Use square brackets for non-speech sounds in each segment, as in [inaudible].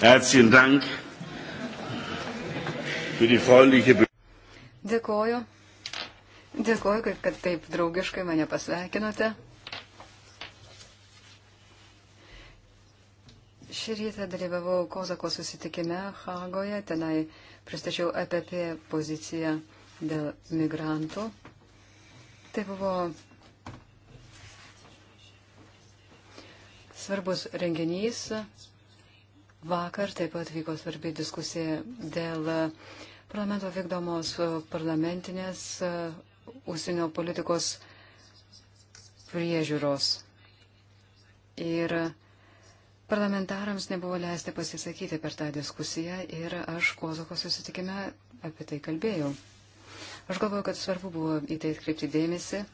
Herzlichen Dank für die freundliche Dėkoju. Dėkoju, kad taip draugiškai mane pasveikinote. Šį rytą dalyvavau Kozako susitikime Hagoje, tenai pristačiau EPP poziciją dėl migrantų. Tai buvo svarbus renginys. Vakar taip pat vyko svarbi diskusija dėl parlamento vykdomos parlamentinės e, užsienio politikos priežiūros. Ir parlamentarams nebuvo leisti pasisakyti per tą diskusiją ir aš Kozoko susitikime apie tai kalbėjau. Aš galvoju, kad svarbu buvo į tai atkreipti dėmesį.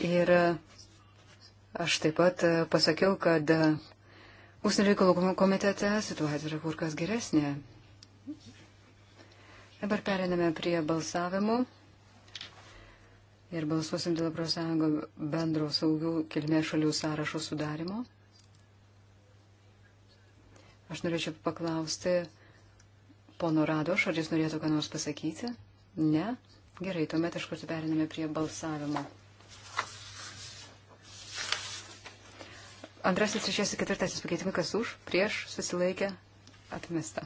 Ir e, aš taip pat e, pasakiau, kad e, Užsienio reikalų komitete situacija yra kur kas geresnė. Dabar periname prie balsavimų ir balsuosim dėl prosąjungo bendro saugių kilmės šalių sąrašo sudarimo. Aš norėčiau paklausti pono Radoš, ar jis norėtų ką nors pasakyti? Ne? Gerai, tuomet iš karto periname prie balsavimo. Antrasis, šešės ir ketvirtasis pakeitimai, kas už, prieš, susilaikė, atmesta.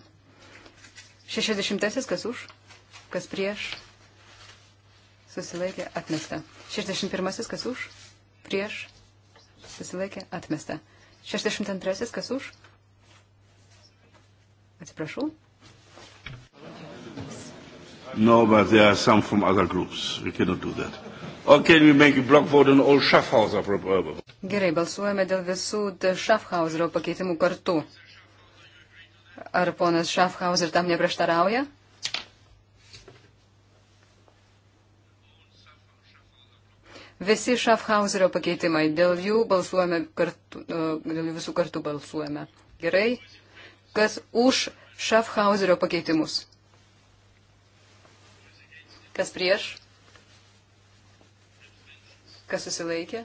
Šešiasdešimtasis, kas už, kas prieš, susilaikė, atmesta. Šešdešimt pirmasis, kas už, prieš, susilaikė, atmesta. Šešdešimt antrasis, kas už, atsiprašau. No, but there are some from other groups. We cannot do that. Uh, Gerai, balsuojame dėl visų Schaffhauserio pakeitimų kartu. Ar ponas Schaffhauser tam neprieštarauja? Visi Schaffhauserio pakeitimai, dėl jų balsuojame kartu, uh, dėl jų visų kartų balsuojame. Gerai, kas už Schaffhauserio pakeitimus? Kas prieš? Kas susilaikė?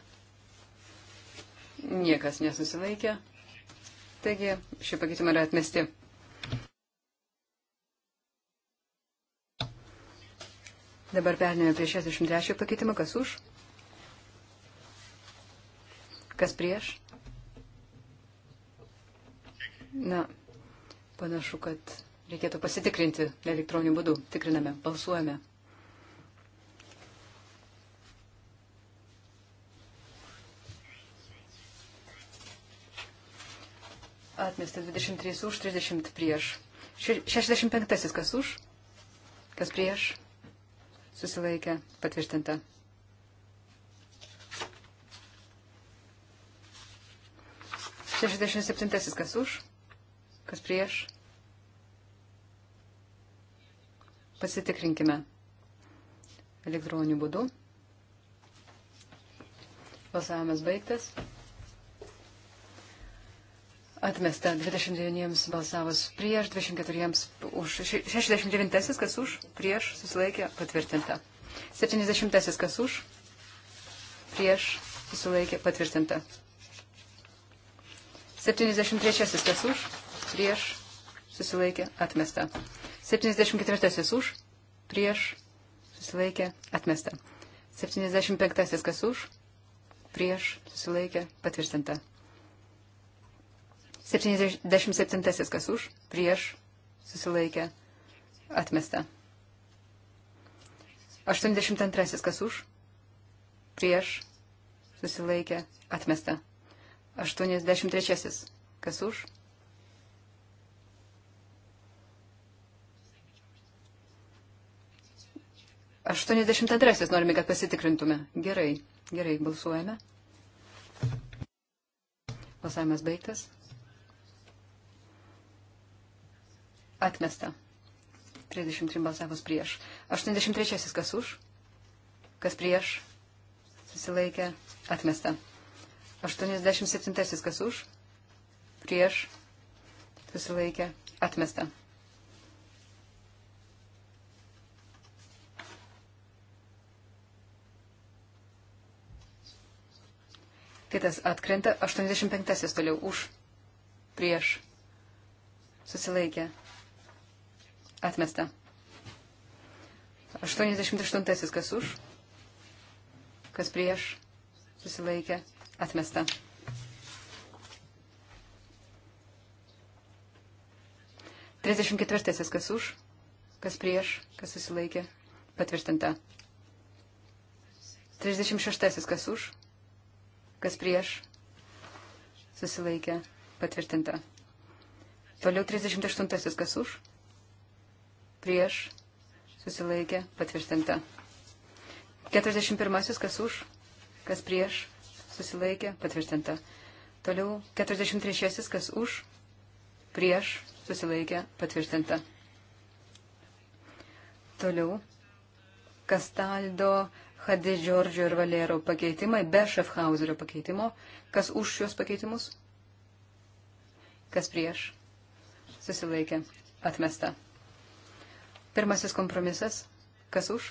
Niekas nesusilaikė. Taigi, šie pakeitimai yra atmesti. Dabar perėmėme prie 63 pakeitimą. Kas už? Kas prieš? Na, panašu, kad reikėtų pasitikrinti elektroniniu būdu. Tikriname, balsuojame. Atmesta 23 už, 30 prieš. 65 kas už, kas prieš. Susilaikė patvirtinta. Šešdešimt septintasis kas už, kas prieš. Pasitikrinkime elektroniniu būdu. Balsavimas baigtas. Atmesta 29 balsavus prieš, 24 už, 69 kas už, prieš, susilaikė, patvirtinta. 70 kas už, prieš, susilaikė, patvirtinta. 73 kas už, prieš, susilaikė, atmesta. 74 už, prieš, susilaikė, atmesta. 75 kas už, prieš, susilaikė, patvirtinta. 77 kas už, prieš, susilaikė, atmesta. 82 kas už, prieš, susilaikė, atmesta. 83 kas už. Aštuoniasdešimt antrasis norime, kad pasitikrintume. Gerai, gerai, balsuojame. Balsavimas baigtas. Atmesta. 33 balsavus prieš. 83 kas už, kas prieš, susilaikė, atmesta. 87 kas už, prieš, susilaikė, atmesta. Kitas atkrenta, 85 toliau už, prieš, susilaikė, Atmesta. 88. Kas už? Kas prieš? Susilaikė. Atmesta. Trisdešimt ketvirtasis, kas už, kas prieš, kas susilaikė, patvirtinta. Trisdešimt šeštasis, kas už, kas prieš, susilaikė, patvirtinta. Toliau 38 kas už, prieš, susilaikė, patvirtinta. 41. Kas už, kas prieš, susilaikė, patvirtinta. Toliau 43. Kas už, prieš, susilaikė, patvirtinta. Toliau Kastaldo, Hadė Džordžio ir Valero pakeitimai be Šefhauserio pakeitimo. Kas už šios pakeitimus? Kas prieš? Susilaikė. Atmesta. Pirmasis kompromisas. Kas už,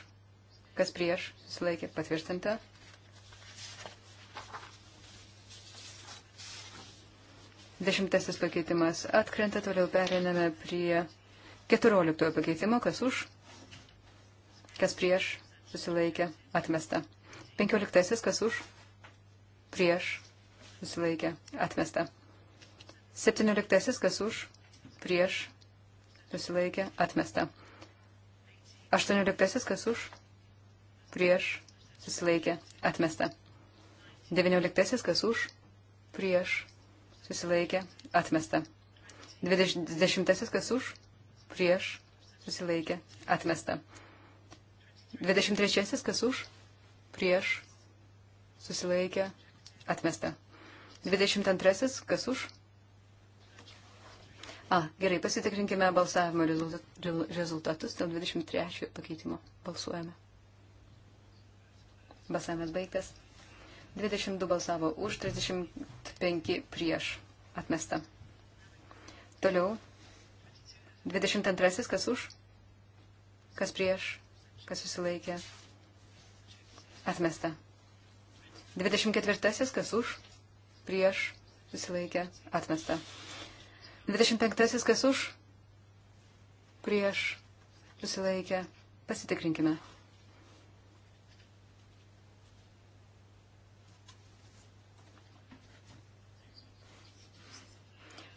kas prieš, susilaikė patvirtinta. Dešimtasis pakeitimas atkrenta, toliau periname prie keturioliktojo pakeitimo, kas už, kas prieš, susilaikė, atmesta. Penkioliktasis, kas už, prieš, susilaikė, atmesta. Septynioliktasis, kas už, prieš, susilaikė, atmesta. 18. Kas už? Prieš. Susilaikė. Atmesta. 19. Kas už? Prieš. Susilaikė. Atmesta. 20. Kas už? Prieš. Susilaikė. Atmesta. 23. Kas už? Prieš. Susilaikė. Atmesta. 22. Kas už? A, gerai, pasitikrinkime balsavimo rezultatus dėl 23 pakeitimo. Balsuojame. Balsavimas baigtas. 22 balsavo už, 35 prieš. Atmesta. Toliau. 22 kas už, kas prieš, kas susilaikė. Atmesta. 24 kas už, prieš, susilaikė. Atmesta. 25. Kas už? Prieš. Susilaikę. Pasitikrinkime.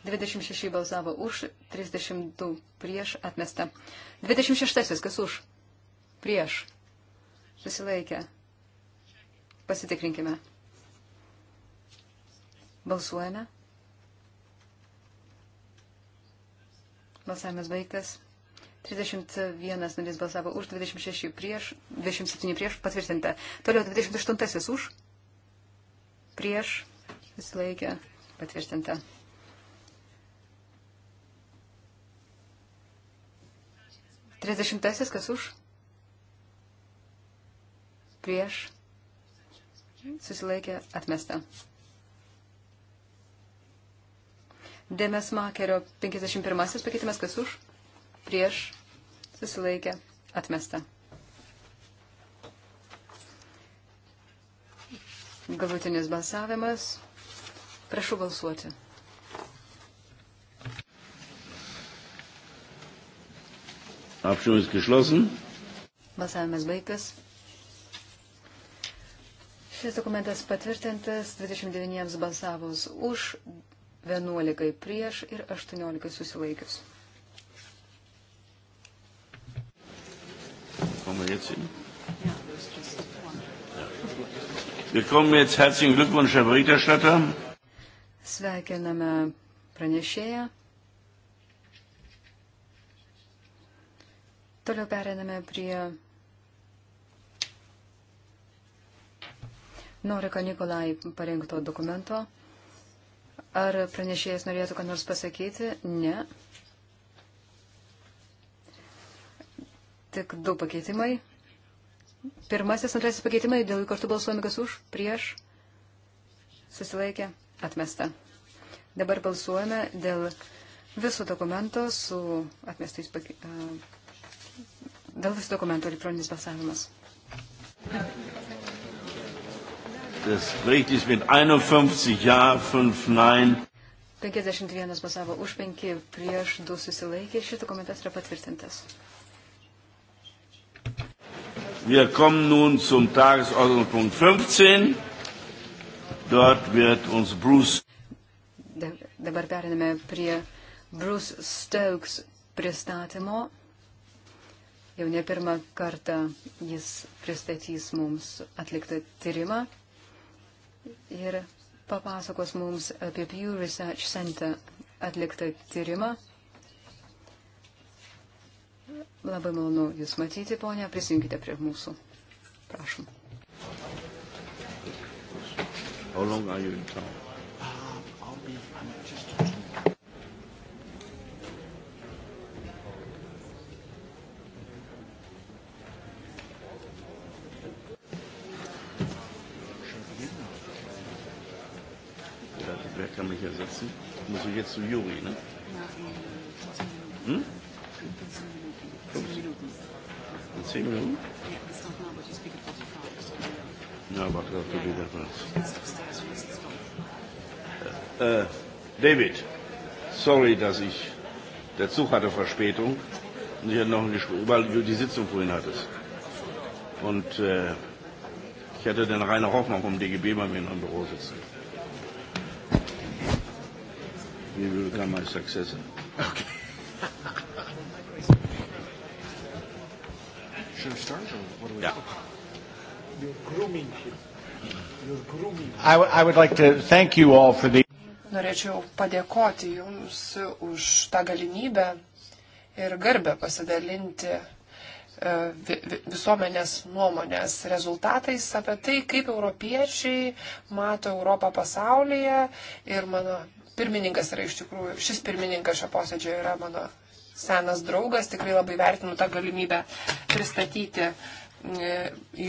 Dvidešimt šeši balsavo už, trisdešimt du prieš atmesta. Dvidešimt šeštasis, kas už? Prieš. Susilaikę. Pasitikrinkime. Balsuojame. Balsavimas baigtas. 31 narys balsavo už, 26 prieš, 27 prieš, patvirtinta. Toliau 28 už, prieš, susilaikė, patvirtinta. Trisdešimtasis, kas už? Prieš. Susilaikė atmesta. Dėmes Makerio 51 pakeitimas, kas už, prieš, susilaikė, atmesta. Galutinis balsavimas. Prašau balsuoti. Apšimas geschlossen. Balsavimas baigtas. Šis dokumentas patvirtintas 29 balsavus už, 11 prieš ir 18 susilaikius. Kommen wir jetzt hin? Ja, das ist das. Wir kommen jetzt herzlichen Glückwunsch, Herr Berichterstatter. Sveikiname pranešėją. Toliau periname prie Norika Nikolai parengto dokumento. Ar pranešėjas norėtų ką nors pasakyti? Ne. Tik du pakeitimai. Pirmasis, antrasis pakeitimai, dėl jų kartu balsuojame kas už, prieš, susilaikė, atmesta. Dabar balsuojame dėl viso dokumento su atmestais pakeitimais. Dėl viso dokumento elektroninis balsavimas. Das Gericht ist mit 51 Ja, 5 Nein. 51 balsavo už 5, prieš 2 susilaikė. Šitą komentas yra patvirtintas. Wir kommen nun zum Tagesordnungspunkt 15. Dort wird uns Bruce. Dabar periname prie Bruce Stokes pristatymo. Jau ne pirmą kartą jis pristatys mums atliktą tyrimą ir papasakos mums apie Pew Research Center atliktą tyrimą. Labai malonu Jūs matyti, ponia, prisijunkite prie mūsų. Prašom. How long are you in town? setzen. Muss ich jetzt zu Juri, ne? Hm? 15 Minuten. 10 Minuten? Yeah, it's not now, but you speak at 45. No, but we have to yeah, do that first. Äh, David, sorry, dass ich. Der Zug hatte Verspätung und ich hatte noch ein Gespräch, weil du die Sitzung vorhin hattest. Und äh, ich hatte den Rainer Hoffmann vom DGB bei mir in einem Büro sitzen. You will become my successor. Okay. Should I start, or what do we yeah. do? You're grooming him. You're grooming him. I, I would like to thank you all for the. Norėčiau padėkoti Jums už tą galimybę ir garbę pasidalinti e, visuomenės nuomonės rezultatais apie tai, kaip europiečiai mato Europą pasaulyje ir mano pirmininkas yra iš tikrųjų, šis pirmininkas šio posėdžio yra mano senas draugas, tikrai labai vertinu tą galimybę pristatyti e,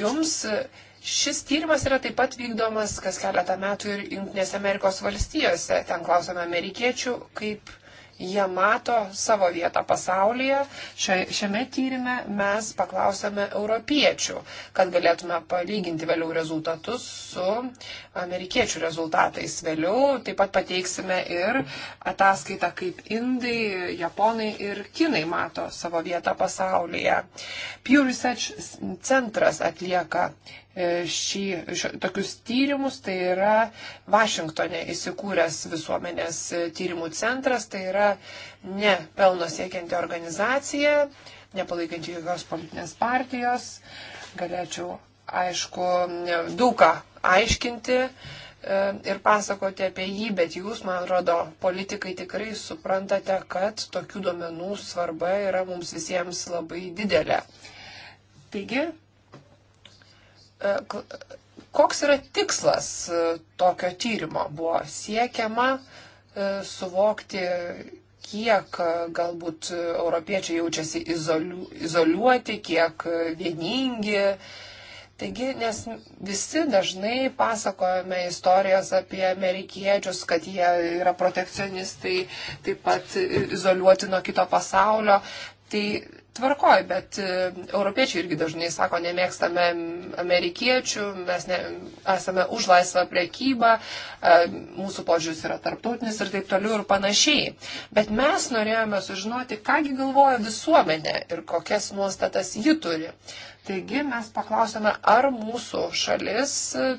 jums. Šis tyrimas yra taip pat vykdomas kas keletą metų ir Junktinėse Amerikos valstijose. Ten klausome amerikiečių, kaip jie mato savo vietą pasaulyje. Šiame tyrimė mes paklausėme europiečių, kad galėtume palyginti vėliau rezultatus su amerikiečių rezultatais. Vėliau taip pat pateiksime ir ataskaitą, kaip indai, japonai ir kinai mato savo vietą pasaulyje. Pew Research centras atlieka E, šį, šio, tokius tyrimus, tai yra Vašingtonė įsikūręs visuomenės e, tyrimų centras, tai yra ne pelno siekianti organizacija, nepalaikanti jokios politinės partijos. Galėčiau, aišku, e, daugą aiškinti ir pasakoti apie jį, bet jūs, man atrodo, politikai tikrai suprantate, kad tokių duomenų svarba yra mums visiems labai didelė. Taigi, E, koks yra tikslas e, tokio tyrimo? Buvo siekiama e, suvokti, kiek galbūt europiečiai jaučiasi izoliu, izoliuoti, kiek vieningi. Taigi, nes visi dažnai pasakojame istorijas apie amerikiečius, kad jie yra protekcionistai, taip pat izoliuoti nuo kito pasaulio. Tai tvarkoj, bet e, europiečiai irgi dažnai sako, nemėgstame amerikiečių, mes ne, esame už laisvą priekybą, e, mūsų požiūris yra tarptautinis ir taip toliau ir panašiai. Bet mes norėjome sužinoti, kągi galvoja visuomenė ir kokias nuostatas ji turi. Taigi mes paklausėme, ar mūsų šalis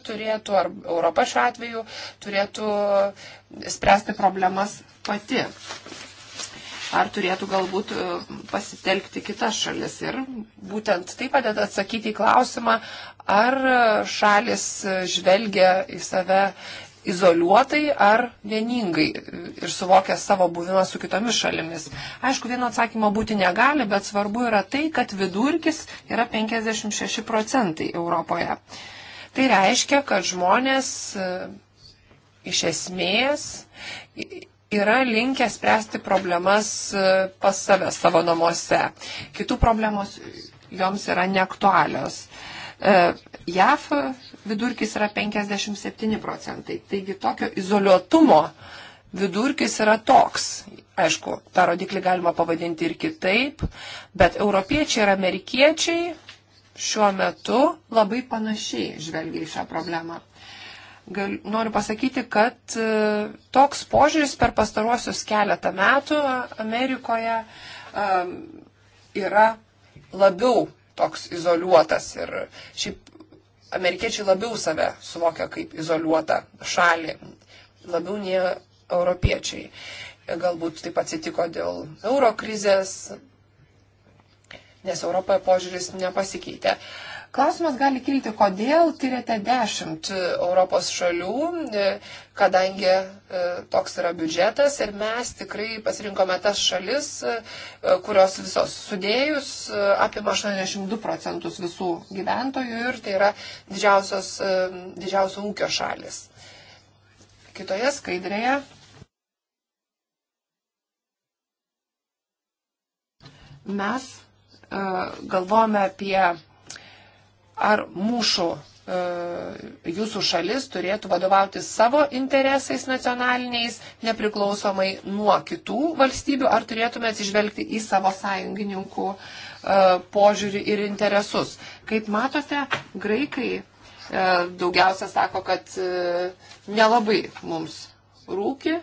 turėtų, ar Europa šiuo atveju turėtų spręsti problemas pati ar turėtų galbūt e, pasitelkti kitas šalis. Ir būtent tai padeda atsakyti į klausimą, ar šalis e, žvelgia į save izoliuotai ar vieningai ir suvokia savo buvimą su kitomis šalimis. Aišku, vieno atsakymo būti negali, bet svarbu yra tai, kad vidurkis yra 56 procentai Europoje. Tai reiškia, kad žmonės e, iš esmės yra linkę spręsti problemas e, pas save savo namuose. Kitų problemos joms yra neaktualios. E, JAF vidurkis yra 57 procentai. Taigi tokio izoliuotumo vidurkis yra toks. Aišku, tą rodiklį galima pavadinti ir kitaip, bet europiečiai ir amerikiečiai šiuo metu labai panašiai žvelgia į šią problemą gal, noriu pasakyti, kad e, toks požiūris per pastaruosius keletą metų Amerikoje um, yra labiau toks izoliuotas ir šiaip amerikiečiai labiau save suvokia kaip izoliuotą šalį, labiau nei europiečiai. E, galbūt taip atsitiko dėl euro krizės, nes Europoje požiūris nepasikeitė. Uh, Klausimas gali kilti, kodėl tyrėte dešimt Europos šalių, e, kadangi e, toks yra biudžetas ir mes tikrai pasirinkome tas šalis, e, kurios visos sudėjus apima 82 procentus visų gyventojų ir tai yra didžiausios, didžiausio ūkio šalis. Kitoje skaidrėje mes uh, galvojame apie ar mūsų e, jūsų šalis turėtų vadovauti savo interesais nacionaliniais, nepriklausomai nuo kitų valstybių, ar turėtume atsižvelgti į savo sąjungininkų e, požiūrį ir interesus. Kaip matote, graikai e, daugiausia sako, kad nelabai mums rūki,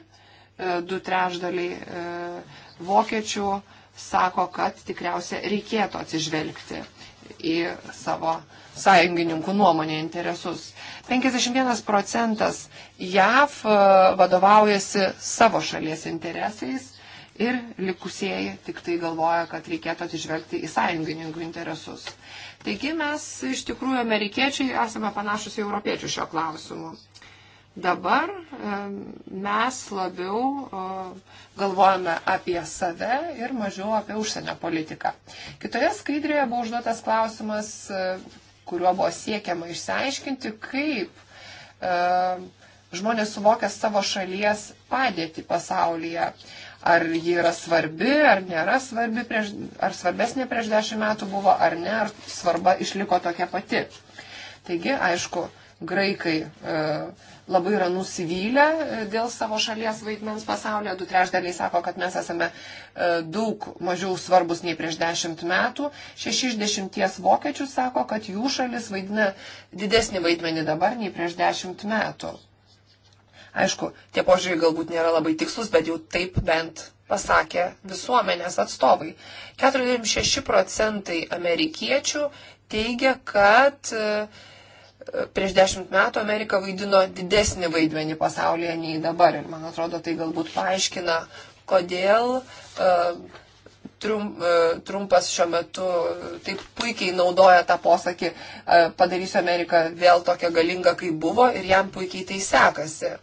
du trešdaliai vokiečių sako, kad tikriausia reikėtų atsižvelgti į savo sąjungininkų nuomonę interesus. 51 procentas JAV e, vadovaujasi savo šalies interesais ir likusieji tik tai galvoja, kad reikėtų atsižvelgti į sąjungininkų interesus. Taigi mes iš tikrųjų amerikiečiai esame panašus į europiečių šio klausimu. Dabar e, mes labiau e, galvojame apie save ir mažiau apie užsienio politiką. Kitoje skaidrėje buvo užduotas klausimas, e, kuriuo buvo siekiama išsiaiškinti, kaip žmonės suvokia savo šalies padėtį pasaulyje. Ar ji yra svarbi, ar nėra svarbi, prieš, ar svarbesnė prieš dešimt metų buvo, ar ne, ar svarba išliko tokia pati. Taigi, aišku, graikai. Uh, labai yra nusivylę e, dėl savo šalies vaidmens pasaulyje. Du trešdaliai sako, kad mes esame e, daug mažiau svarbus nei prieš dešimt metų. Šeši iš dešimties vokiečių sako, kad jų šalis vaidina didesnį vaidmenį dabar nei prieš dešimt metų. Aišku, tie požiūriai galbūt nėra labai tikslus, bet jau taip bent pasakė visuomenės atstovai. 46 procentai amerikiečių teigia, kad uh, prieš dešimt metų Amerika vaidino didesnį vaidmenį pasaulyje nei dabar. Ir man atrodo, tai galbūt paaiškina, kodėl e, Trum, e, Trumpas šiuo metu e, taip puikiai naudoja tą posakį, padarysiu Ameriką vėl tokią galingą, kaip buvo ir jam puikiai tai sekasi.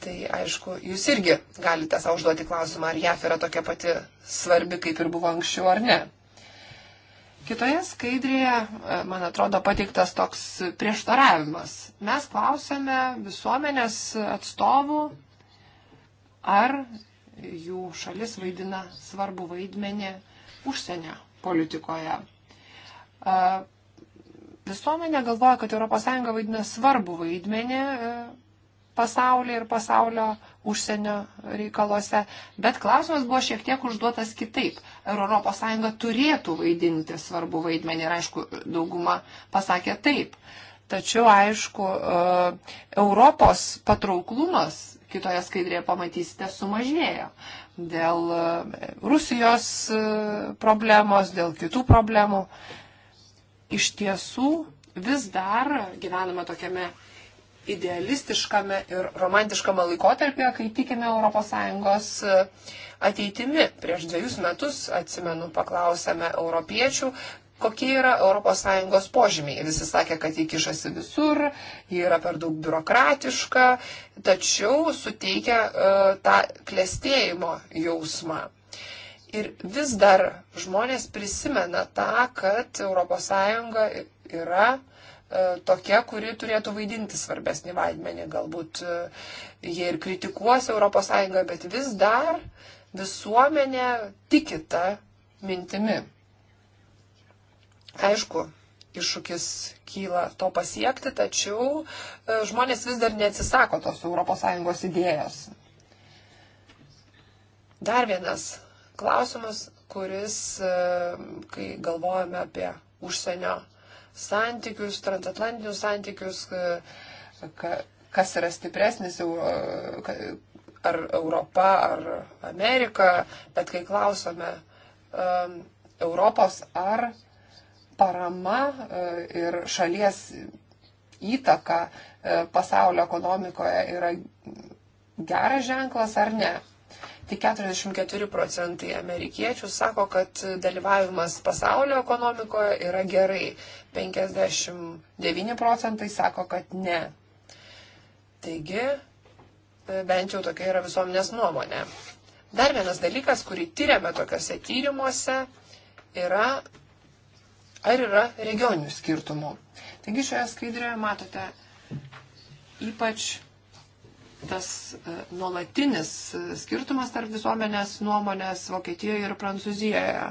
Tai aišku, jūs irgi galite savo užduoti klausimą, ar JAF yra tokia pati svarbi, kaip ir buvo anksčiau, ar ne. Kitoje skaidrėje, e, man atrodo, pateiktas toks prieštaravimas. Mes klausėme visuomenės atstovų, ar jų šalis vaidina svarbu vaidmenį užsienio politikoje. E, visuomenė galvoja, kad ES vaidina svarbu vaidmenį e, pasaulyje ir pasaulio užsienio reikaluose, bet klausimas buvo šiek tiek užduotas kitaip. Ar ES turėtų vaidinti svarbu vaidmenį ir aišku, dauguma pasakė taip. Tačiau, aišku, e, Europos patrauklumas kitoje skaidrėje pamatysite sumažėjo dėl e, Rusijos e, problemos, dėl kitų problemų. Iš tiesų, vis dar gyvename tokiame idealistiškame ir romantiškame laikotarpyje, kai tikime ES e, ateitimi. Prieš dviejus metus, atsimenu, paklausėme europiečių, kokie yra ES požymiai. Ir visi sakė, kad jie kišasi visur, jie yra per daug biurokratiška, tačiau suteikia uh, tą klėstėjimo jausmą. Ir vis dar žmonės prisimena tą, kad ES yra E, tokia, kuri turėtų vaidinti svarbesnį vaidmenį. Galbūt e, jie ir kritikuos ES, bet vis dar visuomenė tiki tą mintimi. Aišku, iššūkis kyla to pasiekti, tačiau e, žmonės vis dar neatsisako tos ES idėjos. Dar vienas klausimas, kuris, kai galvojame apie užsienio santykius, transatlantinius santykius, e, kas yra stipresnis, ar Europa, ar Amerika, bet kai klausome Europos, ar parama e, ir šalies įtaka e, pasaulio ekonomikoje yra geras ženklas ar ne. Tik 44 procentai amerikiečių sako, kad dalyvavimas pasaulio ekonomikoje yra gerai. 59 procentai sako, kad ne. Taigi, e, bent jau tokia yra visuomenės nuomonė. Dar vienas dalykas, kurį tyriame tokiuose tyrimuose, yra, ar yra regioninių skirtumų. Taigi šioje skaidrėje matote ypač tas e, nuolatinis skirtumas tarp visuomenės nuomonės Vokietijoje ir Prancūzijoje.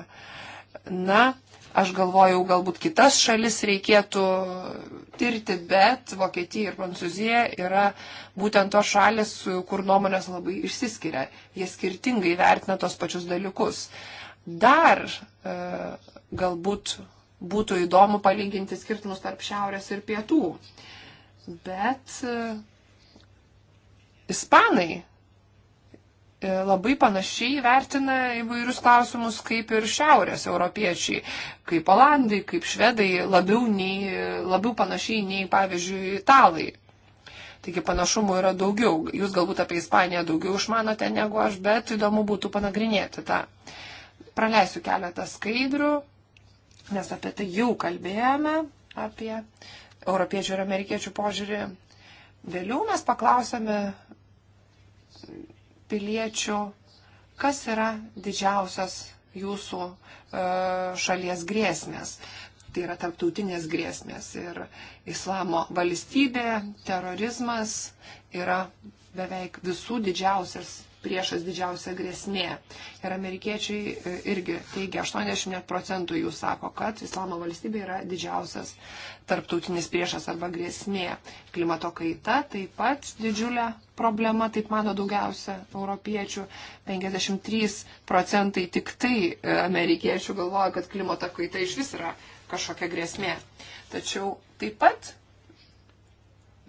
Na, aš galvojau, galbūt kitas šalis reikėtų tirti, bet Vokietija ir Prancūzija yra būtent tos šalis, kur nuomonės labai išsiskiria. Jie skirtingai vertina tos pačius dalykus. Dar e, galbūt būtų įdomu palyginti skirtumus tarp šiaurės ir pietų. Bet e, Ispanai e, labai panašiai vertina įvairius klausimus kaip ir šiaurės europiečiai, kaip olandai, kaip švedai, labiau, nei, labiau panašiai nei, pavyzdžiui, italai. Taigi panašumų yra daugiau. Jūs galbūt apie Ispaniją daugiau išmanote negu aš, bet įdomu būtų panagrinėti tą. Praleisiu keletą skaidrių, nes apie tai jau kalbėjome, apie europiečių ir amerikiečių požiūrį. Vėliau mes paklausėme piliečių, kas yra didžiausias jūsų e, šalies grėsmės. Tai yra tarptautinės grėsmės. Ir islamo valstybė, terorizmas yra beveik visų didžiausias priešas didžiausia grėsmė. Ir amerikiečiai e, irgi teigia, 80 procentų jų sako, kad Islamo valstybė yra didžiausias tarptautinis priešas arba grėsmė. Klimato kaita taip pat didžiulė problema, taip mano daugiausia europiečių. 53 procentai tik tai e, amerikiečių galvoja, kad klimato kaita iš vis yra kažkokia grėsmė. Tačiau taip pat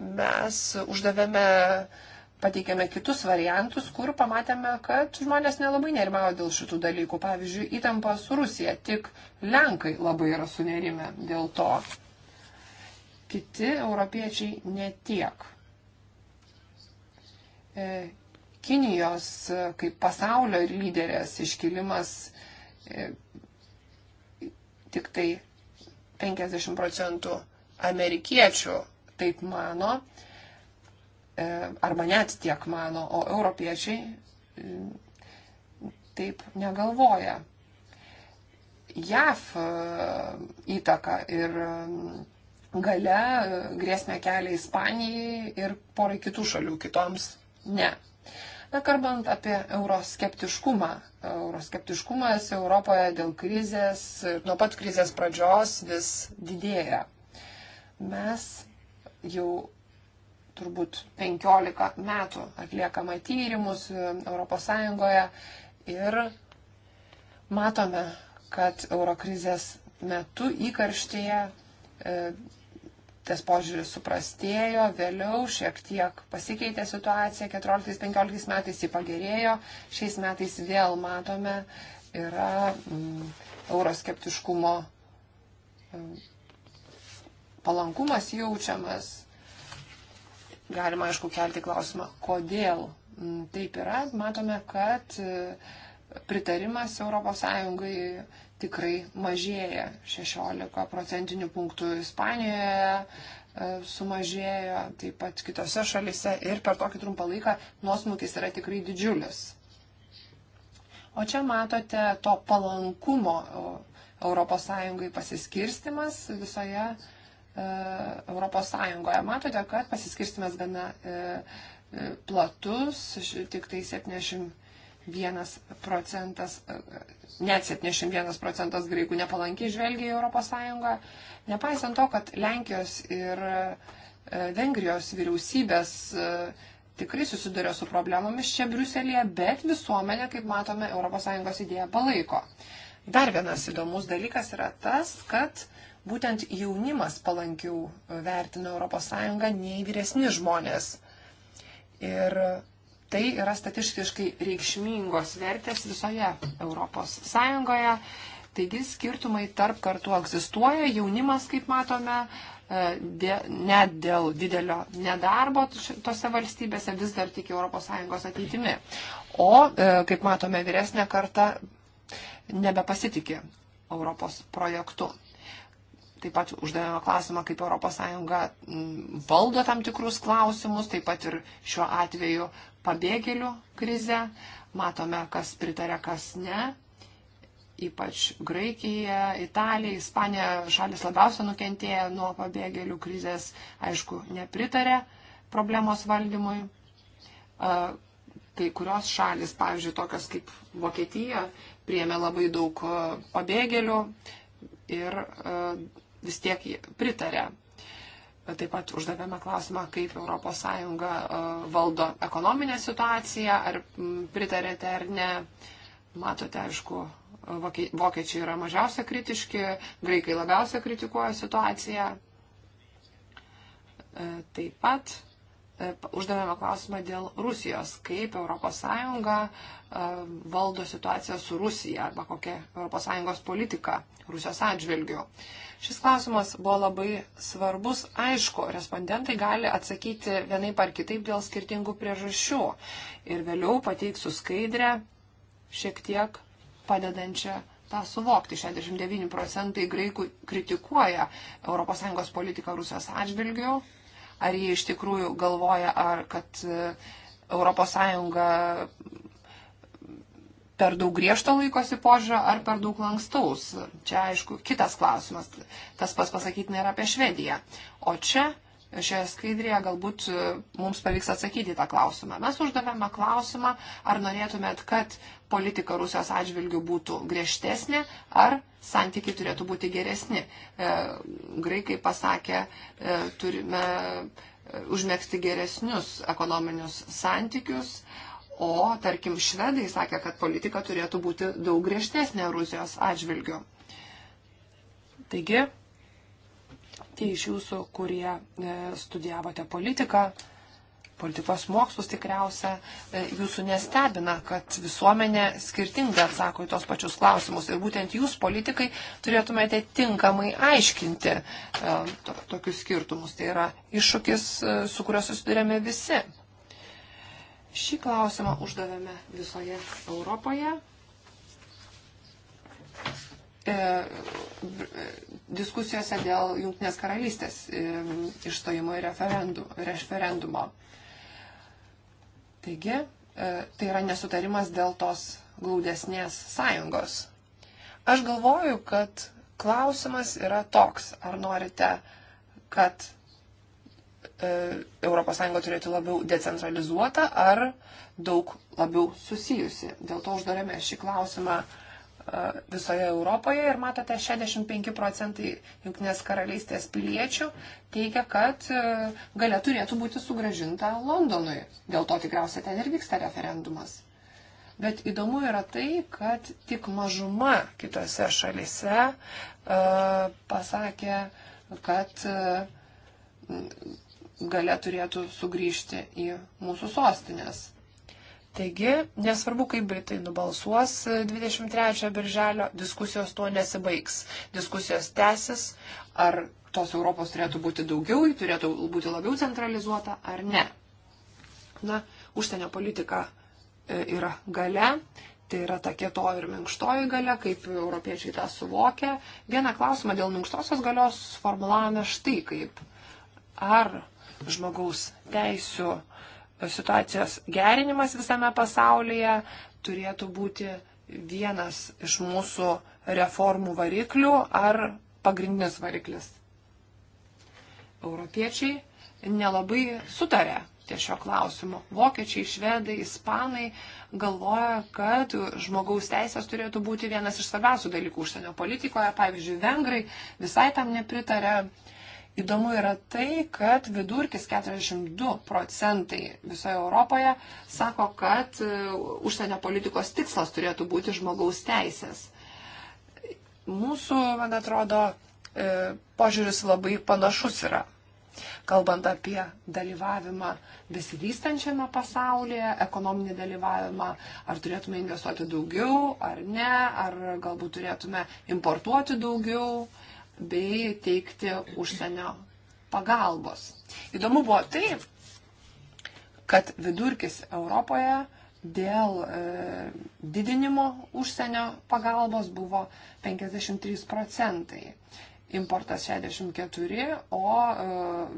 mes uždavėme uh, pateikėme kitus variantus, kur pamatėme, kad žmonės nelabai nerimavo dėl šitų dalykų. Pavyzdžiui, įtampa su Rusija, tik Lenkai labai yra sunerime dėl to. Kiti europiečiai netiek. E, Kinijos e, kaip pasaulio lyderės iškilimas e, tik tai 50 procentų amerikiečių taip mano. E, arba net tiek mano, o europiečiai taip negalvoja. JAF e, įtaka ir gale e, grėsmę kelia Ispanijai ir porai kitų šalių, kitoms ne. Na, kalbant apie euroskeptiškumą. Euroskeptiškumas Europoje dėl krizės, nuo pat krizės pradžios vis didėja. Mes jau turbūt 15 metų atliekama tyrimus ES ir matome, kad eurokrizės metu įkarštėje e, tas požiūris suprastėjo, vėliau šiek tiek pasikeitė situacija, 14-15 metais jį pagerėjo, šiais metais vėl matome yra mm, euroskeptiškumo mm, palankumas jaučiamas Galima, aišku, kelti klausimą, kodėl taip yra. Matome, kad e, pritarimas ES tikrai mažėja. 16 procentinių punktų Ispanijoje e, sumažėjo, taip pat kitose šalise ir per tokį trumpą laiką nuosmukis yra tikrai didžiulis. O čia matote to palankumo ES pasiskirstimas visoje E, Europos Sąjungoje. Matote, kad pasiskirstimas gana e, e, platus, tik tai 71 procentas, net 71 procentas graikų nepalankiai žvelgia į Europos Sąjungą. Nepaisant to, kad Lenkijos ir Vengrijos vyriausybės tikrai susiduria su problemomis čia Briuselėje, bet visuomenė, kaip matome, ES idėją palaiko. Dar vienas įdomus dalykas yra tas, kad uh, būtent jaunimas palankiau vertina ES nei vyresni žmonės. Ir tai yra statistiškai reikšmingos vertės visoje ES. Taigi skirtumai tarp kartų egzistuoja, jaunimas, kaip matome, e, dė, net dėl didelio nedarbo tose valstybėse vis dar tik ES ateitimi. O, e, kaip matome, vyresnė karta nebepasitikė Europos projektu. Taip pat uždavėme klausimą, kaip ES mm, valdo tam tikrus klausimus, taip pat ir šiuo atveju pabėgėlių krizę. Matome, kas pritarė, kas ne. Ypač Graikija, Italija, Ispanija šalis labiausia nukentėjo nuo pabėgėlių krizės, aišku, nepritarė problemos valdymui. Kai kurios šalis, pavyzdžiui, tokios kaip Vokietija, priėmė labai daug pabėgėlių, ir vis tiek pritarė. Taip pat uždavėme klausimą, kaip ES e, valdo ekonominę situaciją, ar pritarėte ar ne. Matote, aišku, e, vokiečiai yra mažiausia kritiški, graikai labiausia kritikuoja situaciją. E, taip pat E, uždavėme klausimą dėl Rusijos, kaip ES e, valdo situaciją su Rusija arba kokia ES politika Rusijos atžvilgiu. Šis klausimas buvo labai svarbus. Aišku, respondentai gali atsakyti vienaip ar kitaip dėl skirtingų priežasčių. Ir vėliau pateiksiu skaidrę šiek tiek padedančią tą suvokti. 69 procentai graikų kritikuoja ES politiką Rusijos atžvilgiu, ar jie iš tikrųjų galvoja, ar kad ES per daug griežto laikosi požiūrio ar per daug lankstaus. Čia, aišku, kitas klausimas. Tas pas pasakyti nėra apie Švediją. O čia, šioje skaidrėje, galbūt e, mums pavyks atsakyti tą klausimą. Mes uždavėme klausimą, ar norėtumėt, kad politika Rusijos atžvilgių būtų griežtesnė, ar santykiai turėtų būti geresni. E, graikai pasakė, e, turime e, užmėgsti geresnius ekonominius santykius, o tarkim švedai sakė, kad politika turėtų būti daug griežtesnė Rusijos atžvilgiu. Taigi, tie iš jūsų, kurie studijavote politiką, politikos mokslus, tikriausia, e, jūsų nestebina, kad visuomenė skirtingai atsako į tos pačius klausimus. Ir būtent jūs, politikai, turėtumėte tinkamai aiškinti e, to, tokius skirtumus. Tai yra iššūkis, e, su kuriuo susidurėme visi. Šį klausimą uždavėme visoje Europoje. E, diskusijose dėl Junktinės karalystės e, išstojimo ir referendumo. Taigi, e, tai yra nesutarimas dėl tos glaudesnės sąjungos. Aš galvoju, kad klausimas yra toks, ar norite, kad ES turėtų labiau decentralizuota ar daug labiau susijusi. Dėl to uždarėme šį klausimą visoje Europoje ir matote, 65 procentai Junktinės karalystės piliečių teigia, kad e, galia turėtų būti sugražinta Londonui. Dėl to tikriausiai ten ir vyksta referendumas. Bet įdomu yra tai, kad tik mažuma kitose šalise uh, e, pasakė, kad uh, galia turėtų sugrįžti į mūsų sostinės. Taigi, nesvarbu, kaip Britai nubalsuos 23 e, birželio, diskusijos tuo nesibaigs. Diskusijos tęsis, ar tos Europos turėtų būti daugiau, ji turėtų būti labiau centralizuota ar ne. Na, užsienio politika e, yra gale, tai yra ta kietoji ir minkštoji gale, kaip europiečiai tą suvokia. Vieną klausimą dėl minkštosios galios formulavome štai kaip. Ar žmogaus teisų situacijos gerinimas visame pasaulyje turėtų būti vienas iš mūsų reformų variklių ar pagrindinis variklis. Europiečiai nelabai sutarė ties šio klausimu. Vokiečiai, švedai, ispanai galvoja, kad žmogaus teisės turėtų būti vienas iš svarbiausių dalykų užsienio politikoje. Pavyzdžiui, vengrai visai tam nepritarė, Įdomu yra tai, kad vidurkis 42 procentai visoje Europoje sako, kad e, užsienio politikos tikslas turėtų būti žmogaus teisės. Mūsų, man atrodo, e, požiūris labai panašus yra. Kalbant apie dalyvavimą besivystančiame pasaulyje, ekonominį dalyvavimą, ar turėtume investuoti daugiau, ar ne, ar galbūt turėtume importuoti daugiau. Uh, bei teikti užsienio pagalbos. Įdomu buvo tai, kad vidurkis Europoje dėl e, didinimo užsienio pagalbos buvo 53 procentai, importas 64, o e,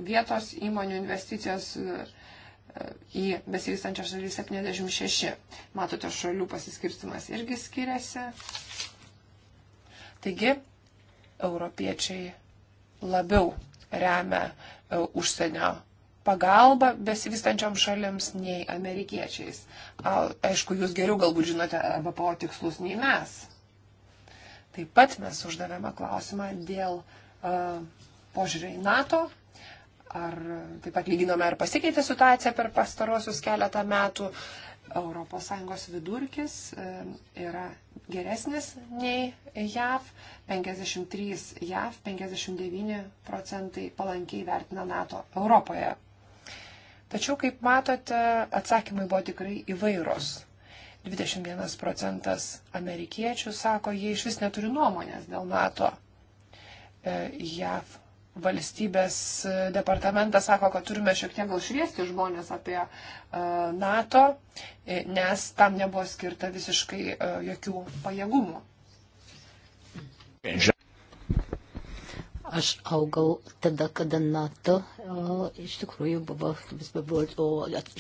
vietos įmonių investicijos e, į besivystančią šalį 76. Matote, šalių pasiskirstimas irgi skiriasi. Taigi, europiečiai labiau remia e, užsienio pagalbą besivystančiom šalims nei amerikiečiais. Aišku, jūs geriau galbūt žinote e BPO tikslus nei mes. Taip pat mes uždavėme klausimą dėl uh, e, požiūrį į NATO. Ar taip pat lyginome, ar pasikeitė situacija per pastarosius keletą metų. Uh, ES vidurkis e, yra geresnis nei JAV, 53 JAV, 59 procentai palankiai vertina NATO Europoje. Tačiau, kaip matote, atsakymai buvo tikrai įvairūs. 21 procentas amerikiečių sako, jie iš vis neturi nuomonės dėl NATO. E, JAV valstybės departamentas sako, kad turime šiek tiek gal šviesti žmonės apie e, NATO, e, nes tam nebuvo skirta visiškai e, jokių pajėgumų. Aš augau tada, kada NATO o, iš tikrųjų buvo, vis buvo, o,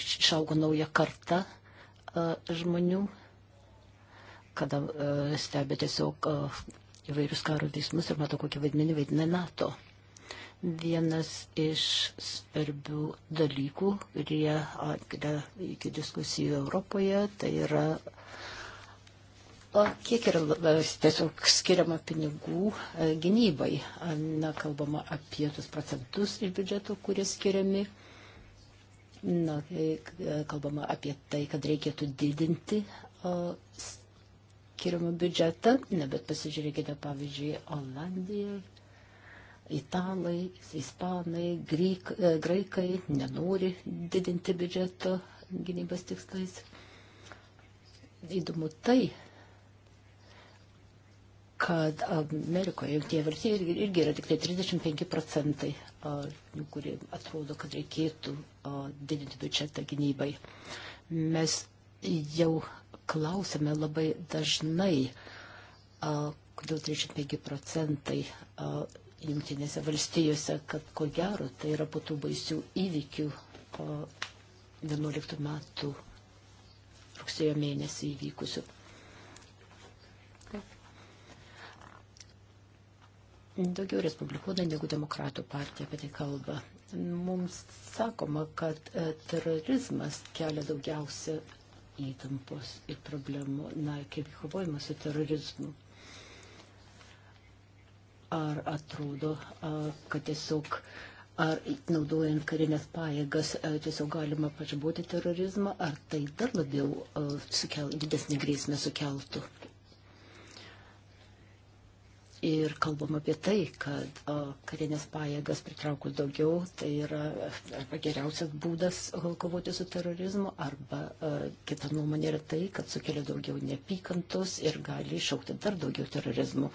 išaugo nauja karta o, žmonių, kada o, stebė tiesiog o, įvairius karo veiksmus ir mato, kokį vaidmenį vaidina NATO. O, vienas iš svarbių dalykų, kurie atkelia iki diskusijų Europoje, tai yra, o kiek yra tiesiog skiriama pinigų e, gynybai. Na, kalbama apie tuos procentus iš biudžeto, kurie skiriami. Na, e, e, kalbama apie tai, kad reikėtų didinti skiriamą biudžetą, ne, bet pasižiūrėkite, pavyzdžiui, Olandijoje Italai, ispanai, greik, e, graikai nenori didinti biudžeto gynybos tikslais. Įdomu tai, kad Amerikoje, jungtinėje valstijoje irgi, irgi yra tik tai 35 procentai, kurie atrodo, kad reikėtų didinti biudžetą gynybai. Mes jau klausime labai dažnai, kodėl 35 procentai Junktinėse valstijose, kad ko gero tai yra po tų baisių įvykių, po 11 metų rugsėjo mėnesį įvykusių. Daugiau respublikonai negu demokratų partija apie tai kalba. Mums sakoma, kad e, terorizmas kelia daugiausia įtampos ir problemų, na, kaip kovojama su terorizmu ar atrodo, kad tiesiog ar naudojant karinės pajėgas tiesiog galima pažaboti terorizmą, ar tai dar labiau sukel, didesnį grėsmę sukeltų ir kalbam apie tai, kad karinės pajėgas pritraukus daugiau, tai yra arba geriausias būdas kovoti su terorizmu, arba a, kita nuomonė yra tai, kad sukelia daugiau nepykantos ir gali išaukti dar daugiau terorizmų.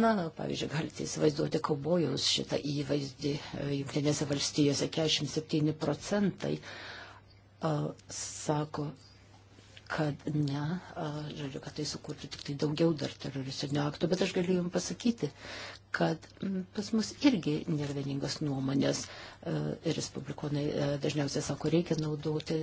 Na, pavyzdžiui, galite įsivaizduoti kaubojus šitą įvaizdį Junktinėse valstijose 47 procentai a, sako kad ne, žodžiu, kad tai sukurtų tik tai daugiau dar teroristinio akto, bet aš galiu Jums pasakyti, kad pas mus irgi nėra vieningos nuomonės. Respublikonai dažniausiai sako, reikia naudoti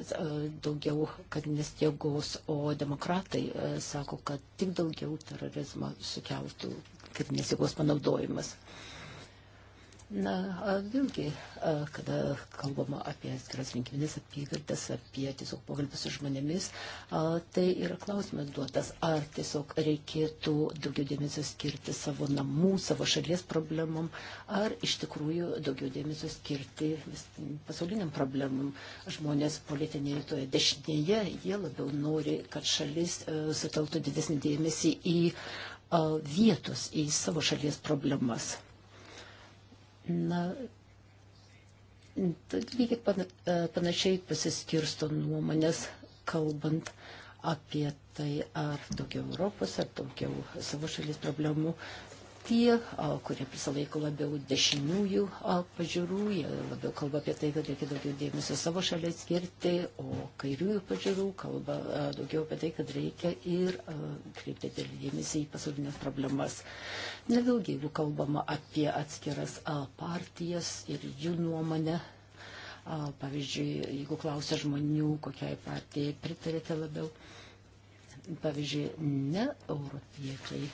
daugiau karinės jėgos, o demokratai sako, kad tik daugiau terorizmo sukeltų karinės jėgos panaudojimas. Uh, Na, vėlgi, kada kalbama apie atskiras rinkiminės apygardas, apie tiesiog pokalbį su žmonėmis, tai yra klausimas duotas, ar tiesiog reikėtų daugiau dėmesio skirti savo namų, savo šalies problemom, ar iš tikrųjų daugiau dėmesio skirti pasauliniam problemam. Žmonės politinėje toje dešinėje, jie labiau nori, kad šalis suteltų didesnį dėmesį į vietos, į savo šalies problemas. Na, lygiai e, panašiai pasiskirsto nuomonės, kalbant apie tai, ar daugiau Europos, ar daugiau savo šalies problemų partija, kurie prisilaiko labiau dešiniųjų pažiūrų, jie labiau kalba apie tai, kad reikia daugiau dėmesio savo šaliai skirti, o kairiųjų pažiūrų kalba daugiau apie tai, kad reikia ir kreipti didelį dėmesį į pasaulinės problemas. Ne vėlgi, jeigu kalbama apie atskiras partijas ir jų nuomonę, pavyzdžiui, jeigu klausia žmonių, kokiai partijai pritarėte labiau, pavyzdžiui, ne europiečiai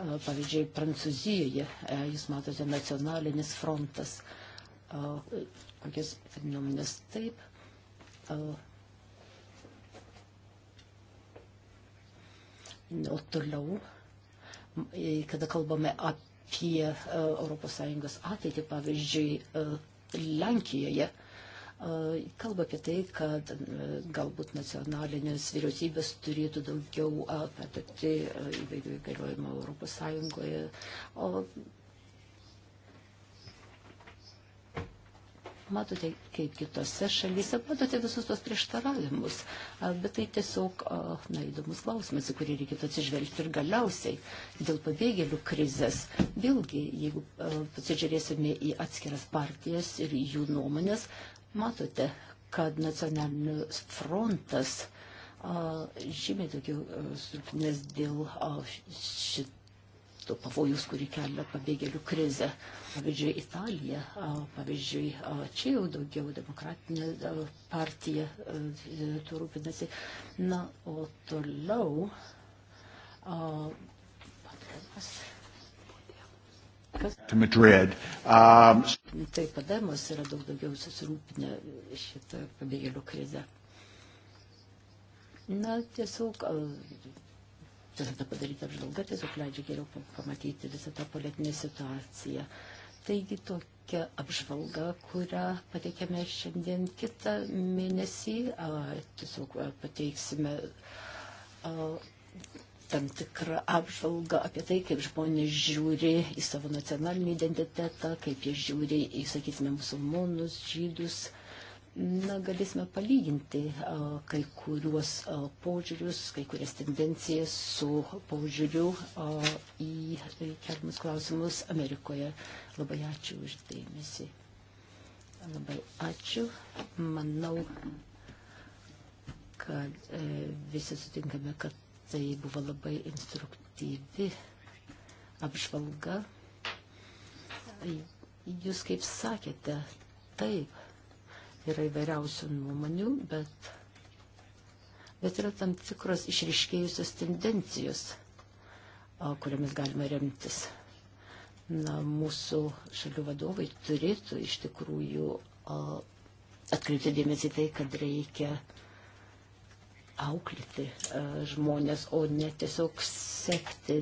Pavyzdžiui, Prancūzijoje, e, jūs matote, nacionalinis frontas. Kokias nuomonės taip? O toliau, kada kalbame apie ES ateitį, pavyzdžiui, e, Lenkijoje, kalba apie tai, kad e, galbūt nacionalinės vyriausybės turėtų daugiau patirti e, įvairių įgaliojimų Europos Sąjungoje. O matote, kaip kitose šalyse, matote visus tos prieštaravimus, bet tai tiesiog, na, įdomus klausimas, į kurį reikėtų atsižvelgti ir galiausiai dėl pabėgėlių krizės. Vėlgi, jeigu pasižiūrėsime į atskiras partijas ir jų nuomonės, Matote, kad nacionalinis frontas a, žymiai daugiau surpinės dėl a, šito pavojus, kurį kelia pabėgėlių krizė. Pavyzdžiui, Italija, a, pavyzdžiui, a, čia jau daugiau demokratinė a, partija a, tuo rūpinasi. Na, o toliau. A, patarimas Kas? Um... Taip, Pademas yra daug daugiau susirūpinę šitą pabėgėlių krizę. Na, tiesiog, tiesiog e, ta padaryta apžvalga tiesiog leidžia geriau pamatyti visą tą politinę situaciją. Taigi tokia apžvalga, kurią pateikėme šiandien kitą mėnesį, a, tiesiog e, pateiksime. A, tam tikrą apžvalgą apie tai, kaip žmonės žiūri į savo nacionalinį identitetą, kaip jie žiūri į, sakysime, musulmonus, žydus. Na, galėsime palyginti a, kai kuriuos a, požiūrius, kai kurias tendencijas su požiūriu a, į keliamus klausimus Amerikoje. Labai ačiū uždėmesi. Labai ačiū. Manau, kad e, visi sutinkame, kad Tai buvo labai instruktyvi apžvalga. Jūs kaip sakėte, taip, yra įvairiausių nuomonių, bet, bet yra tam tikros išriškėjusios tendencijos, kuriamis galima remtis. Na, mūsų šalių vadovai turėtų iš tikrųjų atkreipti dėmesį tai, kad reikia uh, auklėti e, žmonės, o ne tiesiog sekti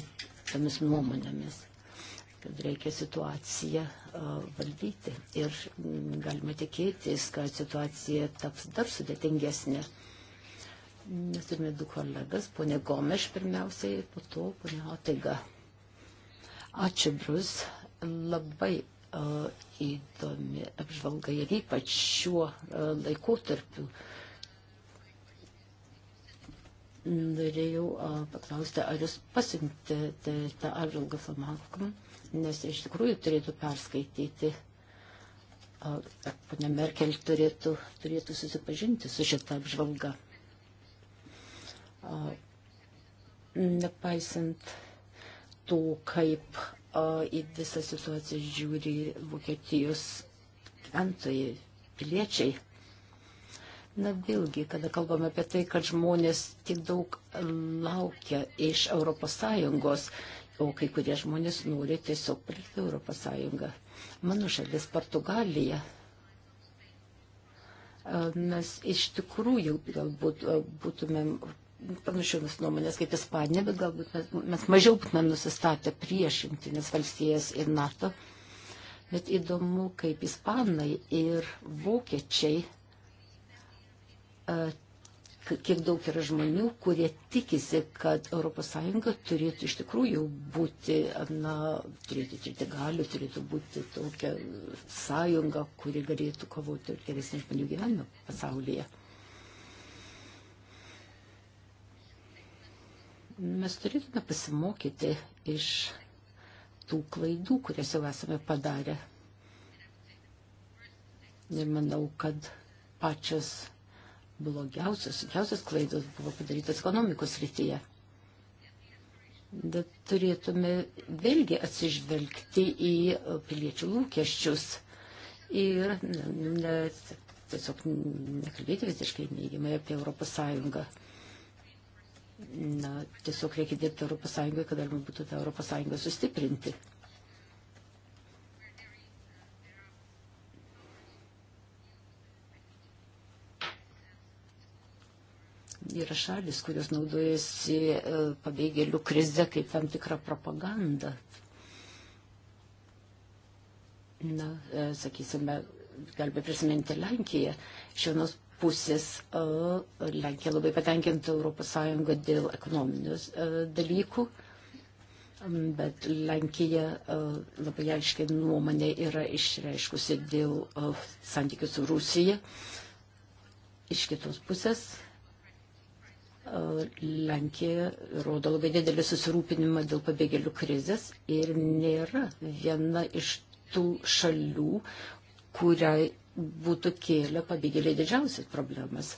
tomis nuomonėmis kad reikia situaciją e, valdyti. Ir galima tikėtis, kad situacija taps dar sudėtingesnė. Mes turime du kolegas, ponė Gomeš pirmiausiai, po to ponė Otaiga. Ačiū, Brus. Labai uh, įdomi apžvalga ir ypač šiuo uh, laikotarpiu. Uh, norėjau paklausti, ar jūs pasiuntėte tą apžvalgą Flamankum, nes iš tikrųjų turėtų perskaityti, ar ponia Merkel turėtų, turėtų susipažinti su šitą apžvalgą. Nepaisant to, kaip į visą situaciją žiūri Vokietijos gyventojai, piliečiai. Na vėlgi, kada kalbame apie tai, kad žmonės tiek daug laukia iš ES, o kai kurie žmonės nori tiesiog palikti ES. Mano šalis Portugalija. Mes iš tikrųjų galbūt būtumėm panašiomis nuomonės kaip Ispanija, bet galbūt mes, mes mažiau būtumėm nusistatę prieš Junktinės valstijas ir NATO. Bet įdomu, kaip Ispanai ir Vokiečiai kiek daug yra žmonių, kurie tikisi, kad ES turėtų iš tikrųjų būti, na, turėtų turėti galių, turėtų būti tokia sąjunga, kuri galėtų kovoti ir geresnį žmonių gyvenimą pasaulyje. Mes turėtume pasimokyti iš tų klaidų, kurias jau esame padarę. Ir manau, kad pačios blogiausios, didžiausios klaidos buvo padarytos ekonomikos rytyje. Bet turėtume vėlgi atsižvelgti į piliečių lūkesčius ir ne, ne, tiesiog nekalbėti visiškai neigiamai apie Europos Sąjungą. Na, tiesiog reikia dirbti Europos Sąjungoje, kad galima būtų tą Europos Sąjungą sustiprinti. yra šalis, kurios naudojasi e, pabėgėlių krize kaip tam tikrą propagandą. Na, e, sakysime, galime prisiminti Lenkiją. Iš vienos pusės e, Lenkija labai patenkinta ES dėl ekonominius dalykų, bet Lenkija labai aiškiai nuomonė yra išreiškusi dėl santykių su Rusija. Iš kitos pusės Lenkija rodo labai didelį susirūpinimą dėl pabėgėlių krizės ir nėra viena iš tų šalių, kuriai būtų kėlę pabėgėliai didžiausias problemas.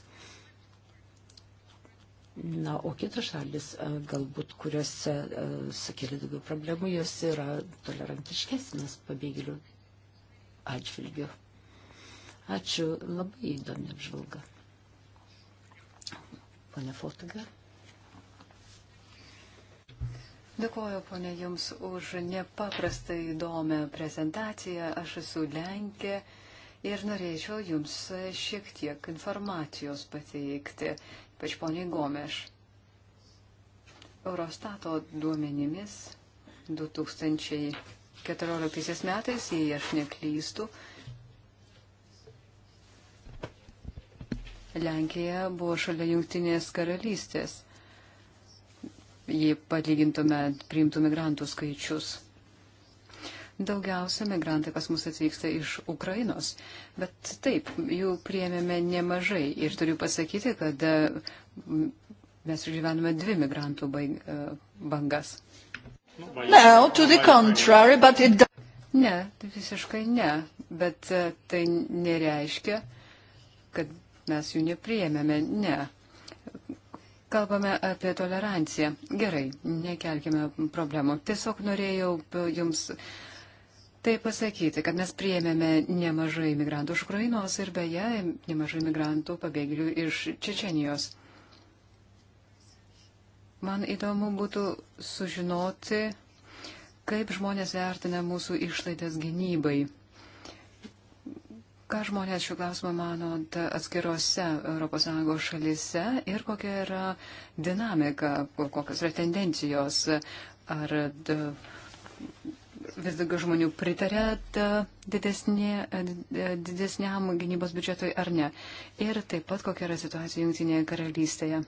Na, o kitos šalis, galbūt, kuriuose sukėlė daugiau problemų, jos yra tolerantiškesnės pabėgėlių atžvilgių. Ačiū, labai įdomi apžvalga. Pone Fotiga. Dėkuoju, ponė, Jums už nepaprastai įdomią prezentaciją. Aš esu Lenkė ir norėčiau Jums šiek tiek informacijos pateikti, ypač poniai Gomeš. Eurostato duomenimis 2014 metais, jei aš neklystu, Lenkija buvo šalia jungtinės karalystės, jei palygintume priimtų migrantų skaičius. Daugiausia migrantai pas mus atvyksta iš Ukrainos, bet taip, jų priėmėme nemažai ir turiu pasakyti, kad e, mes išgyvenome dvi migrantų e, bangas. No, to the contrary, but it... Ne, visiškai ne, bet e, tai nereiškia, kad mes jų nepriėmėme. Ne. Kalbame apie toleranciją. Gerai, nekelkime problemų. Tiesiog norėjau jums tai pasakyti, kad mes priėmėme nemažai migrantų iš Ukrainos ir beje nemažai migrantų pabėgėlių iš Čečenijos. Man įdomu būtų sužinoti, kaip žmonės vertina mūsų išlaidas gynybai. Ką žmonės šiuo klausimu mano atskirose ES šalise ir kokia yra dinamika, kokios yra tendencijos, ar vis daugiau žmonių pritarė didesnė, didesniam gynybos biudžetui ar ne. Ir taip pat kokia yra situacija Junktinėje karalystėje.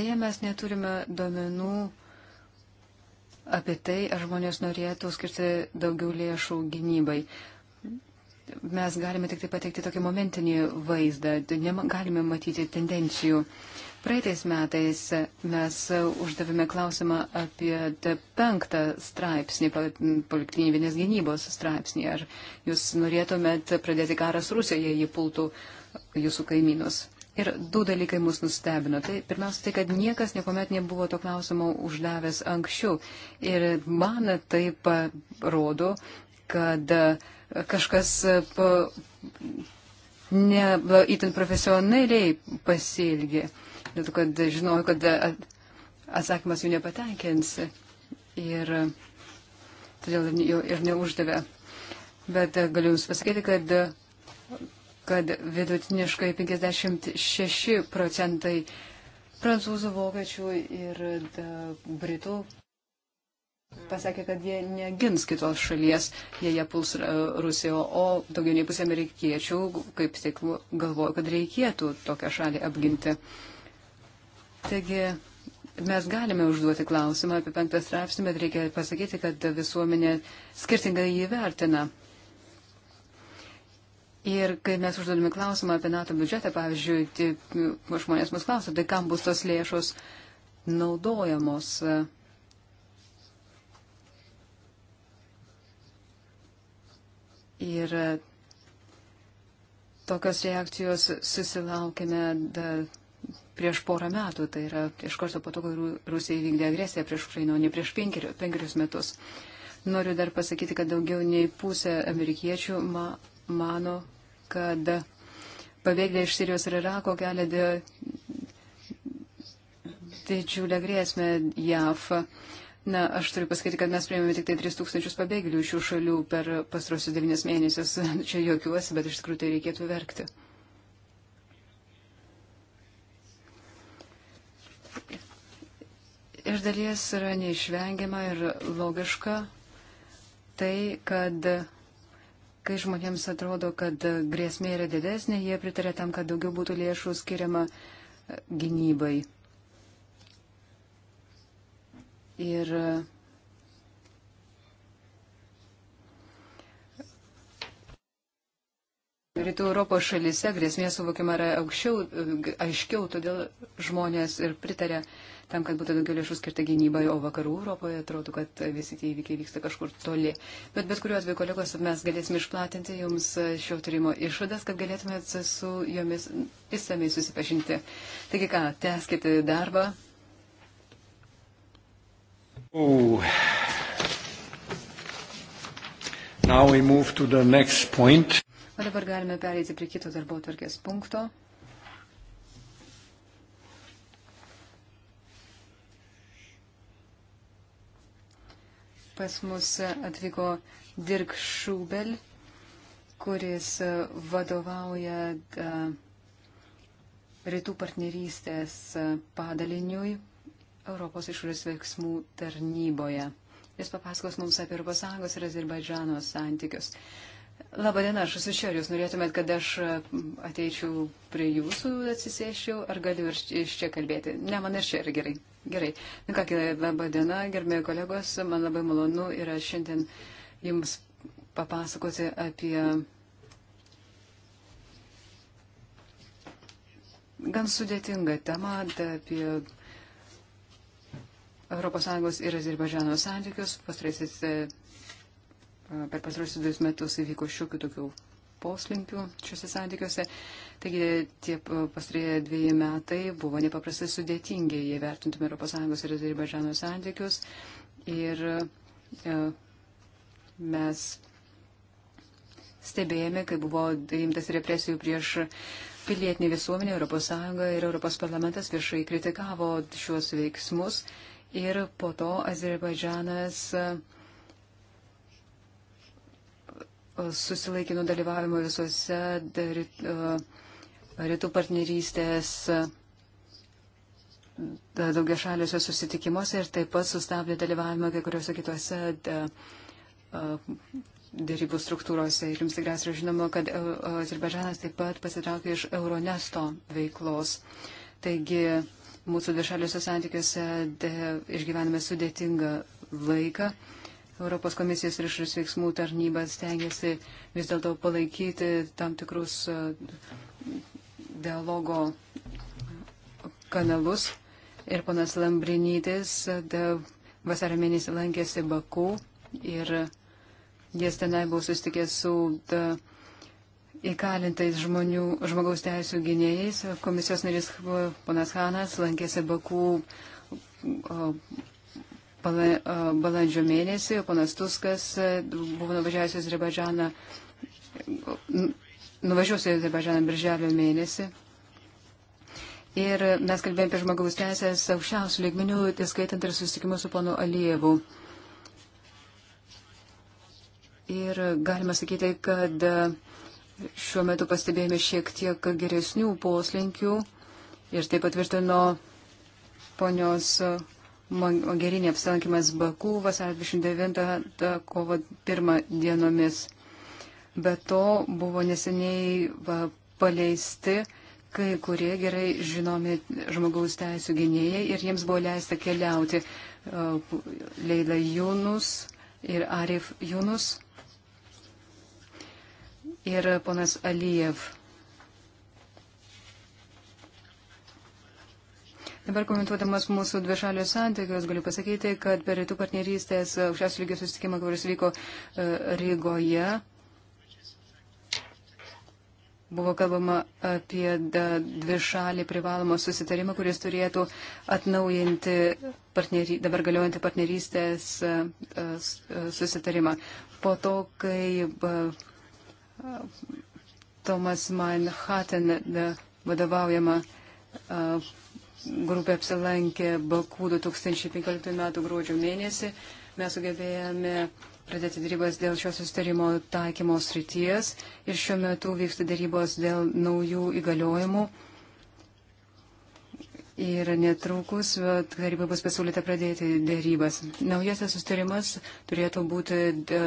Deja, mes neturime duomenų apie tai, ar žmonės norėtų skirti daugiau lėšų gynybai mes galime tik tai pateikti tokį momentinį vaizdą, galime matyti tendencijų. Praeitais metais mes uždavėme klausimą apie penktą straipsnį, poliklinyvinės gynybos straipsnį. Ar jūs norėtumėt pradėti karas Rusijoje, jei pultų jūsų kaimynus? Ir du dalykai mus nustebino. Tai pirmiausia, tai, kad niekas niekuomet nebuvo to klausimo uždavęs anksčiau. Ir man tai parodo, kad uh, kažkas e, ne itin profesionaliai pasielgė, dėl to, kad žinojau, kad e, atsakymas jų nepatenkins ir e, todėl jo ir neuždavė. Bet galiu Jums pasakyti, kad, kad vidutiniškai 56 procentai prancūzų, vokiečių ir da, britų pasakė, kad jie negins kitos šalies, jei jie puls Rusiją, o daugiau nei pusė amerikiečių kaip tik galvoja, kad reikėtų tokią šalį apginti. Taigi mes galime užduoti klausimą apie penktą straipsnį, bet reikia pasakyti, kad visuomenė skirtingai jį vertina. Ir kai mes užduodame klausimą apie NATO biudžetą, pavyzdžiui, tai žmonės mus klausia, tai kam bus tos lėšos naudojamos. Uh, Ir e, tokios reakcijos susilaukime prieš porą metų, tai yra iš karto po to, kai Rusija įvykdė agresiją prieš Ukrainą, o ne prieš penkerius, penkerius metus. Noriu dar pasakyti, kad daugiau nei pusė amerikiečių ma mano, kad pabėgėliai iš Sirijos ir Irako kelia didžiulę grėsmę JAV. Na, aš turiu pasakyti, kad mes priėmėme tik tai 3000 pabėgėlių iš šių šalių per pastrosius 9 mėnesius. [laughs] Čia jokiuosi, bet iš tikrųjų tai reikėtų verkti. Iš dalies yra neišvengiama ir logiška tai, kad kai žmonėms atrodo, kad grėsmė yra didesnė, jie pritarė tam, kad daugiau būtų lėšų skiriama gynybai. Ir e, Rytų Europos šalyse grėsmė suvokiama yra aukščiau, e, aiškiau, todėl žmonės ir pritarė tam, kad būtų daugiau lėšų skirta gynybai, o vakarų Europoje atrodo, kad visi tie įvykiai vyksta kažkur toli. Bet bet kuriuo atveju, kolegos, mes galėsime išplatinti jums šio tyrimo išvadas, kad galėtumėt su jomis įsamei susipažinti. Taigi ką, tęskite darbą, Oh. Now we move to the next point. O dabar galime pereiti prie kito darbo tvarkės punkto. Pas mus atvyko Dirk Šūbel, kuris vadovauja e, Rytų partnerystės padaliniui Europos išorės veiksmų tarnyboje. Jis papasakos mums apie Europos Sąjungos ir Azerbaidžano santykius. Labadiena, aš esu Šer, jūs norėtumėt, kad aš e, ateičiau prie jūsų, atsisėščiau, ar galiu ir iš čia kalbėti? Ne, man ir čia yra gerai. Gerai. Na nu ką, labadiena, gerbėjai kolegos, man labai malonu yra šiandien jums papasakoti apie gan sudėtingą temą, apie ES ir Azerbaidžiano santykius. Pastrasis, e, e, per pastarusius dviejus metus įvyko šiokių tokių poslinkių šiuose santykiuose. Taigi tie e, pastarieji dviejai metai buvo nepaprastai sudėtingi, jei vertintume ES ir Azerbaidžiano santykius. Ir mes stebėjome, kai buvo imtas represijų prieš pilietinį visuomenę, ES ir ES parlamentas viešai kritikavo šiuos veiksmus ir po to Azerbaidžanas e, susilaikė nuo dalyvavimo visose e, rytų partnerystės e, daugia šaliuose susitikimuose ir taip pat sustabdė dalyvavimą kai kuriuose kitose dėrybų struktūrose. Ir jums tikriausiai žinoma, kad Azerbaidžanas taip pat pasitraukė iš Euronesto veiklos. Taigi mūsų dvišaliuose santykiuose išgyvename sudėtingą laiką. Europos komisijos ir išrus veiksmų tarnybas stengiasi vis dėlto palaikyti tam tikrus e, dialogo kanalus. Ir ponas Lambrinytis vasario mėnesį lankėsi Baku ir jis tenai buvo susitikęs su. Da, įkalintais žmonių, žmogaus teisų gynėjais. Komisijos narys ponas Hanas lankėsi Bakų balandžio mėnesį, ponas Tuskas e, buvo nuvažiavęs į Azerbaidžaną, nuvažiuos į Azerbaidžaną birželio mėnesį. Ir mes kalbėjome apie žmogaus teisės aukščiausių lygmenių, tai skaitant ir susitikimus su ponu Alievu. Ir galima sakyti, kad uh, šiuo metu pastebėjome šiek tiek geresnių poslinkių ir taip patvirtino ponios Mogerinė apsilankimas Baku vasario 29 kovo 1 dienomis. Be to buvo neseniai paleisti kai kurie gerai žinomi žmogaus teisų gynėjai ir jiems buvo leista keliauti Leila Junus ir Arif Junus ir ponas Alijev. Dabar komentuodamas mūsų dvišalius santykius, galiu pasakyti, kad per rytų partnerystės aukščiausių lygių susitikimą, kuris vyko e, Rygoje, buvo kalbama apie dvišalį privalomą susitarimą, kuris turėtų atnaujinti partnerį, dabar galiojantį partnerystės e, e, susitarimą. Po to, kai Tomas Manhattan e, vadovaujama e, grupė apsilankė Bakų 2015 m. gruodžio mėnesį. Mes sugebėjome pradėti darybas dėl šio sustarimo taikymo srities ir šiuo metu vyksta darybos dėl naujų įgaliojimų Ir netrukus taryba bus pasiūlyta pradėti dėrybas. Naujasis sustarimas turėtų būti e,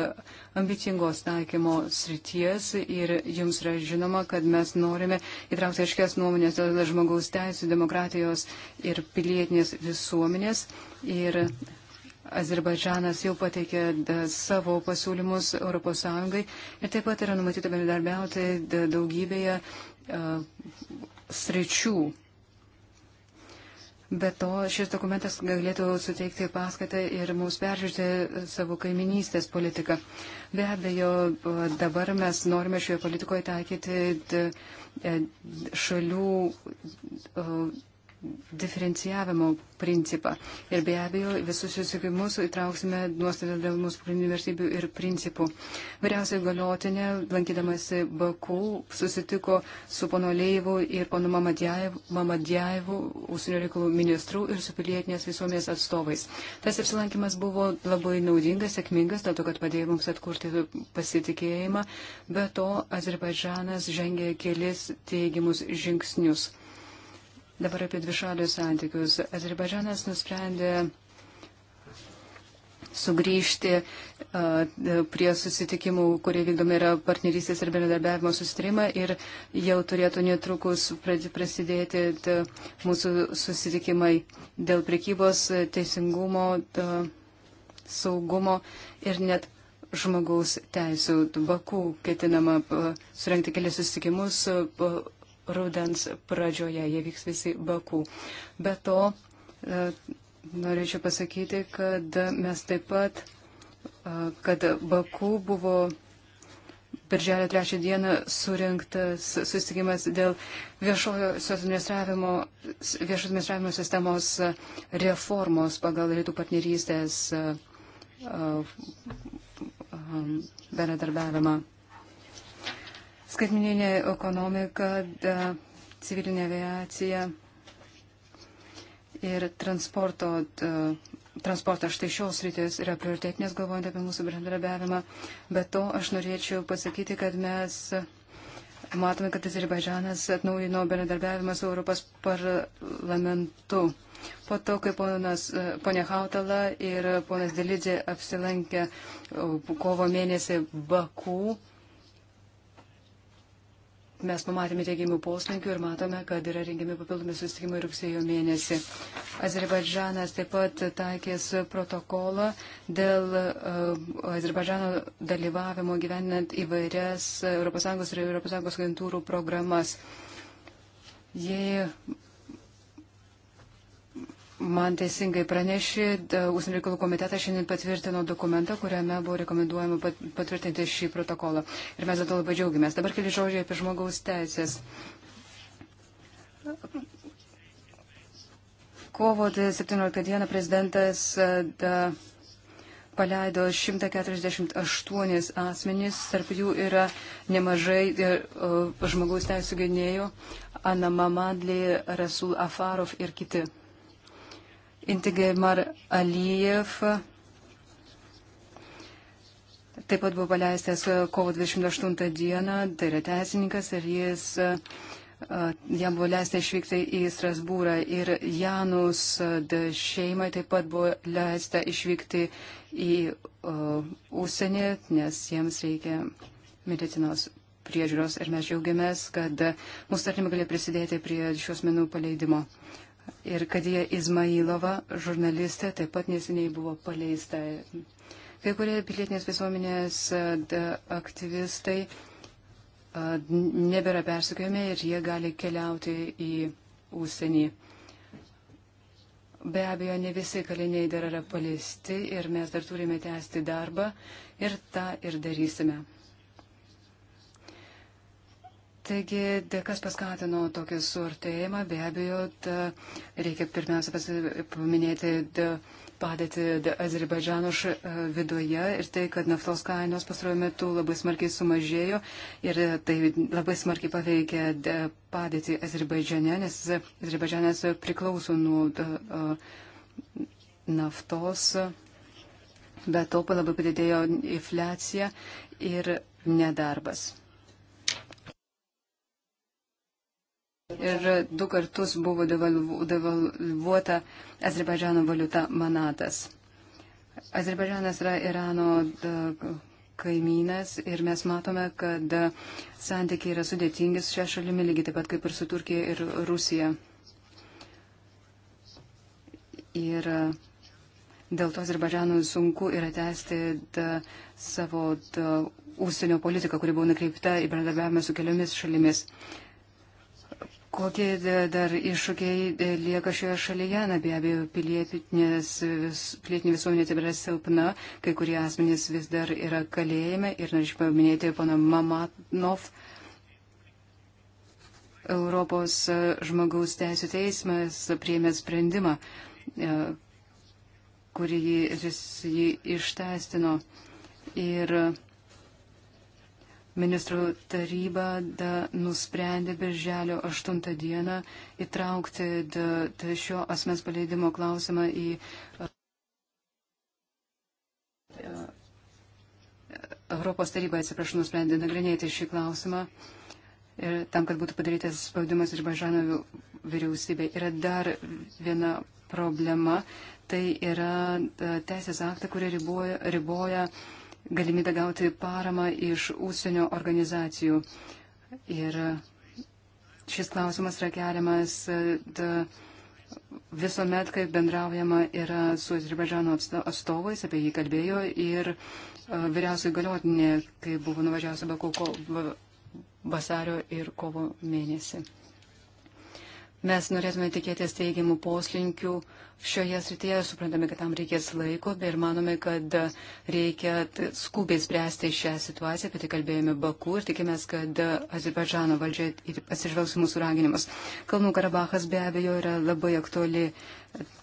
ambicingos taikymo srities ir jums yra žinoma, kad mes norime įtraukti aiškias nuomonės dėl žmogaus teisų, demokratijos ir pilietinės visuomenės. Ir Azerbaidžanas jau pateikė e, savo pasiūlymus ES ir taip pat yra numatyta bendradarbiauti e, daugybėje uh, sričių. Be to, šis dokumentas galėtų suteikti paskatą ir mums peržiūrėti savo kaiminystės politiką. Be abejo, dabar mes norime šioje politikoje taikyti e, šalių e, diferencijavimo principą. Ir be abejo, visus susitikimus įtrauksime nuostatą dėl mūsų pagrindinių vertybių ir principų. Vyriausiai galiotinė, lankydamasi Baku, susitiko su pono Leivu ir pono Mamadjaevu, užsienio reikalų ministru ir su pilietinės visuomenės atstovais. Tas apsilankimas buvo labai naudingas, sėkmingas, dėl to, kad padėjo mums atkurti pasitikėjimą. Be to, Azerbaidžanas žengė kelis teigiamus žingsnius. Dabar apie dvišalius santykius. Azerbaidžanas nusprendė sugrįžti prie susitikimų, kurie vykdomi yra partnerystės ir bendradarbiavimo sustarimą ir jau turėtų netrukus prasidėti mūsų susitikimai dėl prekybos, teisingumo, saugumo ir net žmogaus teisų. Baku ketinama surenkti kelias susitikimus rudens pradžioje, jie vyks visi Baku. Be to, e, norėčiau pasakyti, kad mes taip pat, e, kad Baku buvo Birželio trečią dieną surinktas susitikimas dėl viešojo administravimo, viešo administravimo sistemos reformos pagal rytų partnerystės e, bendradarbiavimą. Uh, um, skaitmininė ekonomika, civilinė aviacija ir transporto, transportas štai šios rytis yra prioritetinės, galvojant apie mūsų bendradarbiavimą. Bet to aš norėčiau pasakyti, kad mes matome, kad Azerbaidžanas atnaujino bendradarbiavimą su Europos parlamentu. Po to, kai ponas, ponė Hautala ir ponas Delidžė apsilankė kovo mėnesį Bakų, mes pamatėme teigiamų poslinkių ir matome, kad yra rengiami papildomi susitikimai rugsėjo mėnesį. Azerbaidžanas taip pat taikės protokolą dėl e, Azerbaidžano dalyvavimo gyveninant įvairias ES ir ES agentūrų programas. Jei man teisingai pranešė, Užsienio reikalų komitetas šiandien patvirtino dokumentą, kuriame buvo rekomenduojama patvirtinti šį protokolą. Ir mes dėl to labai džiaugiamės. Dabar keli žodžiai apie žmogaus teisės. Kovo 17 dieną prezidentas da, paleido 148 asmenys, tarp jų yra nemažai e, žmogaus teisų gynėjų, Ana Mamadli, Rasul Afarov ir kiti. Intigemar Alijev taip pat buvo paleistas kovo 28 dieną, tai yra teisininkas ir jis, jam buvo leista išvykti į Strasbūrą ir Janus šeimai taip pat buvo leista išvykti į užsienį, nes jiems reikia medicinos priežiūros ir mes džiaugiamės, kad mūsų tarnybė galėjo prisidėti prie šios menų paleidimo. Uh, ir Kadija Izmailova, žurnalistė, taip pat neseniai buvo paleista. Kai kurie pilietinės visuomenės aktyvistai nebėra persikėjami ir jie gali keliauti į užsienį. Be abejo, ne visi kaliniai dar yra paliesti ir mes dar turime tęsti darbą ir tą ir darysime. Taigi, kas paskatino tokį suartėjimą, be abejo, da, reikia pirmiausia paminėti da, padėti da, Azerbaidžano š, e, viduje ir tai, kad naftos kainos pastaruoju metu labai smarkiai sumažėjo ir tai labai smarkiai paveikė da, padėti Azerbaidžane, nes Azerbaidžanas priklauso nuo da, a, e, naftos, bet to labai padidėjo infliacija ir nedarbas. ir du kartus buvo devalvuota Azerbaidžiano valiuta manatas. Azerbaidžanas yra Irano kaimynas ir mes matome, kad santykiai yra sudėtingi su šia šalimi, lygiai taip pat kaip ir su Turkija ir Rusija. Ir e, dėl to Azerbaidžanui sunku yra tęsti savo da, užsienio politiką, kuri buvo nukreipta į bendradarbiavimą su keliomis šalimis. Kokie dar iššūkiai e, lieka šioje šalyje? Na, be abejo, pilietinė visuomenė tebėra silpna, kai kurie asmenys vis dar yra kalėjime ir norėčiau paminėti pana Mamatnov. Europos e, žmogaus teisų teismas priėmė sprendimą, e, kurį jis jį ištestino. Ir Ministrų taryba da, nusprendė birželio 8 dieną įtraukti da, da šio asmens paleidimo klausimą į Europos taryba, atsiprašau, nusprendė nagrinėti šį klausimą. Ir e, tam, kad būtų padarytas spaudimas ir Bažano vyriausybė, yra dar viena problema. Tai yra e, teisės aktą, kurie riboja, riboja uh, galimybę gauti paramą iš užsienio organizacijų. Ir šis klausimas yra keliamas e, visuomet, kai bendraujama yra su Azerbaidžano atstovais, apie jį kalbėjo ir e, vyriausiai galiotinė, kai buvo nuvažiavusi Baku vasario ir kovo mėnesį. Mes norėtume tikėtis teigiamų poslinkių šioje srityje, suprantame, kad tam reikės laiko ir manome, kad reikia skubiai spręsti šią situaciją, apie tai kalbėjome Baku ir tikimės, kad Azerbaidžano valdžia atsižvelgs mūsų raginimus. Kalnų Karabahas be abejo yra labai aktuali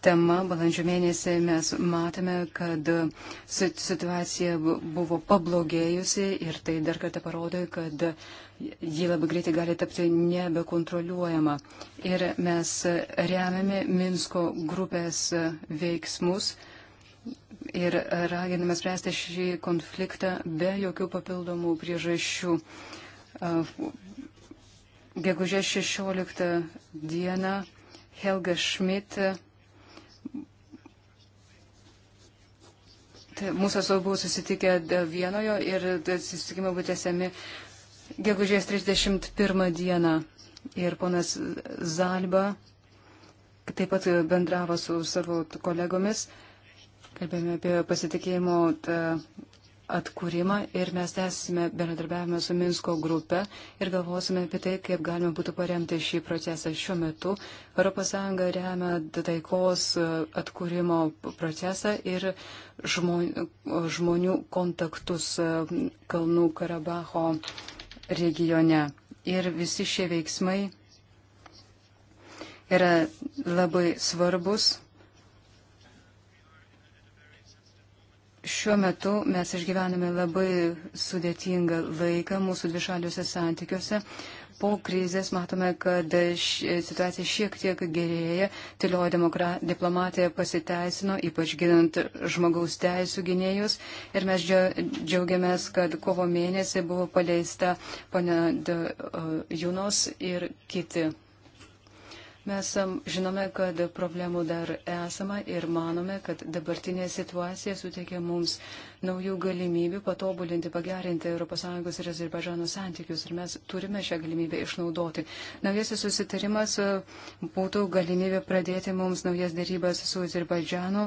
tema. Balandžio mėnesį mes matome, kad situacija buvo pablogėjusi ir tai dar kartą parodo, kad ji labai greitai gali tapti nebekontroliuojama. Ir mes remiame Minsko grupės veiksmus ir raginame spręsti šį konfliktą be jokių papildomų priežasčių. Gegužės 16 dieną Helga Schmidt Mūsų atstovai buvo susitikę vienojo ir susitikimai buvo tęsiami gegužės 31 dieną. Ir ponas Zalba taip pat bendravo su savo kolegomis. Kalbėjome apie pasitikėjimo atkūrimą ir mes tęsime bendradarbiavimą su Minsko grupe ir galvosime apie tai, kaip galima būtų paremti šį procesą. Šiuo metu ES remia taikos e, atkūrimo procesą ir žmonių kontaktus e, Kalnų Karabaho regione. Ir visi šie veiksmai yra labai svarbus Šiuo metu mes išgyvename labai sudėtingą laiką mūsų dvišaliuose santykiuose. Po krizės matome, kad ši, situacija šiek tiek gerėja, tylioji diplomatija pasiteisino, ypač ginant žmogaus teisų gynėjus. Ir mes džiaugiamės, kad kovo mėnesį buvo paleista pana Junos ir kiti Mes um, žinome, kad problemų dar esama ir manome, kad dabartinė situacija suteikia mums naujų galimybių patobulinti, pagerinti ES ir Azerbaidžano santykius ir mes turime šią galimybę išnaudoti. Naujasis susitarimas uh, būtų galimybė pradėti mums naujas darybas su Azerbaidžanu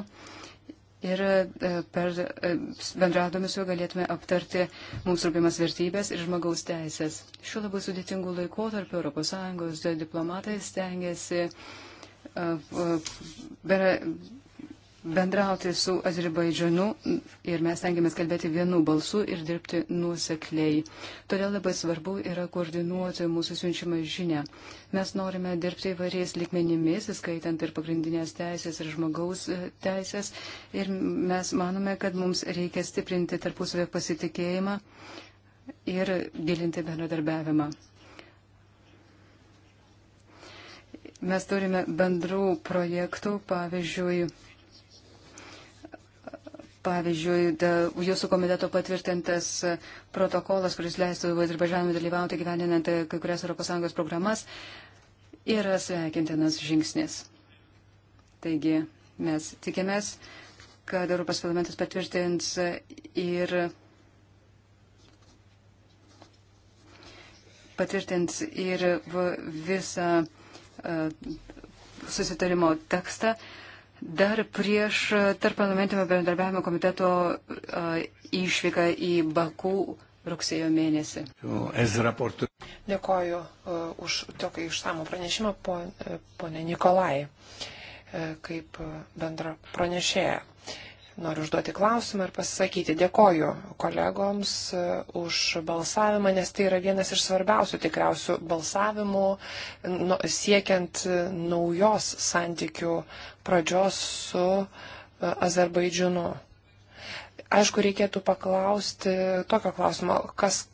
ir e, per e, bendradami su juo galėtume aptarti mums rūpimas vertybės ir žmogaus teisės. Šiuo labai sudėtingu laikotarpiu ES diplomatai stengiasi e, bendrauti su Azerbaidžanu ir mes tengiamės kalbėti vienu balsu ir dirbti nuosekliai. Todėl labai svarbu yra koordinuoti mūsų siunčiamą žinę. Mes norime dirbti įvairiais likmenimis, skaitant ir pagrindinės teisės ir žmogaus e, teisės. Ir mes manome, kad mums reikia stiprinti tarpusavio pasitikėjimą ir gilinti bendradarbiavimą. Mes turime bendrų projektų, pavyzdžiui, Pavyzdžiui, da, jūsų komiteto patvirtintas e, protokolas, kuris leistų Azerbaidžanui dalyvauti gyveninant e, kai kurias ES programas, yra sveikintinas žingsnis. Taigi mes tikimės, kad Europos parlamentas patvirtins e, ir patvirtins ir visą uh, susitarimo tekstą. Uh, Dar prieš e, tarp parlamentinio bendradarbiavimo komiteto e, išvyką į Bakų rugsėjo mėnesį. Dėkoju e, už tokį išsamų pranešimą, ponė Nikolai, kaip bendra pranešėja noriu užduoti klausimą ir pasisakyti. Dėkoju kolegoms e, už balsavimą, nes tai yra vienas iš svarbiausių tikriausių balsavimų nu, siekiant e, naujos santykių pradžios su e, Azerbaidžianu. Aišku, reikėtų paklausti tokio klausimo, kas,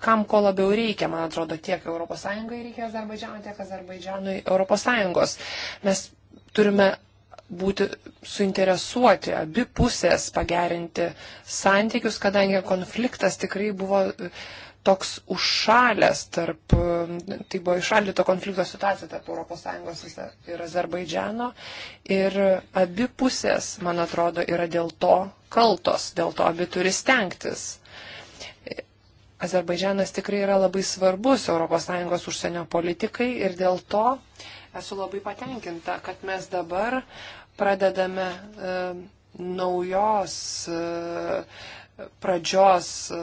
kam ko labiau reikia, man atrodo, tiek ES reikia Azerbaidžianui, tiek Azerbaidžianui ES. Mes turime būti suinteresuoti, abi pusės pagerinti santykius, kadangi konfliktas tikrai buvo e, toks užšalęs tarp, e, tai buvo išaldyto konflikto situacija tarp ES ir Azerbaidžiano. Ir abi pusės, man atrodo, yra dėl to kaltos, dėl to abi turi stengtis. E, Azerbaidžianas tikrai yra labai svarbus ES užsienio politikai ir dėl to esu labai patenkinta, kad mes dabar pradedame e, naujos e, pradžios e,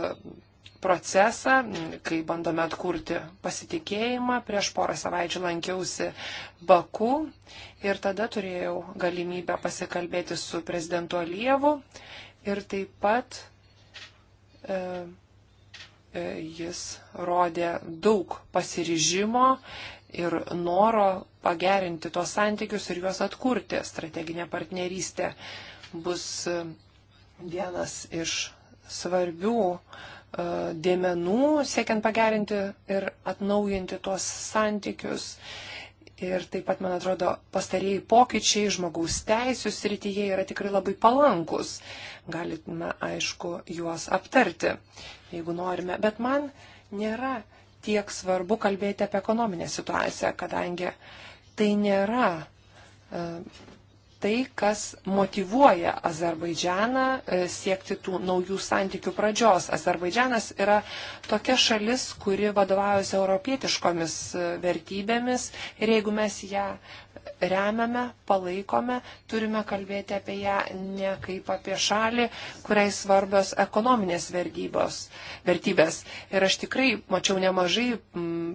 procesą, kai bandome atkurti pasitikėjimą. Prieš porą savaičių lankiausi Baku ir tada turėjau galimybę pasikalbėti su prezidentu Alievu ir taip pat e, e, jis rodė daug pasiryžimo ir noro pagerinti tos santykius ir juos atkurti. Strateginė partnerystė bus e, vienas iš svarbių e, dėmenų, siekiant pagerinti ir atnaujinti tuos santykius. Ir taip pat, man atrodo, pastarėjai pokyčiai žmogaus teisų srityje yra tikrai labai palankus. Galime, aišku, juos aptarti, jeigu norime. Bet man nėra tiek svarbu kalbėti apie ekonominę situaciją, kadangi tai nėra e, tai, kas motivuoja Azerbaidžianą e, siekti tų naujų santykių pradžios. Azerbaidžianas yra tokia šalis, kuri vadovaujasi europietiškomis e, vertybėmis ir jeigu mes ją remiame, palaikome, turime kalbėti apie ją ne kaip apie šalį, kuriai svarbios ekonominės vertybos, vertybės. Ir aš tikrai mačiau nemažai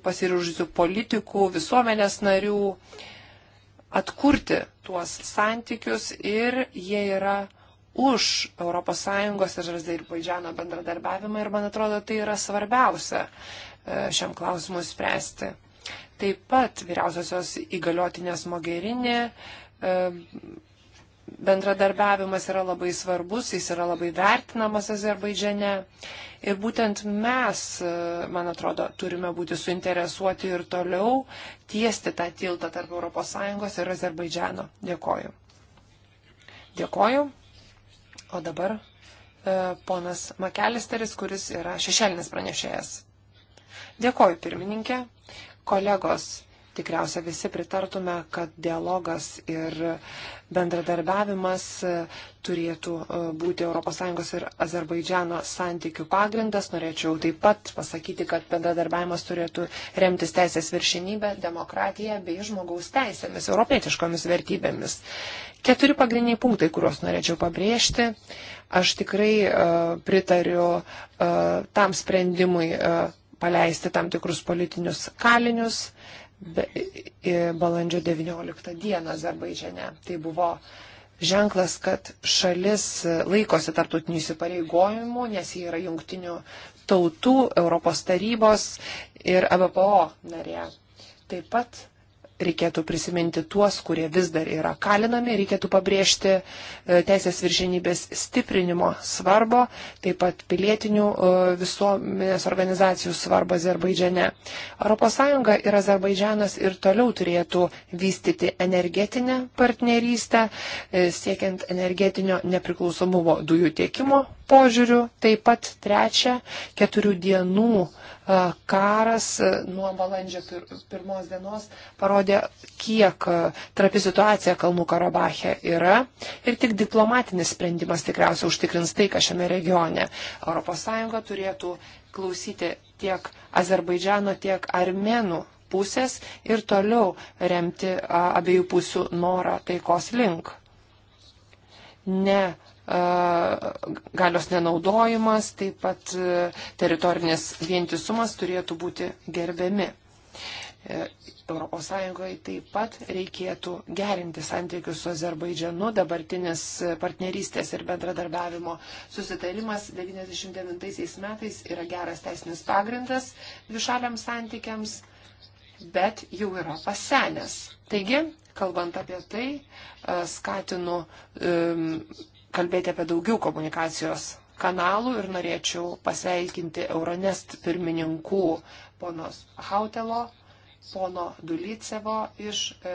pasiryžusių politikų, visuomenės narių, uh, atkurti tuos santykius ir jie yra už ES ir Azerbaidžiano bendradarbiavimą ir man atrodo tai yra svarbiausia e, šiam klausimui spręsti. Taip pat vyriausiosios įgaliotinės Mogerinė e, bendradarbiavimas yra labai svarbus, jis yra labai vertinamas Azerbaidžiane. Ir būtent mes, man atrodo, turime būti suinteresuoti ir toliau tiesti tą tiltą tarp ES ir Azerbaidžiano. Dėkoju. Dėkoju. O dabar e, ponas Makelisteris, kuris yra šešėlinis pranešėjas. Dėkoju, pirmininkė. Kolegos, Tikriausia visi pritartume, kad dialogas ir bendradarbiavimas turėtų e, būti ES ir Azerbaidžiano santykių pagrindas. Norėčiau taip pat pasakyti, kad bendradarbiavimas turėtų remtis teisės viršinybę, demokratiją bei žmogaus teisėmis, europietiškomis vertybėmis. Keturi pagrindiniai punktai, kuriuos norėčiau pabrėžti. Aš tikrai uh, pritariu uh, tam sprendimui. Uh, paleisti tam tikrus politinius kalinius, uh, be, balandžio 19 dieną Azerbaidžiane. Tai buvo ženklas, kad šalis laikosi tartutinių įsipareigojimų, nes jie yra jungtinių tautų, Europos tarybos ir ABPO narė. Taip pat reikėtų prisiminti tuos, kurie vis dar yra kalinami, reikėtų pabrėžti e, teisės viršinybės stiprinimo svarbo, taip pat pilietinių e, visuomenės organizacijų svarbą Azerbaidžiane. ES ir Azerbaidžianas ir toliau turėtų vystyti energetinę partnerystę, e, siekiant energetinio nepriklausomumo dujų tiekimo požiūriu. Taip pat trečia, keturių dienų e, karas e, nuo balandžio pirmos dienos parodė, kiek e, trapi situacija Kalnų Karabache yra. Ir tik diplomatinis sprendimas tikriausiai užtikrins tai, ką šiame regione ES turėtų klausyti tiek Azerbaidžiano, tiek armenų pusės ir toliau remti abiejų pusių norą taikos link. Ne galios nenaudojimas, taip pat teritorinės vientisumas turėtų būti gerbiami. ES taip pat reikėtų gerinti santykius su Azerbaidžianu. Dabartinis partnerystės ir bendradarbiavimo susitarimas 1999 metais yra geras teisinis pagrindas dvišaliams santykiams, bet jau yra pasenęs. Taigi, kalbant apie tai, skatinu um, kalbėti apie daugiau komunikacijos kanalų ir norėčiau pasveikinti Euronest pirmininkų ponos Hautelo, pono Dulicevo iš e,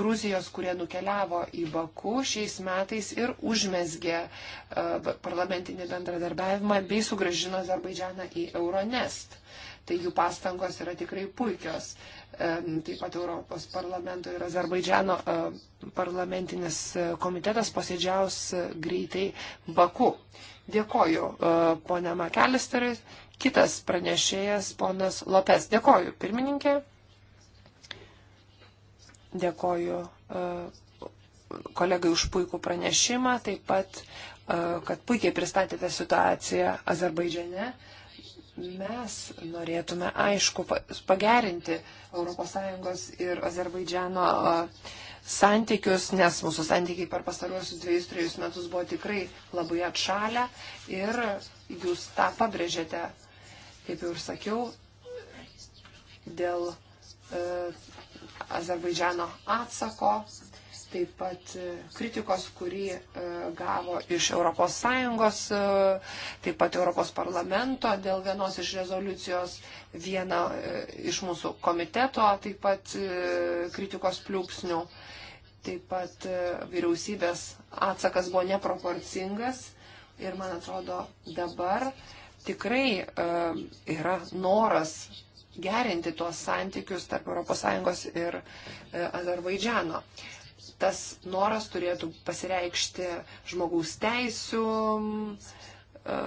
Gruzijos, kurie nukeliavo į Baku šiais metais ir užmesgė e, parlamentinį bendradarbiavimą bei sugražino Azerbaidžianą į Euronest. E, tai jų pastangos yra tikrai puikios. Taip pat Europos parlamento ir Azerbaidžiano e, parlamentinis e, komitetas posėdžiaus e, greitai Baku. Dėkoju, ponė Makelisteris. Kitas pranešėjas, ponas Lopes. Dėkoju, pirmininkė. Dėkoju kolegai už puikų pranešimą, taip pat, kad puikiai pristatėte situaciją Azerbaidžiane. Mes norėtume, aišku, pagerinti ES ir Azerbaidžiano santykius, nes mūsų santykiai per pastaruosius dviejus, trejus metus buvo tikrai labai atšalę ir jūs tą pabrėžėte, kaip jau ir sakiau, dėl e, Azerbaidžiano atsako taip pat e, kritikos, kurį e, gavo iš ES, e, taip pat ES parlamento dėl vienos iš rezoliucijos, viena iš mūsų komiteto, taip pat kritikos pliūpsnių, taip pat vyriausybės atsakas buvo neproporcingas ir man atrodo dabar tikrai yra noras gerinti tuos santykius tarp ES ir Azerbaidžiano tas noras turėtų pasireikšti žmogaus teisų e,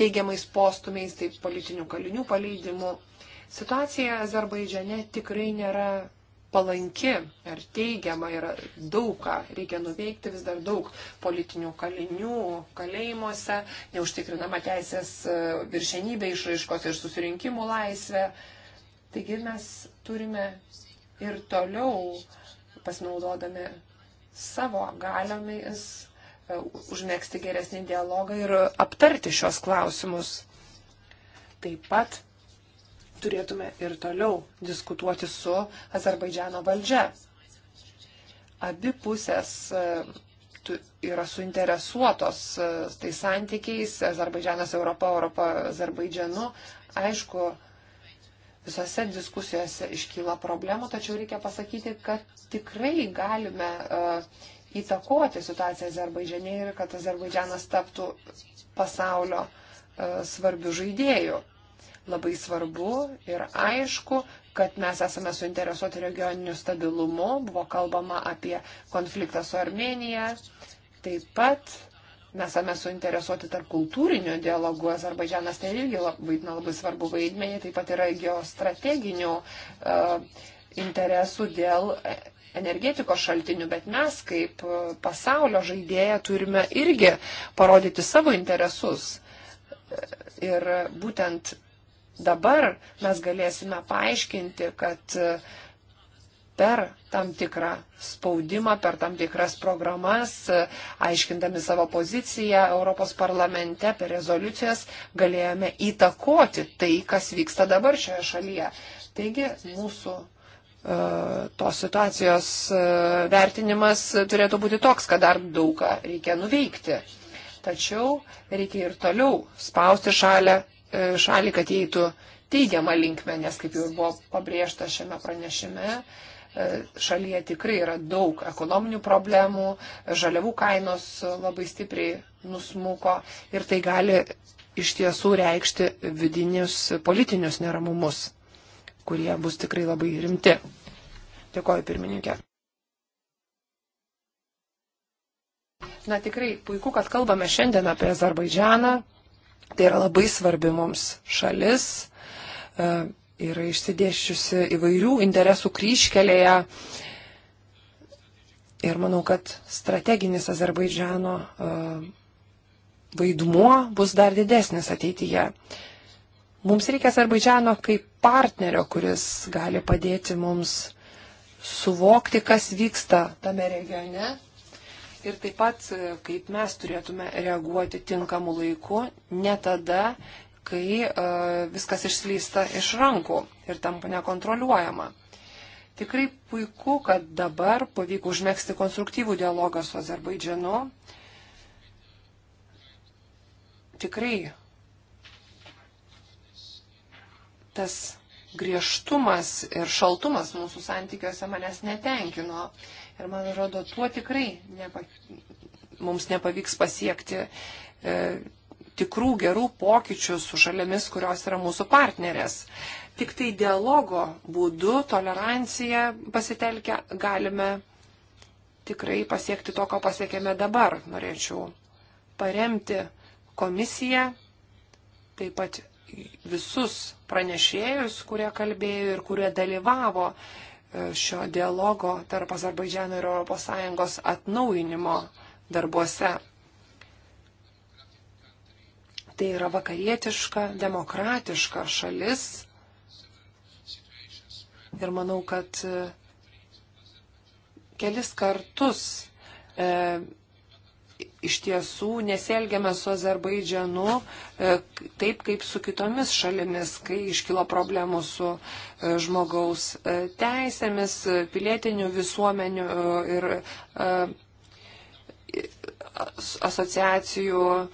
teigiamais postumiais, tai politinių kalinių paleidimu. Situacija Azerbaidžiane tikrai nėra palanki ar teigiama, yra daug ką reikia nuveikti, vis dar daug politinių kalinių kalėjimuose, neužtikrinama teisės e, viršenybė išraiškos ir susirinkimų laisvė. Taigi mes turime ir toliau pasinaudodami savo galiomis e, užmėgsti geresnį dialogą ir aptarti šios klausimus. Taip pat turėtume ir toliau diskutuoti su Azerbaidžiano valdžia. Abi pusės e, yra suinteresuotos tai santykiais Azerbaidžianas Europa, Europa Azerbaidžianu. Aišku, visose diskusijose iškyla problemų, tačiau reikia pasakyti, kad tikrai galime e, įtakoti situaciją Azerbaidžiane ir kad Azerbaidžianas taptų pasaulio e, svarbių žaidėjų. Labai svarbu ir aišku, kad mes esame suinteresuoti regioniniu stabilumu, buvo kalbama apie konfliktą su Armenija, taip pat mes esame suinteresuoti tarp kultūrinių dialogų. Azerbaidžianas ten tai irgi vaidina labai svarbu vaidmenį, taip pat yra geostrateginių uh, interesų dėl e, energetikos šaltinių, bet mes kaip e, pasaulio žaidėja turime irgi parodyti savo interesus. Ir būtent dabar mes galėsime paaiškinti, kad uh, per tam tikrą spaudimą, per tam tikras programas, aiškindami savo poziciją Europos parlamente, per rezoliucijas galėjome įtakoti tai, kas vyksta dabar šioje šalyje. Taigi mūsų e, tos situacijos e, vertinimas turėtų būti toks, kad dar daug ką reikia nuveikti. Tačiau reikia ir toliau spausti šalę, e, šalį, kad eitų teigiamą linkmę, nes kaip jau buvo pabrėžta šiame pranešime, uh, E, šalyje tikrai yra daug ekonominių problemų, žaliavų kainos labai stipriai nusmuko ir tai gali iš tiesų reikšti vidinius politinius neramumus, kurie bus tikrai labai rimti. Dėkoju pirmininkė. Na tikrai puiku, kad kalbame šiandien apie Azerbaidžianą. Tai yra labai svarbi mums šalis. E, yra išsidėščiusi įvairių interesų kryškelėje. Ir manau, kad strateginis Azerbaidžiano e, vaidmuo bus dar didesnis ateityje. Mums reikia Azerbaidžiano kaip partnerio, kuris gali padėti mums suvokti, kas vyksta tame regione. Ir taip pat, e, kaip mes turėtume reaguoti tinkamu laiku, ne tada, kai e, viskas išslysta iš rankų ir tampa nekontroliuojama. Tikrai puiku, kad dabar pavyko užmėgsti konstruktyvų dialogą su Azerbaidžianu. Tikrai tas griežtumas ir šaltumas mūsų santykiuose manęs netenkino. Ir man atrodo, tuo tikrai nepa, mums nepavyks pasiekti e, tikrų gerų pokyčių su šalimis, kurios yra mūsų partnerės. Tik tai dialogo būdu, tolerancija pasitelkę galime tikrai pasiekti to, ko pasiekėme dabar. Norėčiau paremti komisiją, taip pat visus pranešėjus, kurie kalbėjo ir kurie dalyvavo e, šio dialogo tarp Azerbaidžiano ir ES atnaujinimo darbuose. Tai yra vakarietiška, demokratiška šalis. Ir manau, kad e, kelis kartus e, iš tiesų nesielgiame su Azerbaidžianu e, taip kaip su kitomis šalimis, kai iškilo problemų su e, žmogaus e, teisėmis, e, pilietinių visuomenių e, ir e, asociacijų e,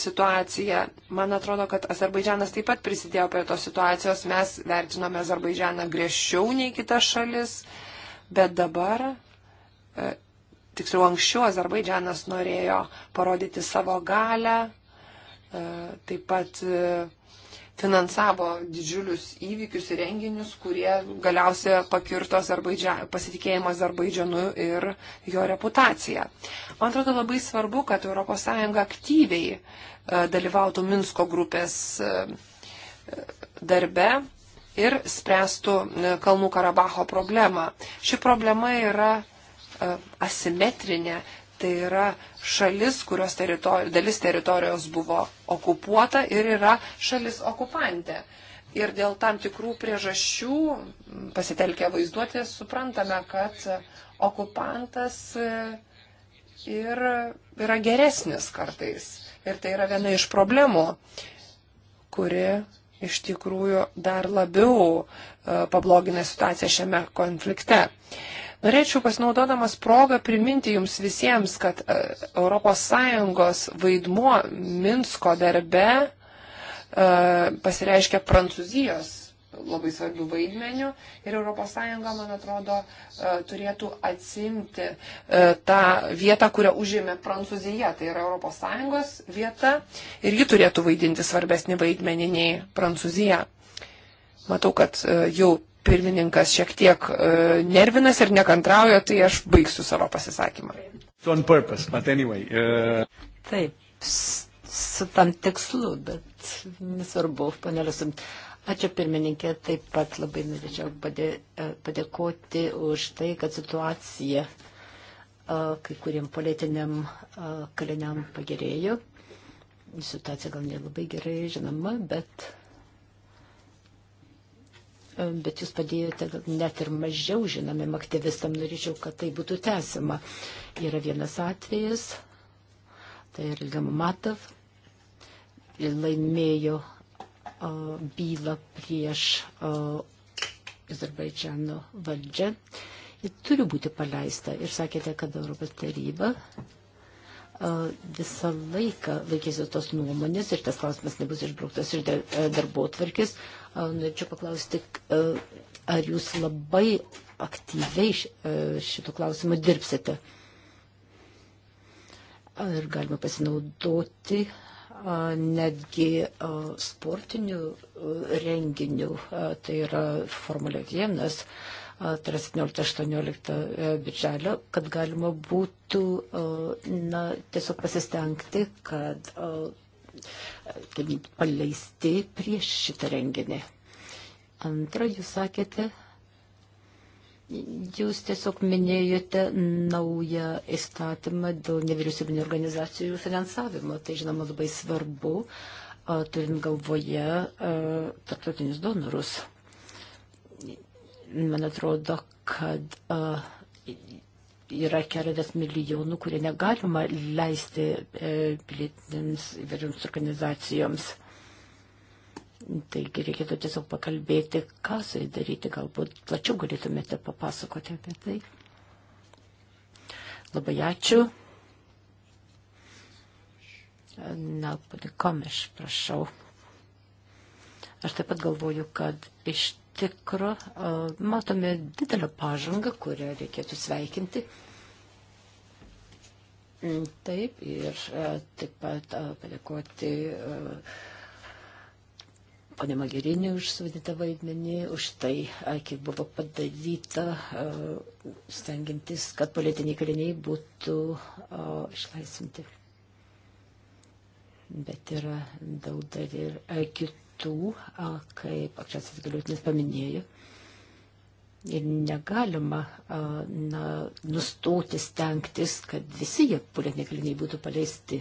situaciją. Man atrodo, kad Azerbaidžianas taip pat prisidėjo prie tos situacijos. Mes vertinome Azerbaidžianą griežčiau nei kitas šalis, bet dabar, e, tiksliau anksčiau, Azerbaidžianas norėjo parodyti savo galę, e, taip pat e, finansavo didžiulius įvykius ir renginius, kurie galiausia pakirto Azerbaidžia, pasitikėjimą Azerbaidžianu ir jo reputaciją. Man atrodo labai svarbu, kad ES aktyviai e, dalyvautų Minsko grupės e, e, darbe ir spręstų Kalnų Karabaho problemą. Ši problema yra asimetrinė Tai yra šalis, kurios teritori dalis teritorijos buvo okupuota ir yra šalis okupantė. Ir dėl tam tikrų priežasčių, pasitelkę vaizduotę, suprantame, kad okupantas e, ir yra geresnis kartais. Ir tai yra viena iš problemų, kuri iš tikrųjų dar labiau e, pablogina situaciją šiame konflikte. Norėčiau pasinaudodamas progą priminti jums visiems, kad ES vaidmuo Minsko darbe e, pasireiškia Prancūzijos labai svarbių vaidmenių ir ES, man atrodo, e, turėtų atsimti e, tą vietą, kurią užėmė Prancūzija, tai yra ES vieta ir ji turėtų vaidinti svarbesnį vaidmenį nei Prancūzija. Matau, kad jau pirmininkas šiek tiek uh, e, nervinas ir nekantrauja, tai aš baigsiu savo pasisakymą. Purpose, anyway, uh... Taip, su tam tikslu, bet nesvarbu, paneliusim. Ačiū pirmininkė, taip pat labai norėčiau padė, e, padėkoti už tai, kad situacija kai kuriem politiniam kaliniam pagerėjo. Situacija gal nelabai gerai žinoma, bet bet jūs padėjote net ir mažiau žinomim aktyvistam, norėčiau, kad tai būtų tęsima. Yra vienas atvejis, tai yra Ilgam Matov, laimėjo bylą prieš Azerbaidžiano valdžią. Ji turi būti paleista ir sakėte, kad Europos taryba visą laiką laikysiu tos nuomonės ir tas klausimas nebus išbrauktas iš e, darbo tvarkės. Norėčiau paklausti, ar jūs labai aktyviai e, šitų klausimų dirbsite? Ir galima pasinaudoti netgi sportinių renginių, tai yra Formulė 1 tai yra 17-18 birželio, kad galima būtų e, na, tiesiog pasistengti, kad e, paleisti prieš šitą renginį. Antra, jūs sakėte, Jūs tiesiog minėjote naują įstatymą dėl nevyriausybinio organizacijų finansavimo. Tai žinoma labai svarbu, turint galvoje e, tarptautinius donorus man atrodo, kad uh, yra keletas milijonų, kurie negalima leisti uh, pilietinėms įvairioms organizacijoms. Taigi reikėtų tiesiog pakalbėti, ką su jais daryti, galbūt plačiau galėtumėte papasakoti apie tai. Labai ačiū. Na, padėkom, aš prašau. Aš taip pat galvoju, kad iš tikrą, matome didelę pažangą, kurią reikėtų sveikinti. Mm, taip, ir e, taip pat e, padėkoti e, ponė Magerinė už suvadintą vaidmenį, už tai, kiek buvo padaryta, stengiantis, kad politiniai kaliniai būtų išlaisvinti bet yra daug dar ir kitų kitų, kaip aukščiausias galiotinis paminėjo. Ir negalima na, nustoti stengtis, kad visi jie politiniai kaliniai būtų paleisti,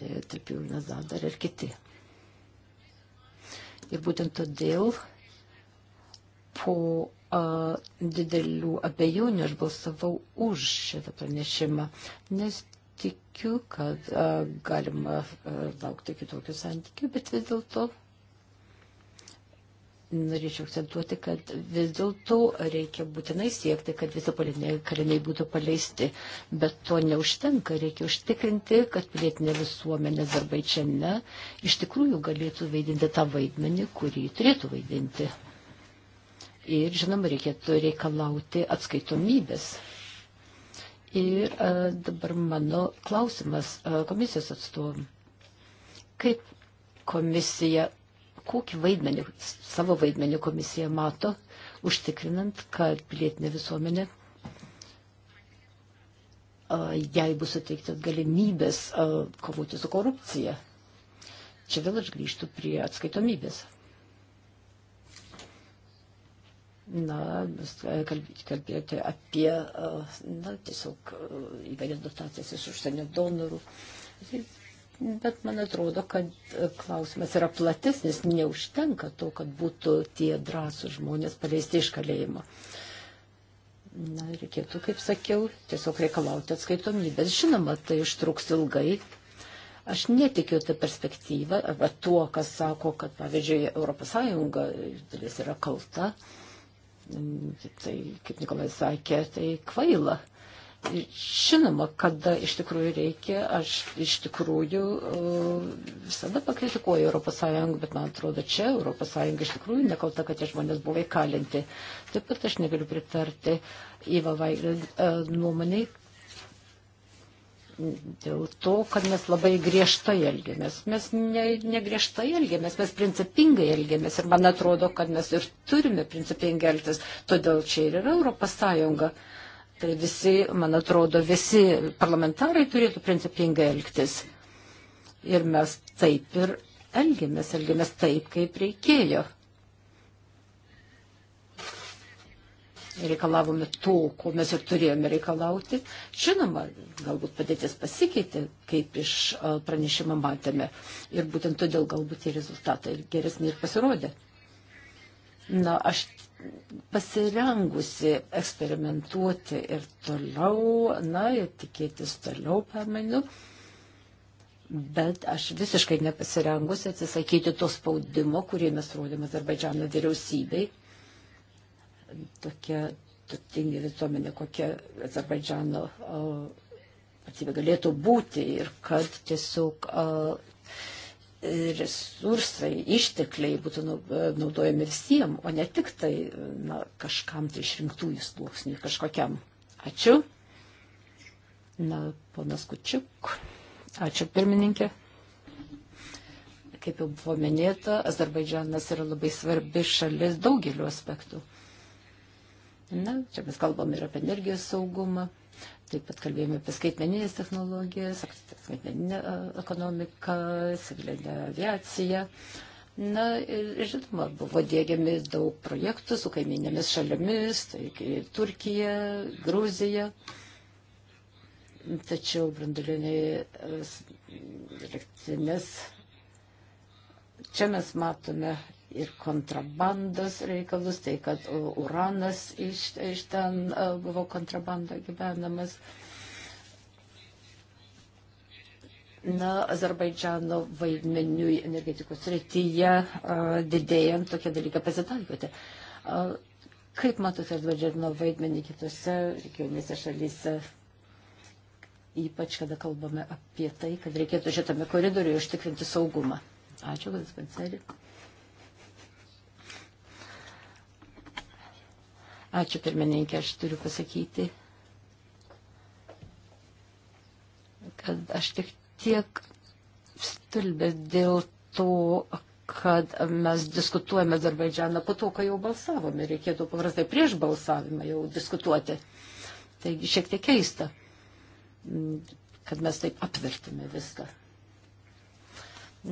e, tarp jų Nazadar ir kiti. Ir būtent todėl po a, didelių abejonių aš balsavau už šitą pranešimą, nes tikiu, kad a, galima a, laukti kitokių santykių, bet vis dėlto norėčiau akcentuoti, kad vis dėlto reikia būtinai siekti, kad visi politiniai kariniai būtų paleisti, bet to neužtenka, reikia užtikrinti, kad pilietinė visuomenė Azerbaidžiane iš tikrųjų galėtų vaidinti tą vaidmenį, kurį turėtų vaidinti. Ir, žinoma, reikėtų reikalauti atskaitomybės Ir e, dabar mano klausimas e, komisijos atstovam. Kaip komisija, kokį vaidmenį, savo vaidmenį komisija mato, užtikrinant, kad pilietinė visuomenė e, jai bus suteiktas galimybės kovoti su korupcija. Čia vėl aš grįžtu prie atskaitomybės. na, e, kalbėti apie, e, na, tiesiog e, įvairias dotacijas iš užsienio donorų. Bet man atrodo, kad klausimas yra platesnis, neužtenka to, kad būtų tie drąsų žmonės paleisti iš kalėjimo. Na, reikėtų, kaip sakiau, tiesiog reikalauti atskaitomybės. Žinoma, tai užtruks ilgai. Aš netikiu tą perspektyvą arba tuo, kas sako, kad, pavyzdžiui, ES dalis yra kalta. Uh, tai, kaip Nikolai sakė, tai kvaila. Žinoma, kada iš tikrųjų reikia, aš iš tikrųjų uh, visada pakritikuoju ES, bet man atrodo, čia ES iš tikrųjų nekalta, kad tie žmonės buvo įkalinti. Taip pat aš negaliu pritarti Įvavai uh, nuomonėj, dėl to, kad mes labai griežtai elgiamės. Mes ne, ne griežtai elgiamės, mes principingai elgiamės ir man atrodo, kad mes ir turime principingai elgtis. Todėl čia ir yra Europos Sąjunga. Tai visi, man atrodo, visi parlamentarai turėtų principingai elgtis. Ir mes taip ir elgiamės, elgiamės taip, kaip reikėjo. reikalavome to, ko mes ir turėjome reikalauti. Žinoma, galbūt padėtis pasikeitė, kaip iš e, pranešimą matėme. Ir būtent todėl galbūt tie rezultatai geresni ir pasirodė. Na, aš pasirengusi eksperimentuoti ir toliau, na, ir tikėtis toliau permainų. Bet aš visiškai nepasirengusi atsisakyti to spaudimo, kurį mes rodėme Azerbaidžiano vyriausybei tokia turtinga visuomenė, kokia Azerbaidžiano valstybė galėtų būti ir kad tiesiog a, resursai, ištekliai būtų naudojami visiems, o ne tik tai na, kažkam tai išrinktųjų sluoksniui, kažkokiam. Ačiū. Na, ponas Kučiuk. Ačiū pirmininkė kaip jau buvo minėta, Azerbaidžianas yra labai svarbi šalis daugeliu aspektų. Na, čia mes kalbam ir apie energijos saugumą, taip pat kalbėjome apie skaitmeninės technologijas, skaitmeninę e, ekonomiką, civilinę aviaciją. Na ir žinoma, buvo dėgiami daug projektų su kaiminėmis šalimis, tai Turkija, Gruzija. Tačiau brandulinės e, elektrinės, čia mes matome ir kontrabandos reikalus, tai kad uranas iš, iš ten e, buvo kontrabanda gyvenamas. Na, Azerbaidžiano vaidmeniui energetikos rytyje e, didėjant tokie dalykai pasitaikote. E, kaip matote Azerbaidžiano vaidmenį kitose regionėse šalyse, ypač kada kalbame apie tai, kad reikėtų šitame koridoriuje užtikrinti saugumą? Ačiū, Gadas Panceri. Ačiū pirmininkė, aš turiu pasakyti, kad aš tik tiek stulbęs dėl to, kad mes diskutuojame Azerbaidžianą po to, kai jau balsavome. Reikėtų paprastai prieš balsavimą jau diskutuoti. Taigi šiek tiek keista, kad mes taip apvertime viską.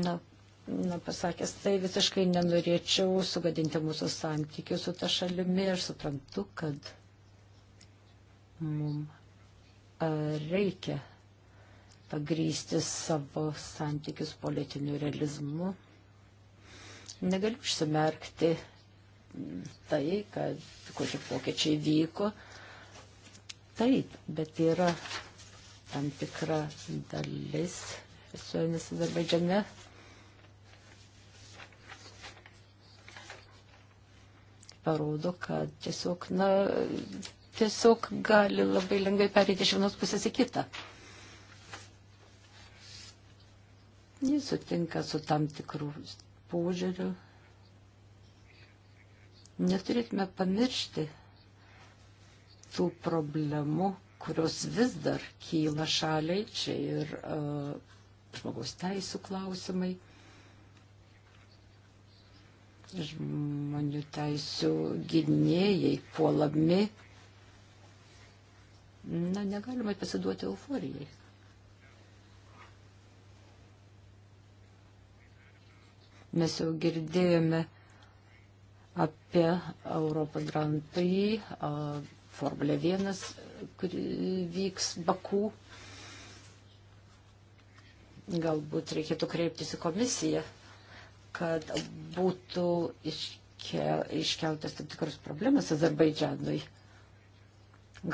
Na, na, pasakęs, tai visiškai nenorėčiau sugadinti mūsų santykių su ta šalimi. Aš suprantu, kad mums reikia pagrysti savo santykius politiniu realizmu. Negaliu užsimerkti tai, kad kokie pokyčiai vyko. Taip, bet yra tam tikra dalis visuomenės Azerbaidžiane, parodo, kad tiesiog, na, tiesiog gali labai lengvai perėti iš vienos pusės į kitą. Jis sutinka su tam tikrų požiūriu. Neturėtume pamiršti tų problemų, kurios vis dar kyla šaliai, čia ir uh, žmogaus teisų klausimai žmonių teisų gynėjai puolami. Na, negalima pasiduoti euforijai. Mes jau girdėjome apie Europos Grand Prix, Formulė 1, kuri vyks Baku. Galbūt reikėtų kreiptis į komisiją kad būtų iškel, iškeltas tam tikros problemas Azerbaidžianui.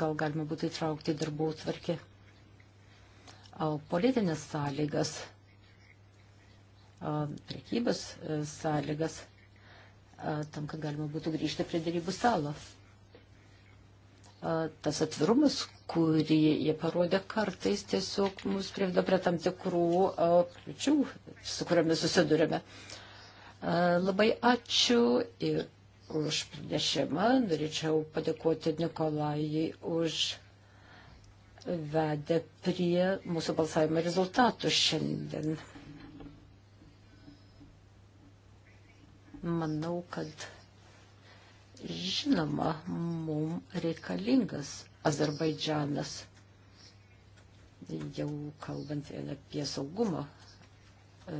Gal galima būtų įtraukti darbų tvarkį. Politinės sąlygas, prekybos e, sąlygas, e, tam, kad galima būtų grįžti prie darybų salo. E, tas atvirumas, kurį jie parodė kartais, tiesiog mus priveda prie tam tikrų kliučių, su kuriamis susidurėme. Uh, Labai ačiū ir už pranešimą. Norėčiau padėkoti Nikolajai už vedę prie mūsų balsavimo rezultatų šiandien. Manau, kad žinoma, mums reikalingas Azerbaidžanas, jau kalbant vien apie saugumą e,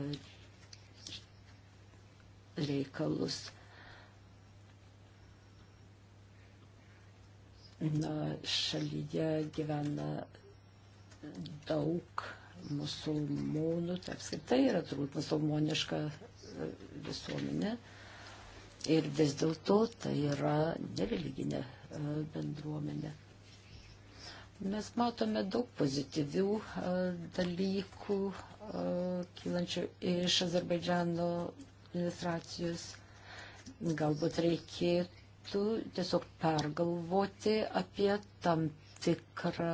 reikalus. Na, šalyje gyvena daug musulmonų, tai apskritai yra turbūt musulmoniška e, visuomenė. Ir vis dėlto tai yra nereliginė e, bendruomenė. Mes matome daug pozityvių e, dalykų kylančių iš Azerbaidžiano administracijos. Galbūt reikėtų tiesiog pergalvoti apie tam tikrą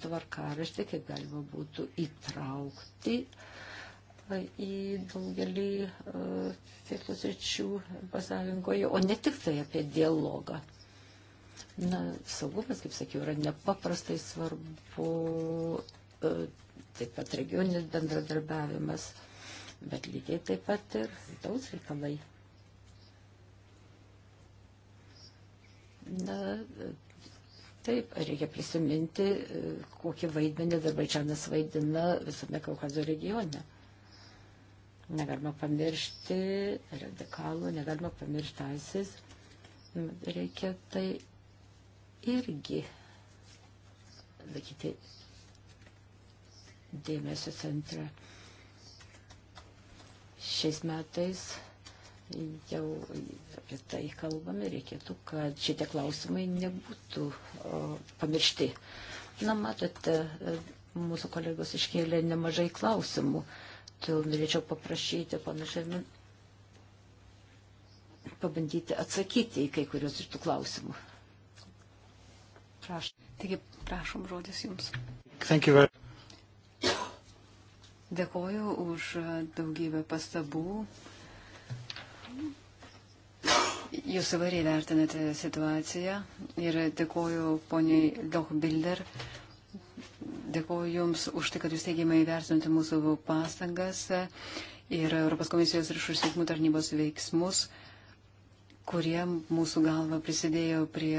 tvarkaraštį, kaip galima būtų įtraukti į daugelį e, veiklos ryčių pasąjungoje, o ne tik tai apie dialogą. Na, saugumas, kaip sakiau, yra nepaprastai svarbu, e, taip pat regioninis bendradarbiavimas bet lygiai taip pat ir vidaus reikalai. Na, taip, reikia prisiminti, kokį vaidmenį Darbaičianas vaidina visame Kaukazo regione. Negalima pamiršti radikalų, negalima pamiršti aisis. Reikia tai irgi laikyti dėmesio centrą šiais metais jau apie tai kalbame, reikėtų, kad šitie klausimai nebūtų o, pamiršti. Na, matote, mūsų kolegos iškėlė nemažai klausimų. Todėl norėčiau paprašyti, panašiai, pabandyti atsakyti į kai kurios iš tų klausimų. Prašom. Taigi, prašom žodis Jums. Dėkoju už daugybę pastabų. Jūs įvariai vertinate situaciją ir dėkoju poniai Dochbilder. Dėkoju Jums už tai, kad Jūs teigiamai vertinate mūsų pastangas ir Europos komisijos ir užsiekimų tarnybos veiksmus, kurie mūsų galva prisidėjo prie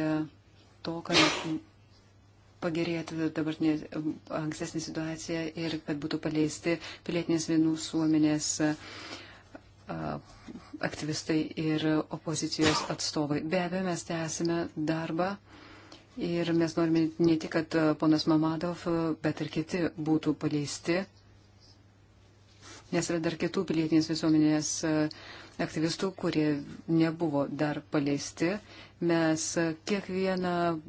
to, kad pagerėtų dabartinė um, ankstesnė situacija ir kad būtų paleisti pilietinės vienuomenės uh, aktyvistai ir opozicijos atstovai. Be abejo, mes tęsime darbą ir mes norime ne tik, kad uh, ponas Mamadov, uh, bet ir kiti būtų paleisti, nes yra dar kitų pilietinės visuomenės uh, aktyvistų, kurie nebuvo dar paleisti. Mes kiekvieną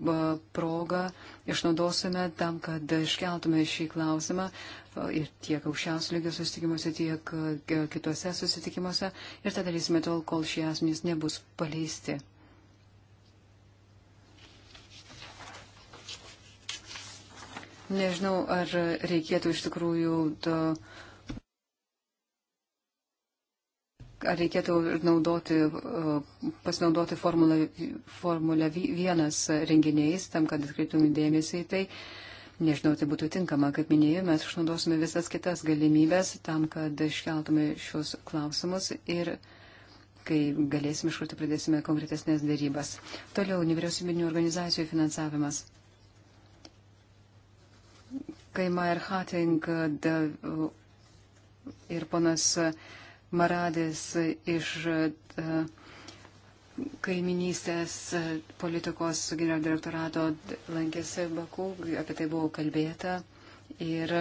progą išnaudosime tam, kad iškeltume šį klausimą ir tiek aukščiausių lygio susitikimuose, tiek kitose susitikimuose ir tą darysime tol, kol šie asmenys nebus paleisti. Nežinau, ar reikėtų iš tikrųjų to. Da ar reikėtų naudoti, e, pasinaudoti Formulę, Formulę 1 renginiais, tam, kad atkreiptum dėmesį į tai. Nežinau, tai būtų tinkama, kaip minėjau, mes išnaudosime visas kitas galimybės tam, kad iškeltume šios klausimus ir kai galėsim iš karto pradėsime konkretesnės darybas. Toliau, nevyriausybinių organizacijų finansavimas. Kai Mayer Hatting ir ponas uh, Maradės iš e, kaiminystės politikos generalinio direktorato lankėsi Baku, apie tai buvo kalbėta. Ir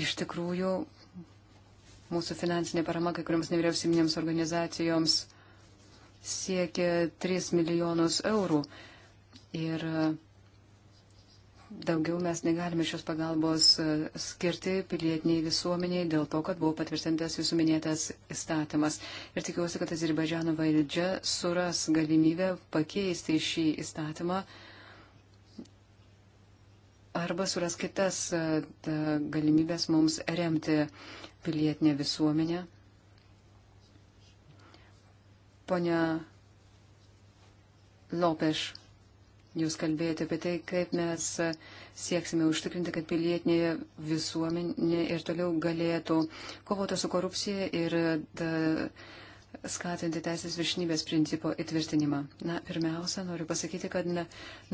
iš tikrųjų mūsų finansinė parama kai kuriams nevyriausybinėms organizacijoms siekia 3 milijonus eurų. Ir uh, Daugiau mes negalime šios pagalbos e, skirti pilietiniai visuomeniai dėl to, kad buvo patvirtintas jūsų minėtas įstatymas. Ir tikiuosi, kad Azerbaidžiano valdžia suras galimybę pakeisti šį įstatymą arba suras kitas e, galimybės mums remti pilietinę visuomenę. Pone Lopeš Jūs kalbėjote apie tai, kaip mes sieksime užtikrinti, kad pilietinė visuomenė ir toliau galėtų kovoti su korupcija ir da, skatinti teisės viršnybės principo įtvirtinimą. Na, pirmiausia, noriu pasakyti, kad na,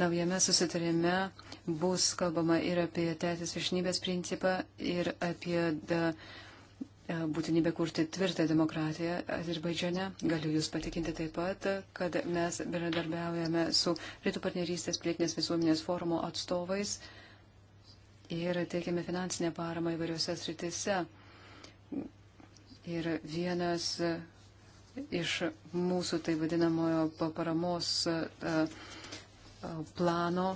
naujame susitarime bus kalbama ir apie teisės viršnybės principą, ir apie da, uh, E, būtinybę kurti tvirtą demokratiją Azerbaidžiane. Galiu Jūs patikinti taip pat, kad mes bendradarbiaujame su Rytų partnerystės plėtinės visuomenės forumo atstovais ir teikiame finansinę paramą įvairiuose sritise. Ir vienas iš mūsų tai vadinamojo paramos e, e, plano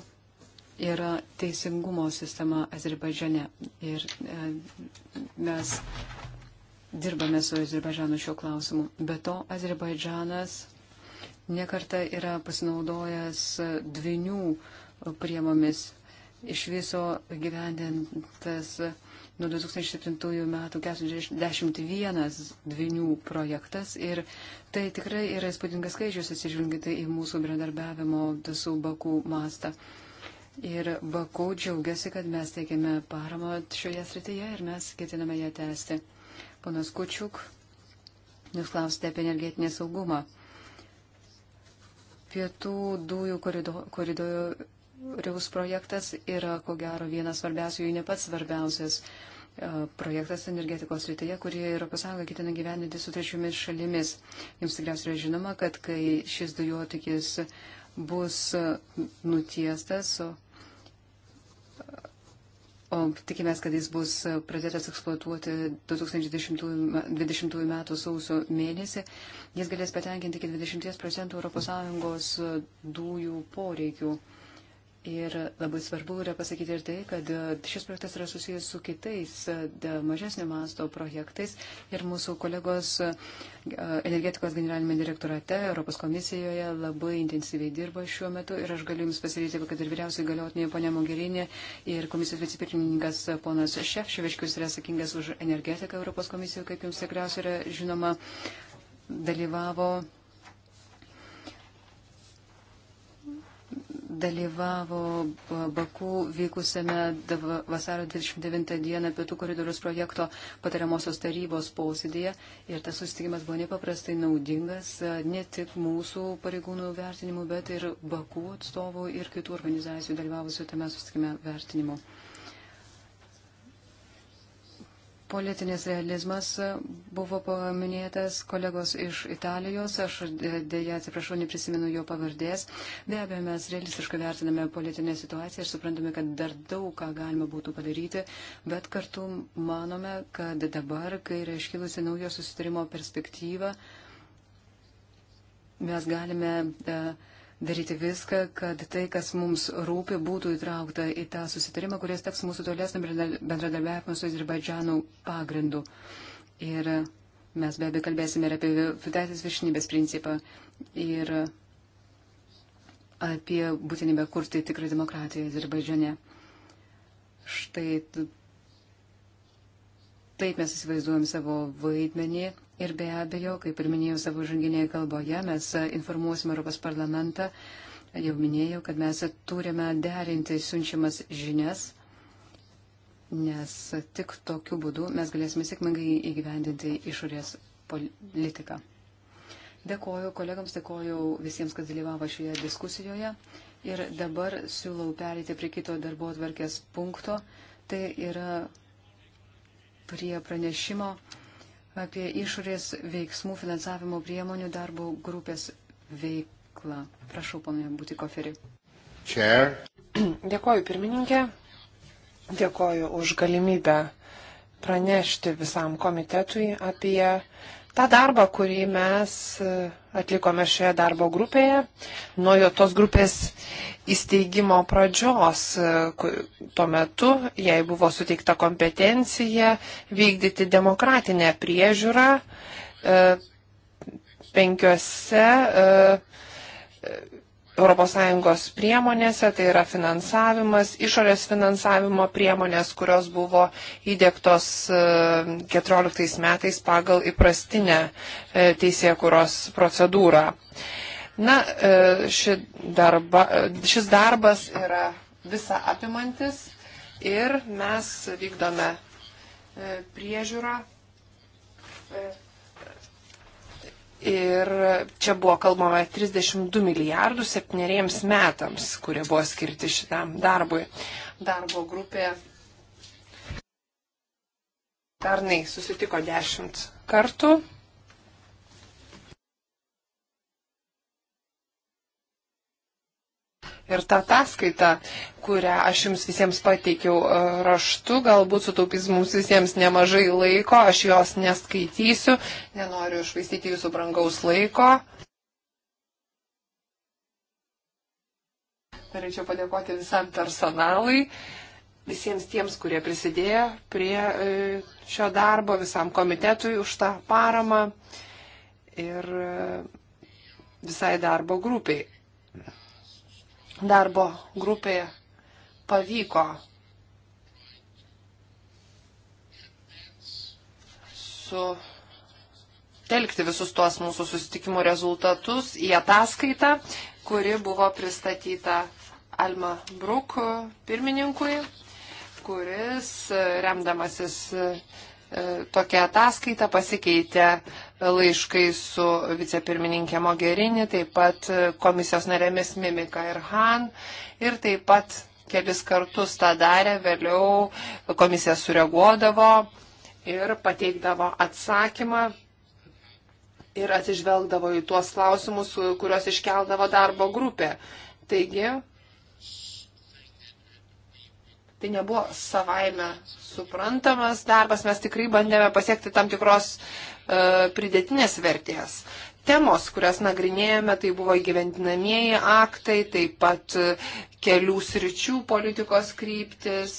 yra teisingumo sistema Azerbaidžiane. Ir mes dirbame su Azerbaidžanu šiuo klausimu. Be to, Azerbaidžanas nekarta yra pasinaudojęs dvinių priemomis. Iš viso gyvendintas nuo 2007 metų 41 dvinių projektas ir tai tikrai yra įspūdingas skaičius atsižvelgiant į mūsų bendradarbiavimo su Baku mastą. Ir Baku džiaugiasi, kad mes teikiame paramą šioje srityje ir mes ketiname ją tęsti. Ponas Kučiuk, jūs klausite apie energetinį saugumą. Pietų dujų koridoriaus projektas yra, ko gero, vienas svarbiausių, jei ne pats svarbiausias e, projektas energetikos rytyje, kurį ES ketina gyveninti su trečiomis šalimis. Jums tikriausiai yra žinoma, kad kai šis dujotikis bus nutiestas, o O tikimės, kad jis bus pradėtas eksploatuoti 2020 m. sausio mėnesį. Jis galės patenkinti iki 20 procentų ES dujų poreikių. Ir labai svarbu yra pasakyti ir tai, kad e, šis projektas yra susijęs su kitais e, mažesnio masto projektais ir mūsų kolegos e, energetikos generalinėme direktorate Europos komisijoje labai intensyviai dirba šiuo metu ir aš galiu Jums pasakyti, kad ir vyriausiai galiotinė ponė Mogerinė ir komisijos vicepirmininkas ponas Šefševiškius yra sakingas už energetiką Europos komisijoje, kaip Jums tikriausiai yra žinoma, dalyvavo dalyvavo Baku vykusiame vasario 29 dieną Pietų koridorius projekto patariamosios tarybos posėdėje. Ir tas susitikimas buvo nepaprastai naudingas ne tik mūsų pareigūnų vertinimu, bet ir Baku atstovų ir kitų organizacijų dalyvavusių tame susitikime vertinimu. Politinis realizmas buvo paminėtas kolegos iš Italijos, aš dėja atsiprašau, neprisimenu jo pavardės. Be abejo, mes realistiškai vertiname politinę situaciją ir suprantame, kad dar daug ką galima būtų padaryti, bet kartu manome, kad dabar, kai yra iškilusi naujo susitarimo perspektyva, mes galime. Uh, daryti viską, kad tai, kas mums rūpi, būtų įtraukta į tą susitarimą, kuris teks mūsų tolesnį bendradarbiavimą su Azerbaidžianu pagrindu. Ir mes be abejo kalbėsime ir apie teisės viršinybės principą ir apie būtinybę kurti tikrą demokratiją Azerbaidžiane. Štai Taip mes įsivaizduojam savo vaidmenį ir be abejo, kaip ir minėjau savo žanginėje kalboje, mes informuosime Europos parlamentą. Jau minėjau, kad mes turime derinti siunčiamas žinias, nes tik tokiu būdu mes galėsime sėkmingai įgyvendinti išorės politiką. Dėkoju kolegams, dėkoju visiems, kas dalyvavo šioje diskusijoje. Ir dabar siūlau perėti prie kito darbo atvarkės punkto. Tai yra prie pranešimo apie išorės veiksmų finansavimo priemonių darbo grupės veiklą. Prašau, ponė, būti koferi. Čia. [clears throat] Dėkoju, pirmininkė. Dėkoju už galimybę pranešti visam komitetui apie tą darbą, kurį mes atlikome šioje darbo grupėje. Nuo jo tos grupės įsteigimo pradžios. E, tuo metu jai buvo suteikta kompetencija vykdyti demokratinę priežiūrą e, penkiose ES priemonėse, tai yra finansavimas, išorės finansavimo priemonės, kurios buvo įdėktos 14 e, metais pagal įprastinę teisėkuros procedūrą. Na, e, ši darba, e, šis darbas yra visa apimantis ir mes vykdome e, priežiūrą. Ir čia buvo kalbama 32 milijardų septyneriems metams, kurie buvo skirti šitam darbui. Darbo grupė pernai susitiko dešimt kartų Ir ta ataskaita, kurią aš jums visiems pateikiau e, raštu, galbūt sutaupys mums visiems nemažai laiko, aš jos neskaitysiu, nenoriu išvaistyti jūsų brangaus laiko. Norėčiau padėkoti visam personalui, visiems tiems, kurie prisidėjo prie e, šio darbo, visam komitetui už tą paramą ir e, visai darbo grupiai darbo grupėje pavyko su telkti visus tuos mūsų susitikimų rezultatus į ataskaitą, kuri buvo pristatyta Alma Bruk pirmininkui, kuris remdamasis e, tokia ataskaita pasikeitė laiškai su vicepirmininkė Mogherini, taip pat komisijos narėmis Mimika ir Han ir taip pat kelis kartus tą darė, vėliau komisija sureaguodavo ir pateikdavo atsakymą ir atsižvelgdavo į tuos klausimus, kuriuos iškeldavo darbo grupė. Taigi, tai nebuvo savaime suprantamas darbas, mes tikrai bandėme pasiekti tam tikros uh, E, pridėtinės vertės. Temos, kurias nagrinėjome, tai buvo įgyvendinamieji aktai, taip pat e, kelių sričių politikos kryptis.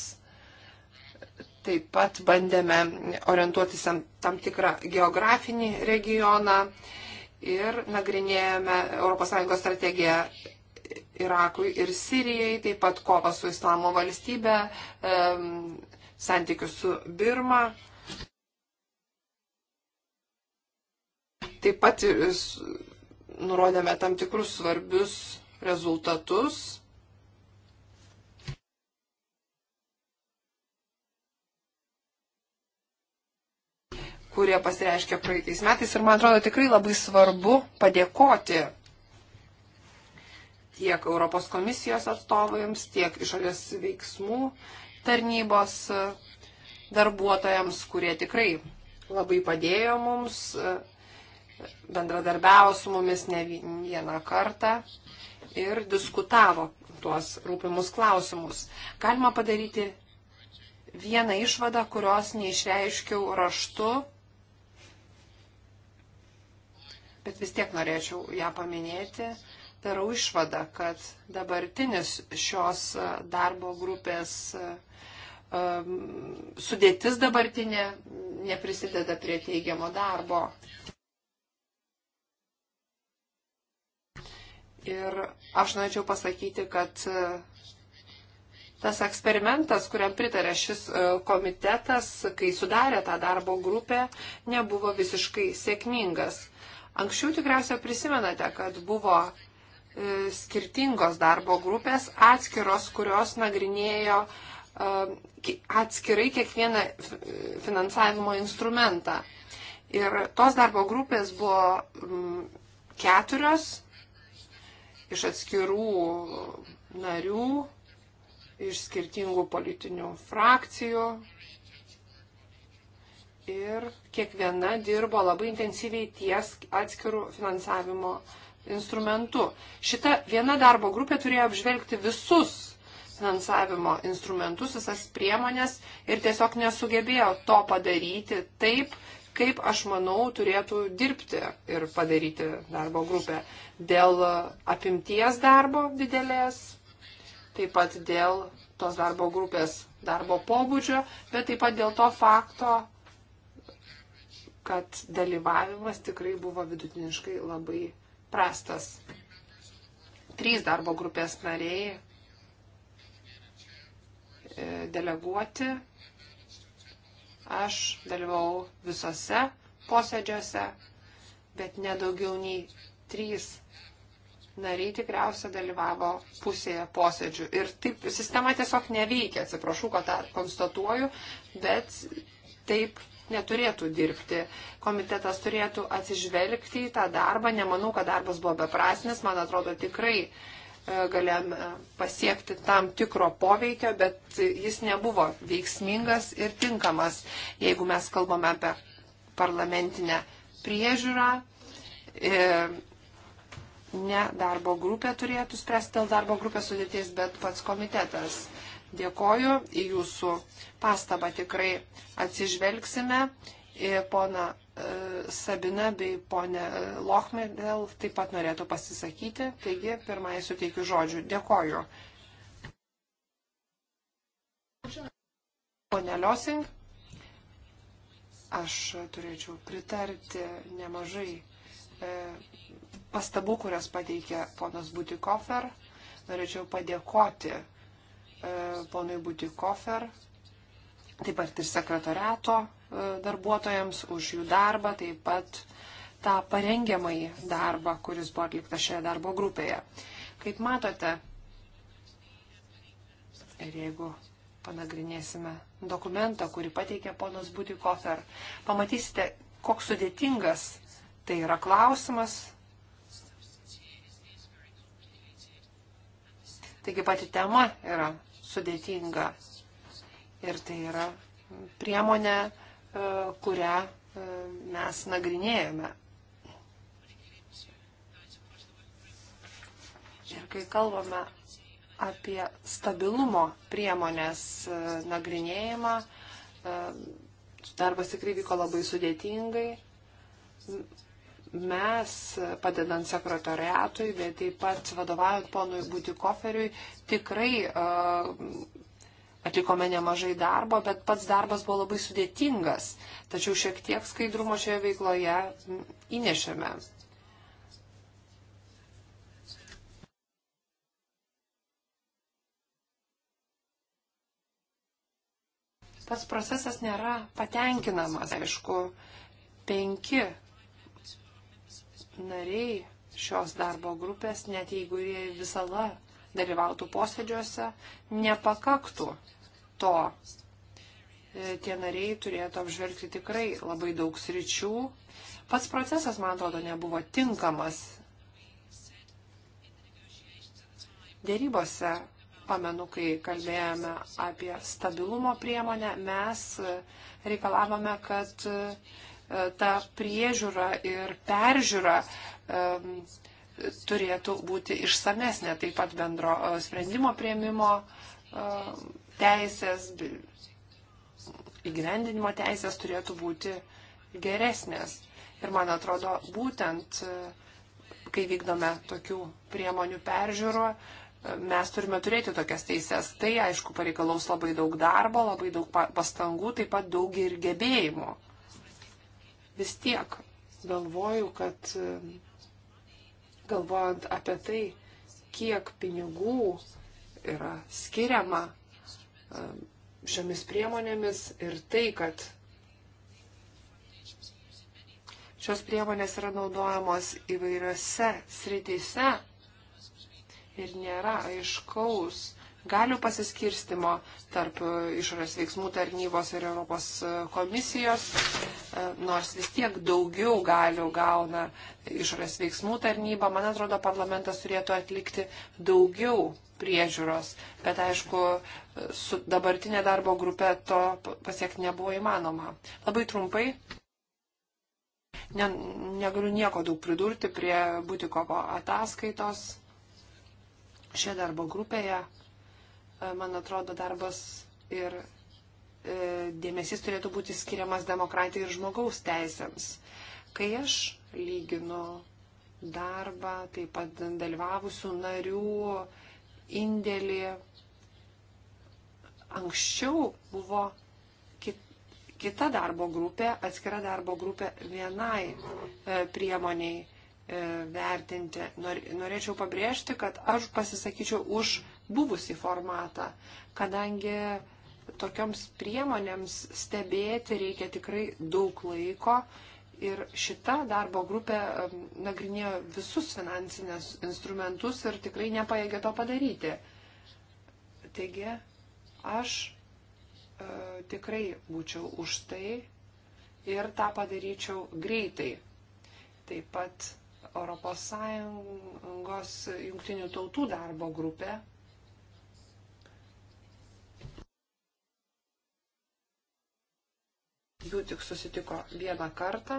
Taip pat bandėme orientuotis tam tikrą geografinį regioną ir nagrinėjome ES strategiją Irakui ir Sirijai, taip pat kovą su Islamo valstybe, santykius su Birma. Taip pat nurodėme tam tikrus svarbius rezultatus. kurie pasireiškia praeitais metais ir man atrodo tikrai labai svarbu padėkoti tiek Europos komisijos atstovams, tiek išorės veiksmų tarnybos darbuotojams, kurie tikrai labai padėjo mums bendradarbiavo su mumis ne vieną kartą ir diskutavo tuos rūpimus klausimus. Galima padaryti vieną išvadą, kurios neišreiškiau raštu, bet vis tiek norėčiau ją paminėti. Darau išvadą, kad dabartinis šios e, darbo grupės e, e, sudėtis dabartinė neprisideda prie teigiamo darbo. Ir aš norėčiau pasakyti, kad e, tas eksperimentas, kuriam pritarė šis e, komitetas, kai sudarė tą darbo grupę, nebuvo visiškai sėkmingas. Anksčiau tikriausiai prisimenate, kad buvo e, skirtingos darbo grupės, atskiros, kurios nagrinėjo atskirai kiekvieną finansavimo instrumentą. Ir tos darbo grupės buvo keturios iš atskirų narių, iš skirtingų politinių frakcijų. Ir kiekviena dirbo labai intensyviai ties atskirų finansavimo instrumentu. Šita viena darbo grupė turėjo apžvelgti visus finansavimo instrumentus, visas priemonės ir tiesiog nesugebėjo to padaryti taip, kaip aš manau turėtų dirbti ir padaryti darbo grupę dėl apimties darbo didelės, taip pat dėl tos darbo grupės darbo pobūdžio, bet taip pat dėl to fakto, kad dalyvavimas tikrai buvo vidutiniškai labai prastas. Trys darbo grupės nariai e, deleguoti Aš dalyvau visose posėdžiuose, bet nedaugiau nei trys nariai tikriausia dalyvavo pusėje posėdžių. Ir taip sistema tiesiog neveikia, atsiprašau, kad tą konstatuoju, bet taip neturėtų dirbti. Komitetas turėtų atsižvelgti į tą darbą. Nemanau, kad darbas buvo beprasmis, man atrodo tikrai E, galėjome pasiekti tam tikro poveikio, bet jis nebuvo veiksmingas ir tinkamas, jeigu mes kalbame apie parlamentinę priežiūrą. E, ne darbo grupė turėtų spręsti dėl darbo grupės sudėties, bet pats komitetas. Dėkoju, į jūsų pastabą tikrai atsižvelgsime. E, pona Sabina bei ponė Lochmedel taip pat norėtų pasisakyti, taigi pirmąjį suteikiu žodžių. Dėkoju. Pone Liosing, aš turėčiau pritarti nemažai e, pastabų, kurias pateikė ponas Butikofer. Norėčiau padėkoti e, ponui Butikofer taip pat ir sekretariato e, darbuotojams už jų darbą, taip pat tą parengiamąjį darbą, kuris buvo atliktas šioje darbo grupėje. Kaip matote, ir jeigu panagrinėsime dokumentą, kurį pateikė ponas Butikofer, pamatysite, koks sudėtingas tai yra klausimas. Taigi pati tema yra sudėtinga Ir tai yra priemonė, e, kurią e, mes nagrinėjome. Ir kai kalbame apie stabilumo priemonės e, nagrinėjimą, darbas tikrai vyko labai sudėtingai. Mes, padedant sekretariatui, bet taip pat vadovaujant ponui Būti Koferiui, tikrai uh, Atlikome nemažai darbo, bet pats darbas buvo labai sudėtingas. Tačiau šiek tiek skaidrumo šioje veikloje įnešėme. Pats procesas nėra patenkinamas. Aišku, penki nariai šios darbo grupės, net jeigu jie visą laiką dalyvautų posėdžiuose, nepakaktų to. E, tie nariai turėtų apžvelgti tikrai labai daug sričių. Pats procesas, man atrodo, nebuvo tinkamas. Dėrybose, pamenu, kai kalbėjome apie stabilumo priemonę, mes e, reikalavome, kad e, ta priežiūra ir peržiūra um, turėtų būti išsamesnė, taip pat bendro e, sprendimo prieimimo e, teisės, įgyvendinimo teisės turėtų būti geresnės. Ir man atrodo, būtent e, kai vykdome tokių priemonių peržiūrą, mes turime turėti tokias teises. Tai, aišku, pareikalaus labai daug darbo, labai daug pastangų, taip pat daug ir gebėjimų. Vis tiek galvoju, kad galvojant apie tai, kiek pinigų yra skiriama um, šiomis priemonėmis ir tai, kad šios priemonės yra naudojamos įvairiose srityse ir nėra aiškaus galių pasiskirstimo tarp e, išorės veiksmų tarnybos ir Europos e, komisijos, e, nors vis tiek daugiau galių gauna išorės veiksmų tarnyba. Man atrodo, parlamentas turėtų atlikti daugiau priežiūros, bet aišku, su dabartinė darbo grupė to pasiekti nebuvo įmanoma. Labai trumpai. Ne, negaliu nieko daug pridurti prie Butikovo ataskaitos šioje darbo grupėje E, man atrodo, darbas ir e, dėmesys turėtų būti skiriamas demokratijai ir žmogaus teisėms. Kai aš lyginu darbą, taip pat dalyvavusių narių indėlį, anksčiau buvo kita darbo grupė, atskira darbo grupė vienai e, priemoniai vertinti. Norėčiau pabrėžti, kad aš pasisakyčiau už buvusį formatą, kadangi tokioms priemonėms stebėti reikia tikrai daug laiko. Ir šita darbo grupė nagrinėjo visus finansinės instrumentus ir tikrai nepaėgė to padaryti. Taigi, aš e, tikrai būčiau už tai ir tą padaryčiau greitai. Taip pat ES jungtinių tautų darbo grupė jų tik susitiko vieną kartą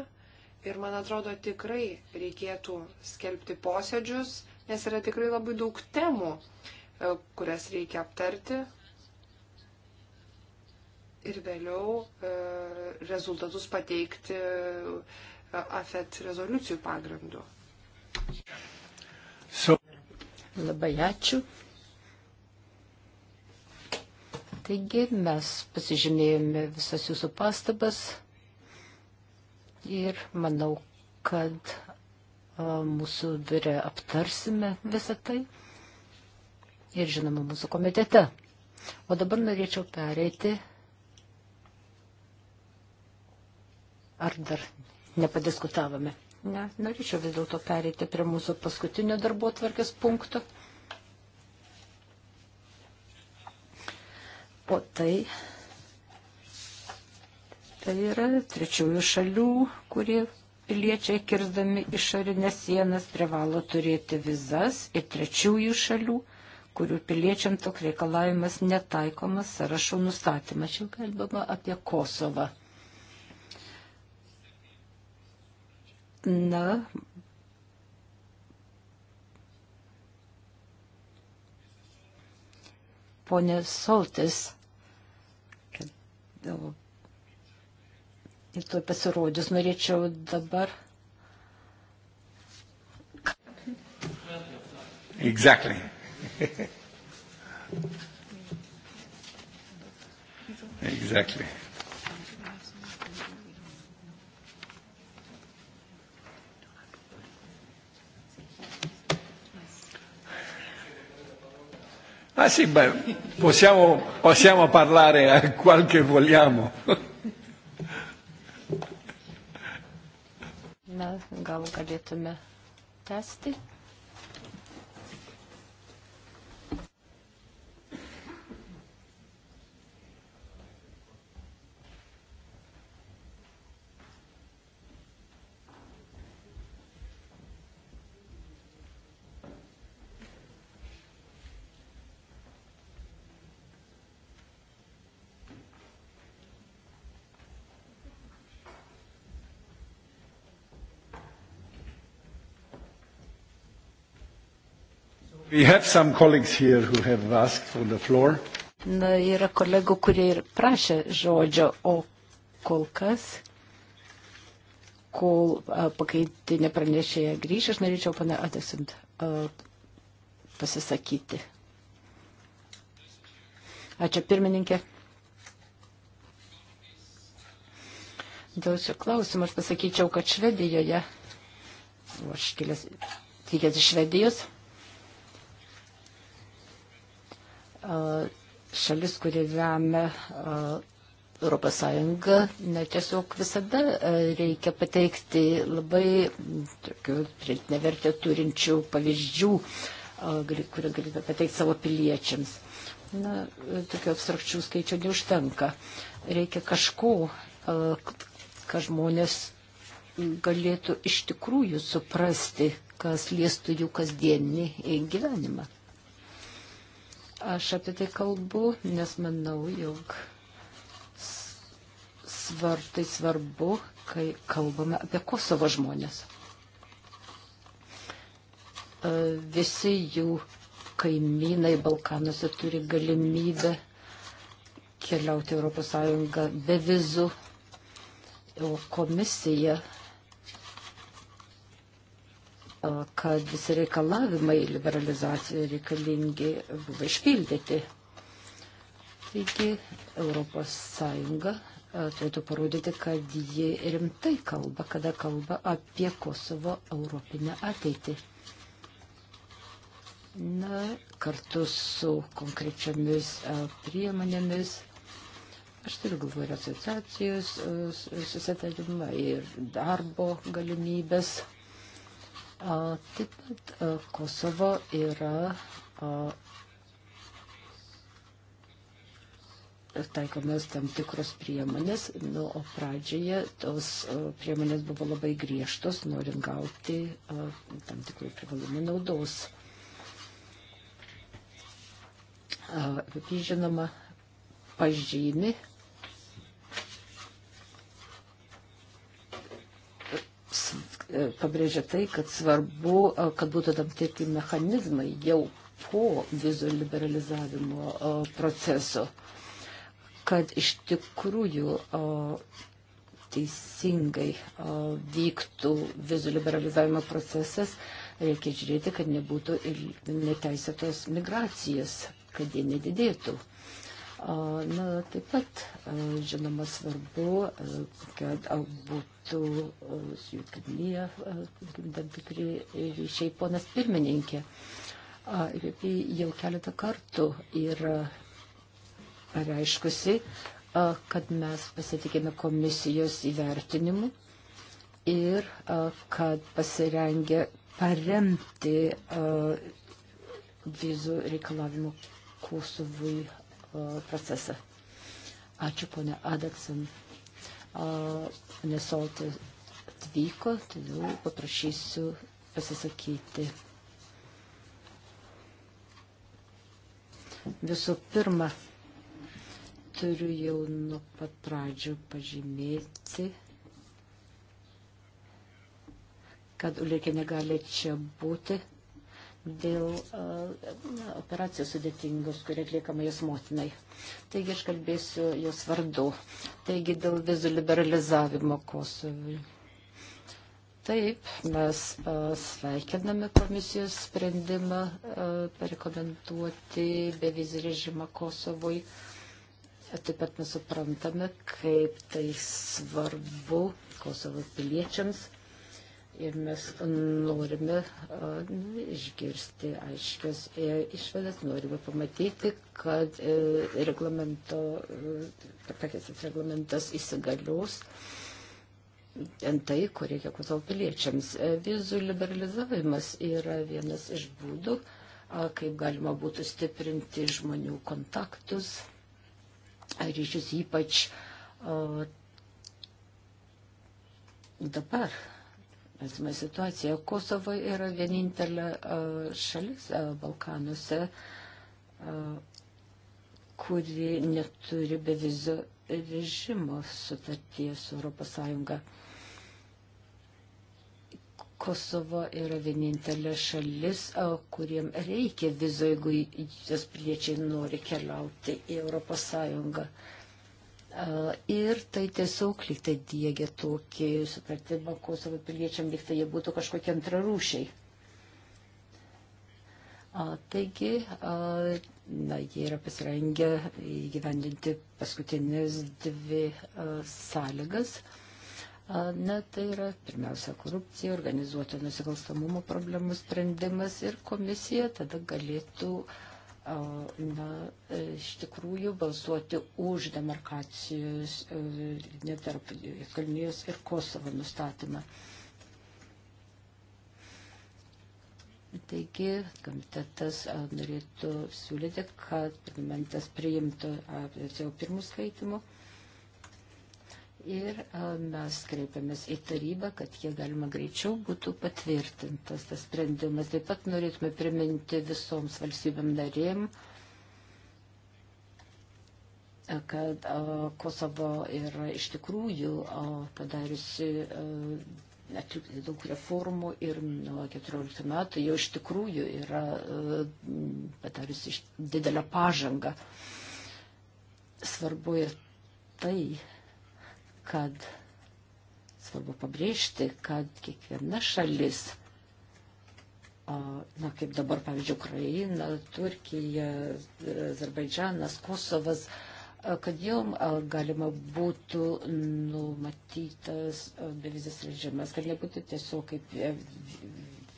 ir man atrodo tikrai reikėtų skelbti posėdžius, nes yra tikrai labai daug temų, e, kurias reikia aptarti. Ir vėliau e, rezultatus pateikti e, AFET rezoliucijų pagrindu. So. Labai ačiū. Taigi mes pasižymėjome visas jūsų pastabas ir manau, kad mūsų biure aptarsime visą tai ir žinoma mūsų komitete. O dabar norėčiau pereiti. Ar dar nepadiskutavome? Ne, norėčiau vis dėlto pereiti prie mūsų paskutinio darbo tvarkės punkto. O tai, tai yra trečiųjų šalių, kurie piliečiai kirzdami išorinės sienas privalo turėti vizas ir trečiųjų šalių kurių piliečiam toks reikalavimas netaikomas sąrašų nustatymas. Čia kalbama apie Kosovą. Na, ponė Soltis Ir tuoj pasirodys, norėčiau dabar. Exactly. exactly. Ah sì, beh, possiamo, possiamo parlare a qual che vogliamo. Mes gal galėtume tęsti. Na, yra kolegų, kurie ir prašė žodžio, o kol kas, kol pakaitinė pranešėja grįžė, aš norėčiau pana atesint pasisakyti. Ačiū pirmininkė. Dėl šio klausimo aš pasakyčiau, kad Švedijoje, o aš kilęs, tikęs iš Švedijos, šalis, kuri remia Europos Sąjungą, ne tiesiog visada reikia pateikti labai pridėtinę vertę turinčių pavyzdžių, kurią galite pateikti savo piliečiams. Na, tokių abstrakčių skaičių neužtenka. Reikia kažko, ką žmonės galėtų iš tikrųjų suprasti, kas liestų jų kasdienį gyvenimą. Aš apie tai kalbu, nes manau, jog svar, tai svarbu, kai kalbame apie Kosovo žmonės. E, visi jų kaimynai Balkanuose turi galimybę keliauti Europos Sąjungą be vizų. O komisija kad visi reikalavimai liberalizacijai reikalingi buvo išpildyti. Taigi Europos Sąjunga e, turėtų parodyti, kad ji rimtai kalba, kada kalba apie Kosovo europinę ateitį. Na, kartu su konkrečiamis e, priemonėmis Aš turiu galvoje ir asociacijos e, susitarimą, ir darbo galimybės. Taip pat Kosovo yra taikomos tam tikros priemonės, nu, o pradžioje tos priemonės buvo labai griežtos, norint gauti tam tikrų privalumų naudos. Žinoma, pažymi E, pabrėžia tai, kad svarbu, e, kad būtų tam tikri mechanizmai jau po vizų liberalizavimo e, proceso, kad iš tikrųjų teisingai vyktų vizų liberalizavimo procesas, reikia žiūrėti, kad nebūtų ir neteisėtos migracijos, kad jie nedidėtų. Na, taip pat, žinoma, svarbu, kad būtų su jų kaimynė, tam tikri ryšiai, ponas pirmininkė. Jau keletą kartų yra pareiškusi, kad mes pasitikėme komisijos įvertinimu ir kad pasirengė paremti vizų reikalavimų Kosovui E, procesą. Ačiū ponia Adaksen. Nesolti atvyko, todėl tai paprašysiu pasisakyti. Visų pirma, turiu jau nuo pat pradžio pažymėti, kad Ulikė negali čia būti, dėl na, operacijos sudėtingos, kurie atliekama jos motinai. Taigi aš kalbėsiu jos vardu. Taigi dėl vizų liberalizavimo Kosovui. Taip, mes sveikiname komisijos sprendimą parekomenduoti bevizį režimą Kosovui. Taip pat mes suprantame, kaip tai svarbu Kosovo piliečiams Ir mes norime uh, išgirsti aiškias e, išvadas, norime pamatyti, kad uh, reglamento, uh, pakeistas reglamentas įsigalios antai, ko reikia savo piliečiams. Vizų liberalizavimas yra vienas iš būdų, kaip galima būtų stiprinti žmonių kontaktus, ryšius ypač dabar esame situaciją. Kosovo yra vienintelė šalis Balkanuose, kuri neturi bevizio režimo sutarties su Europos Sąjunga. Kosovo yra vienintelė šalis, kuriem reikia vizų, jeigu jos piliečiai nori keliauti į Europos Sąjungą. Uh, Ir tai tiesiog lyg tai dėgia tokį supratimą Kosovo piliečiam, lyg tai jie būtų kažkokie antrarūšiai. Taigi, na, jie yra pasirengę įgyvendinti paskutinės dvi sąlygas. Na, tai yra pirmiausia korupcija, organizuoto nusikalstamumo problemų sprendimas ir komisija tada galėtų uh, na, iš tikrųjų balsuoti už demarkacijos e, tarp Kalnijos ir Kosovo nustatymą. Taigi, komitetas norėtų siūlyti, kad parlamentas priimtų jau pirmų skaitimų Ir e, mes kreipiamės į tarybą, kad jie galima greičiau būtų patvirtintas tas sprendimas. Taip pat norėtume priminti visoms valstybėm narėm, e, kad e, Kosovo yra iš tikrųjų padariusi atlikti daug reformų ir nuo 14 metų jau iš tikrųjų yra padariusi didelę pažangą. Svarbu ir tai, kad svarbu pabrėžti, kad kiekviena šalis, na kaip dabar, pavyzdžiui, Ukraina, Turkija, Azerbaidžanas, Kosovas, kad jom galima būtų numatytas bevizis režimas, kad nebūtų tiesiog kaip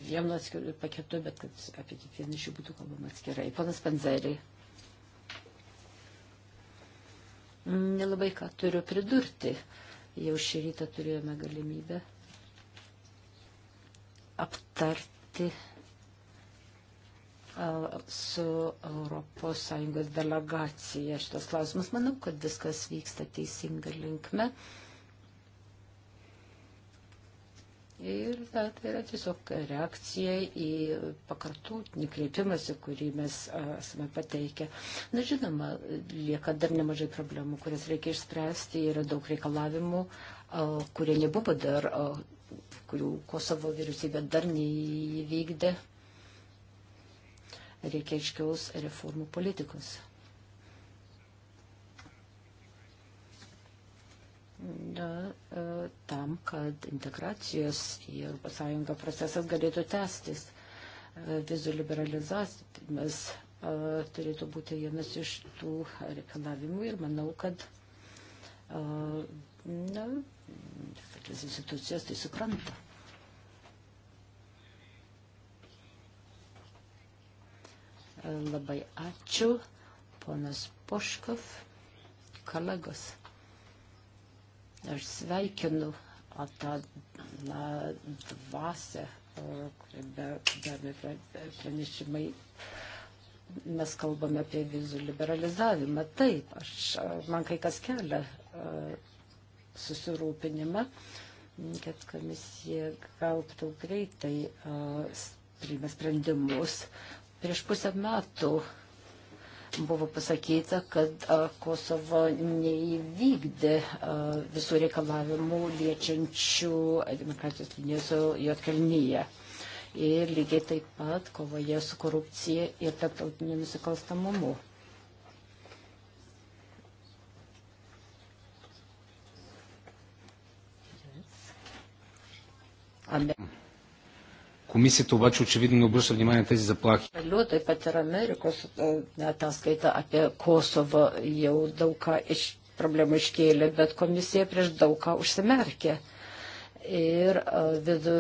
vienu atskiriu paketu, bet kad apie kiekvieną iš jų būtų kalbama atskirai. Panas Panzeriai. Nelabai ką turiu pridurti. Jau šį rytą turėjome galimybę aptarti su ES delegacija šitos klausimas. Manau, kad viskas vyksta teisinga linkme. Ir na, tai yra tiesiog reakcija į pakartotinį kreipimąsi, kurį mes esame pateikę. Na, žinoma, lieka dar nemažai problemų, kurias reikia išspręsti, yra daug reikalavimų, a, kurie nebuvo dar, a, kurių Kosovo vyriausybė dar neįvykdė. Reikia aiškiaus reformų politikos. da, e, tam, kad integracijos į ES procesas galėtų tęstis. E, vizų liberalizavimas e, turėtų būti vienas iš tų reikalavimų ir manau, kad na, tas institucijas tai supranta. Labai ačiū, ponas Poškov, kolegos. Aš sveikinu tą na, dvasę, kuriame pranešimai mes kalbame apie vizų liberalizavimą. Taip, aš, man kai kas kelia susirūpinimą, kad komisija gal per greitai priima sprendimus. Prieš pusę metų buvo pasakyta, kad Kosovo neįvykdė visų reikalavimų liečiančių demokratijos linijos Jotkalnyje. Ir lygiai taip pat kovoje su korupcija ir tarptautiniu nusikalstamumu. Amen. Комисията обаче очевидно не обръща внимание на тези заплахи. Taip pat ir Amerikos ataskaita apie Kosovą jau daug ką iš problemų iškėlė, bet komisija prieš daug ką užsimerkė. Ir uh, vidų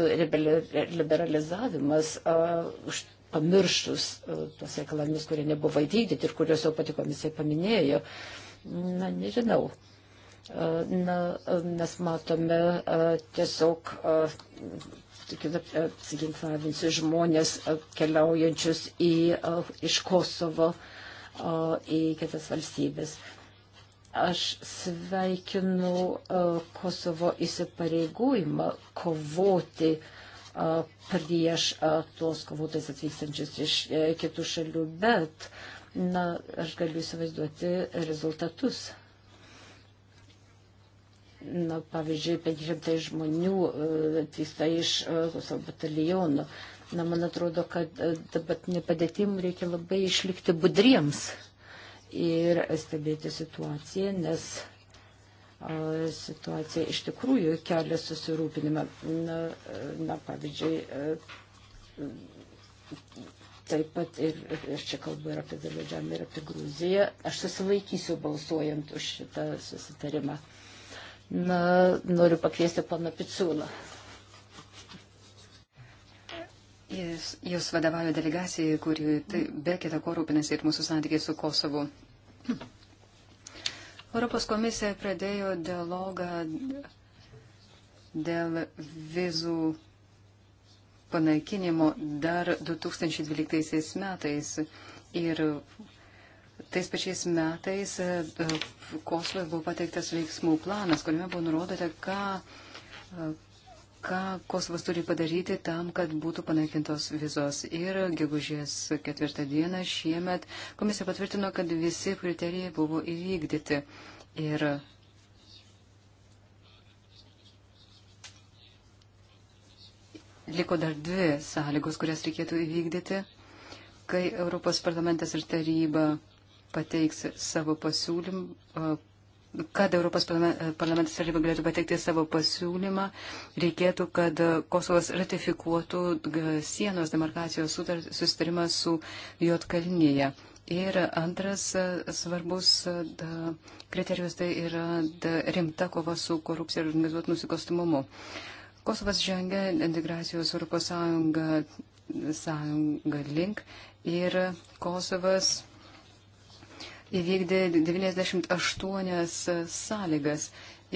liberalizavimas uh, pamirštus uh, tos reikalavimus, kurie nebuvo įvykdyti ir kuriuos jau pati komisija paminėjo. Na, nežinau na, mes matome a, tiesiog a, tokių e, apsiginklavinčių žmonės e, keliaujančius į, e, iš Kosovo į kitas valstybės. Aš sveikinu Kosovo įsipareigojimą kovoti prieš tuos kovotojus atvykstančius iš kitų šalių, bet na, aš galiu įsivaizduoti rezultatus nu, pavyzdžiui, 500 žmonių e, atvyksta iš e, savo batalionų. Na, man atrodo, kad e, dabartinė padėtim reikia labai išlikti budriems ir stebėti situaciją, nes situacija iš tikrųjų kelia susirūpinimą. Na, na pavyzdžiui, taip pat ir, ir čia kalbu ir apie Dalidžamą, ir apie Gruziją. Aš susilaikysiu balsuojant už šitą susitarimą. Na, noriu pakviesti pana Picūną. Jūs, jūs vadovauja delegacijai, kuri tai, be kita ko rūpinasi ir mūsų santykiai su Kosovu. Hm. Europos komisija pradėjo dialogą dėl vizų panaikinimo dar 2012 metais ir Tais pačiais metais e, e, Kosovoje buvo pateiktas veiksmų planas, kuriame buvo nurodyta, ką, e, ką Kosovas turi padaryti tam, kad būtų panaikintos vizos. Ir gegužės ketvirtą dieną šiemet komisija patvirtino, kad visi kriterijai buvo įvykdyti. Ir liko dar dvi sąlygos, kurias reikėtų įvykdyti, kai Europos parlamentas ir taryba pateiks savo pasiūlymą, kad Europos parlamentas taryba galėtų pateikti savo pasiūlymą, reikėtų, kad Kosovas ratifikuotų sienos demarkacijos susitarimą su Jotkalnyje. Ir antras svarbus da, kriterijus tai yra da, rimta kova su korupcija ir organizuotų nusikostumumu. Kosovas žengia integracijos Europos Sąjunga, sąjunga link ir Kosovas įvykdė 98 sąlygas.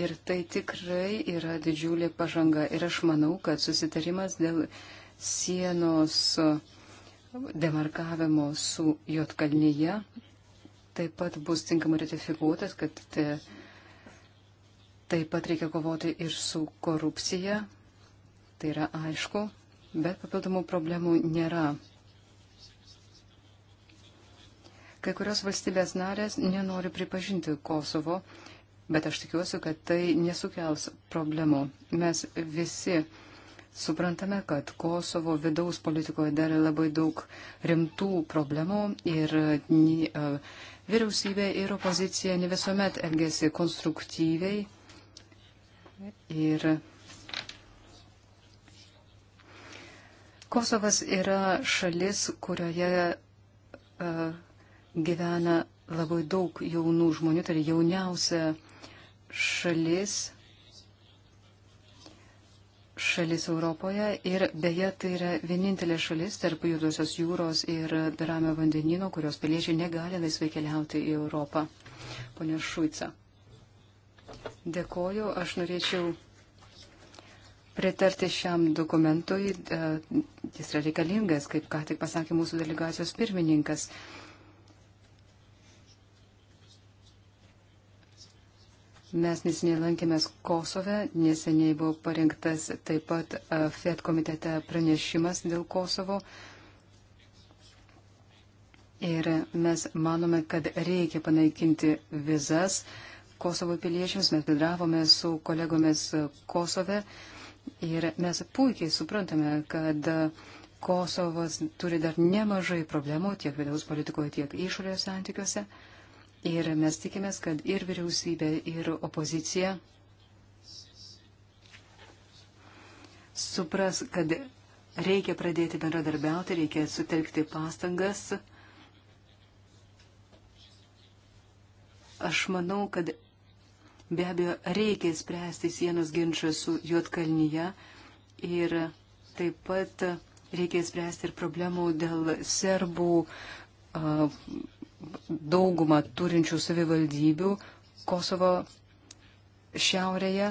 Ir tai tikrai yra didžiulė pažanga. Ir aš manau, kad susitarimas dėl sienos demarkavimo su Jotkalnyje taip pat bus tinkamai ratifikuotas, kad te, taip pat reikia kovoti ir su korupcija. Tai yra aišku, bet papildomų problemų nėra. Kai kurios valstybės narės nenori pripažinti Kosovo, bet aš tikiuosi, kad tai nesukels problemų. Mes visi suprantame, kad Kosovo vidaus politikoje dar labai daug rimtų problemų ir e, vyriausybė ir opozicija ne visuomet elgesi konstruktyviai. Ir Kosovas yra šalis, kurioje uh, gyvena labai daug jaunų žmonių, tai yra jauniausia šalis, šalis Europoje ir beje tai yra vienintelė šalis tarp Judosios jūros ir Ramio vandenino, kurios piliečiai negali laisvai keliauti į Europą. Pone Šuica. Dėkoju, aš norėčiau pritarti šiam dokumentui, e, jis yra reikalingas, kaip ką tik pasakė mūsų delegacijos pirmininkas. Mes neseniai lankėmės Kosove, neseniai buvo parengtas taip pat e, FED komitete pranešimas dėl Kosovo. Ir mes manome, kad reikia panaikinti vizas Kosovo piliečiams. Mes bendravome su kolegomis Kosove ir mes puikiai suprantame, kad Kosovas turi dar nemažai problemų tiek vidaus politikoje, tiek išorės santykiuose. Ir mes tikimės, kad ir vyriausybė, ir opozicija supras, kad reikia pradėti bendradarbiauti, reikia sutelkti pastangas. Aš manau, kad be abejo reikia spręsti sienos ginčą su Juotkalnyje ir taip pat reikia spręsti ir problemų dėl serbų uh, daugumą turinčių savivaldybių Kosovo šiaurėje,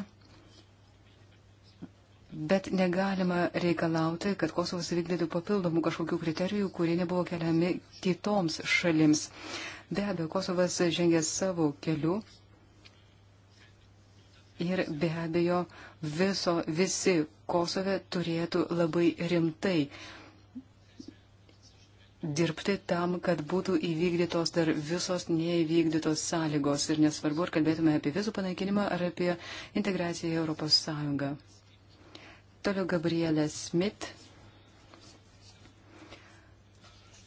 bet negalima reikalauti, kad Kosovas vykdytų papildomų kažkokių kriterijų, kurie nebuvo keliami kitoms šalims. Be abejo, Kosovas žengė savo keliu ir be abejo viso, visi Kosove turėtų labai rimtai dirbti tam, kad būtų įvykdytos dar visos neįvykdytos sąlygos. Ir nesvarbu, ar kalbėtume apie vizų panaikinimą ar apie integraciją į Europos Sąjungą. Toliau Gabrielė Smith.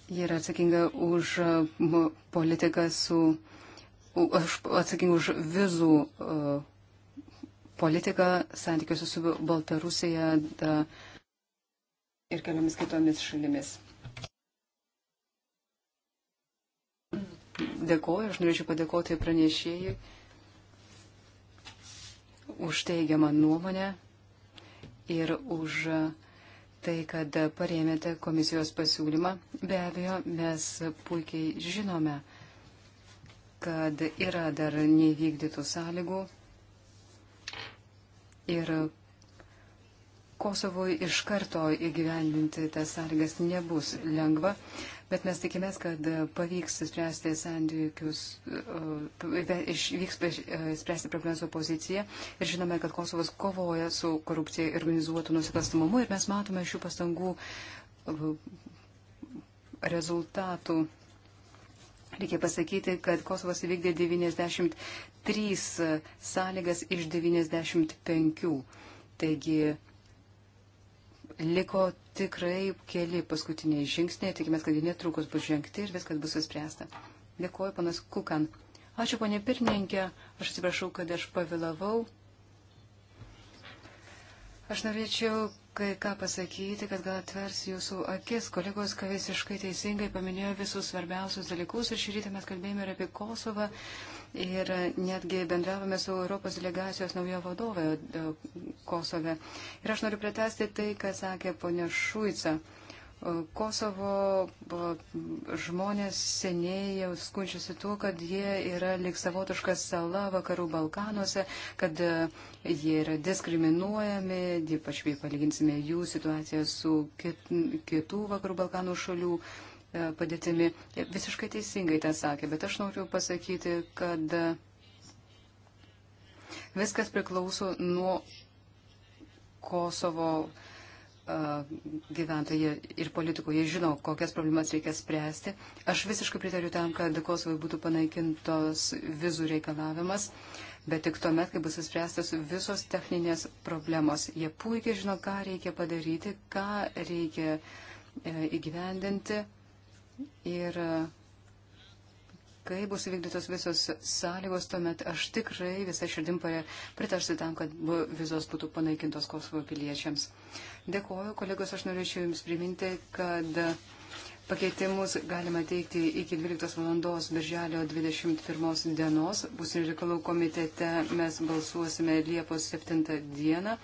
Ji yra atsakinga už politiką su. Aš atsakinga už vizų uh, politiką santykiuose su Baltarusija da, ir keliomis kitomis šalimis. dėkoju, aš norėčiau padėkoti pranešėjai už teigiamą nuomonę ir už tai, kad parėmėte komisijos pasiūlymą. Be abejo, mes puikiai žinome, kad yra dar nevykdytų sąlygų ir Kosovui iš karto įgyvendinti tas sąlygas nebus lengva. Bet mes tikimės, kad e, pavyks spręsti santykius, e, e, išvyks spręsti problemą su opozicija. Ir žinome, kad Kosovas kovoja su korupcija ir organizuotų nusikalstamumu. Ir mes matome šių pastangų rezultatų. Reikia pasakyti, kad Kosovas įvykdė 93 sąlygas iš 95. Taigi liko tikrai keli paskutiniai žingsniai, tikimės, kad jie netrukus bus žengti ir viskas bus įspręsta. Dėkuoju, panas Kukan. Ačiū, ponė pirmininkė, aš atsiprašau, kad aš pavėlavau. Aš norėčiau kai ką pasakyti, kad gal atvers jūsų akis. Kolegos, ką visiškai teisingai paminėjo visus svarbiausius dalykus ir šį rytą mes kalbėjome ir apie Kosovą ir netgi bendravome su Europos delegacijos naujo vadovė e, Kosove. Ir aš noriu pritesti tai, ką sakė ponia Šuica. E, Kosovo e, žmonės seniai jau skundžiasi tuo, kad jie yra lik savotiška sala vakarų Balkanuose, kad jie yra diskriminuojami, ypač jei palyginsime jų situaciją su kit, kitų vakarų Balkanų šalių. Uh, E, padėtimi. E, visiškai teisingai tą sakė, bet aš noriu pasakyti, kad e, viskas priklauso nuo Kosovo gyventojai ir politikų, jie žino, kokias problemas reikia spręsti. Aš visiškai pritariu tam, kad Kosovai būtų panaikintos vizų reikalavimas, bet tik tuomet, kai bus įspręstas visos techninės problemos. Jie puikiai žino, ką reikia padaryti, ką reikia įgyvendinti ir e, kai bus įvykdytos visos sąlygos, tuomet aš tikrai visą širdim pritarsiu tam, kad vizos būtų panaikintos Kosovo piliečiams. Dėkuoju, kolegos, aš norėčiau Jums priminti, kad pakeitimus galima teikti iki 12 valandos birželio 21 dienos. Būsinių reikalų komitete mes balsuosime Liepos 7 dieną.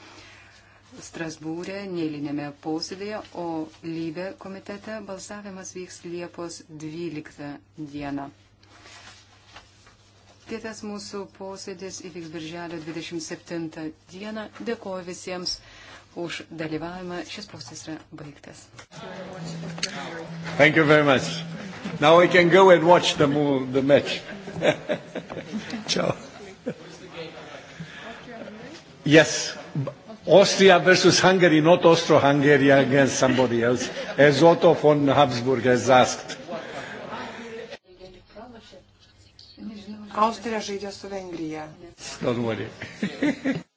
Strasbūrė, neįlinėme posėdėje, o lybė komitete balsavimas vyks Liepos 12 dieną. Kitas mūsų posėdis įvyks birželio 27 dieną. Dėkuoju visiems už dalyvavimą. Šis posėdis yra baigtas. Thank you very much. Now we can go and watch the, move, the match. [laughs] Ciao. Yes. Austria versus Hungary, not Austro-Hungary against somebody else, as Otto von Habsburg has asked. Austrija žaidė su Vengrija. Don't worry. [laughs]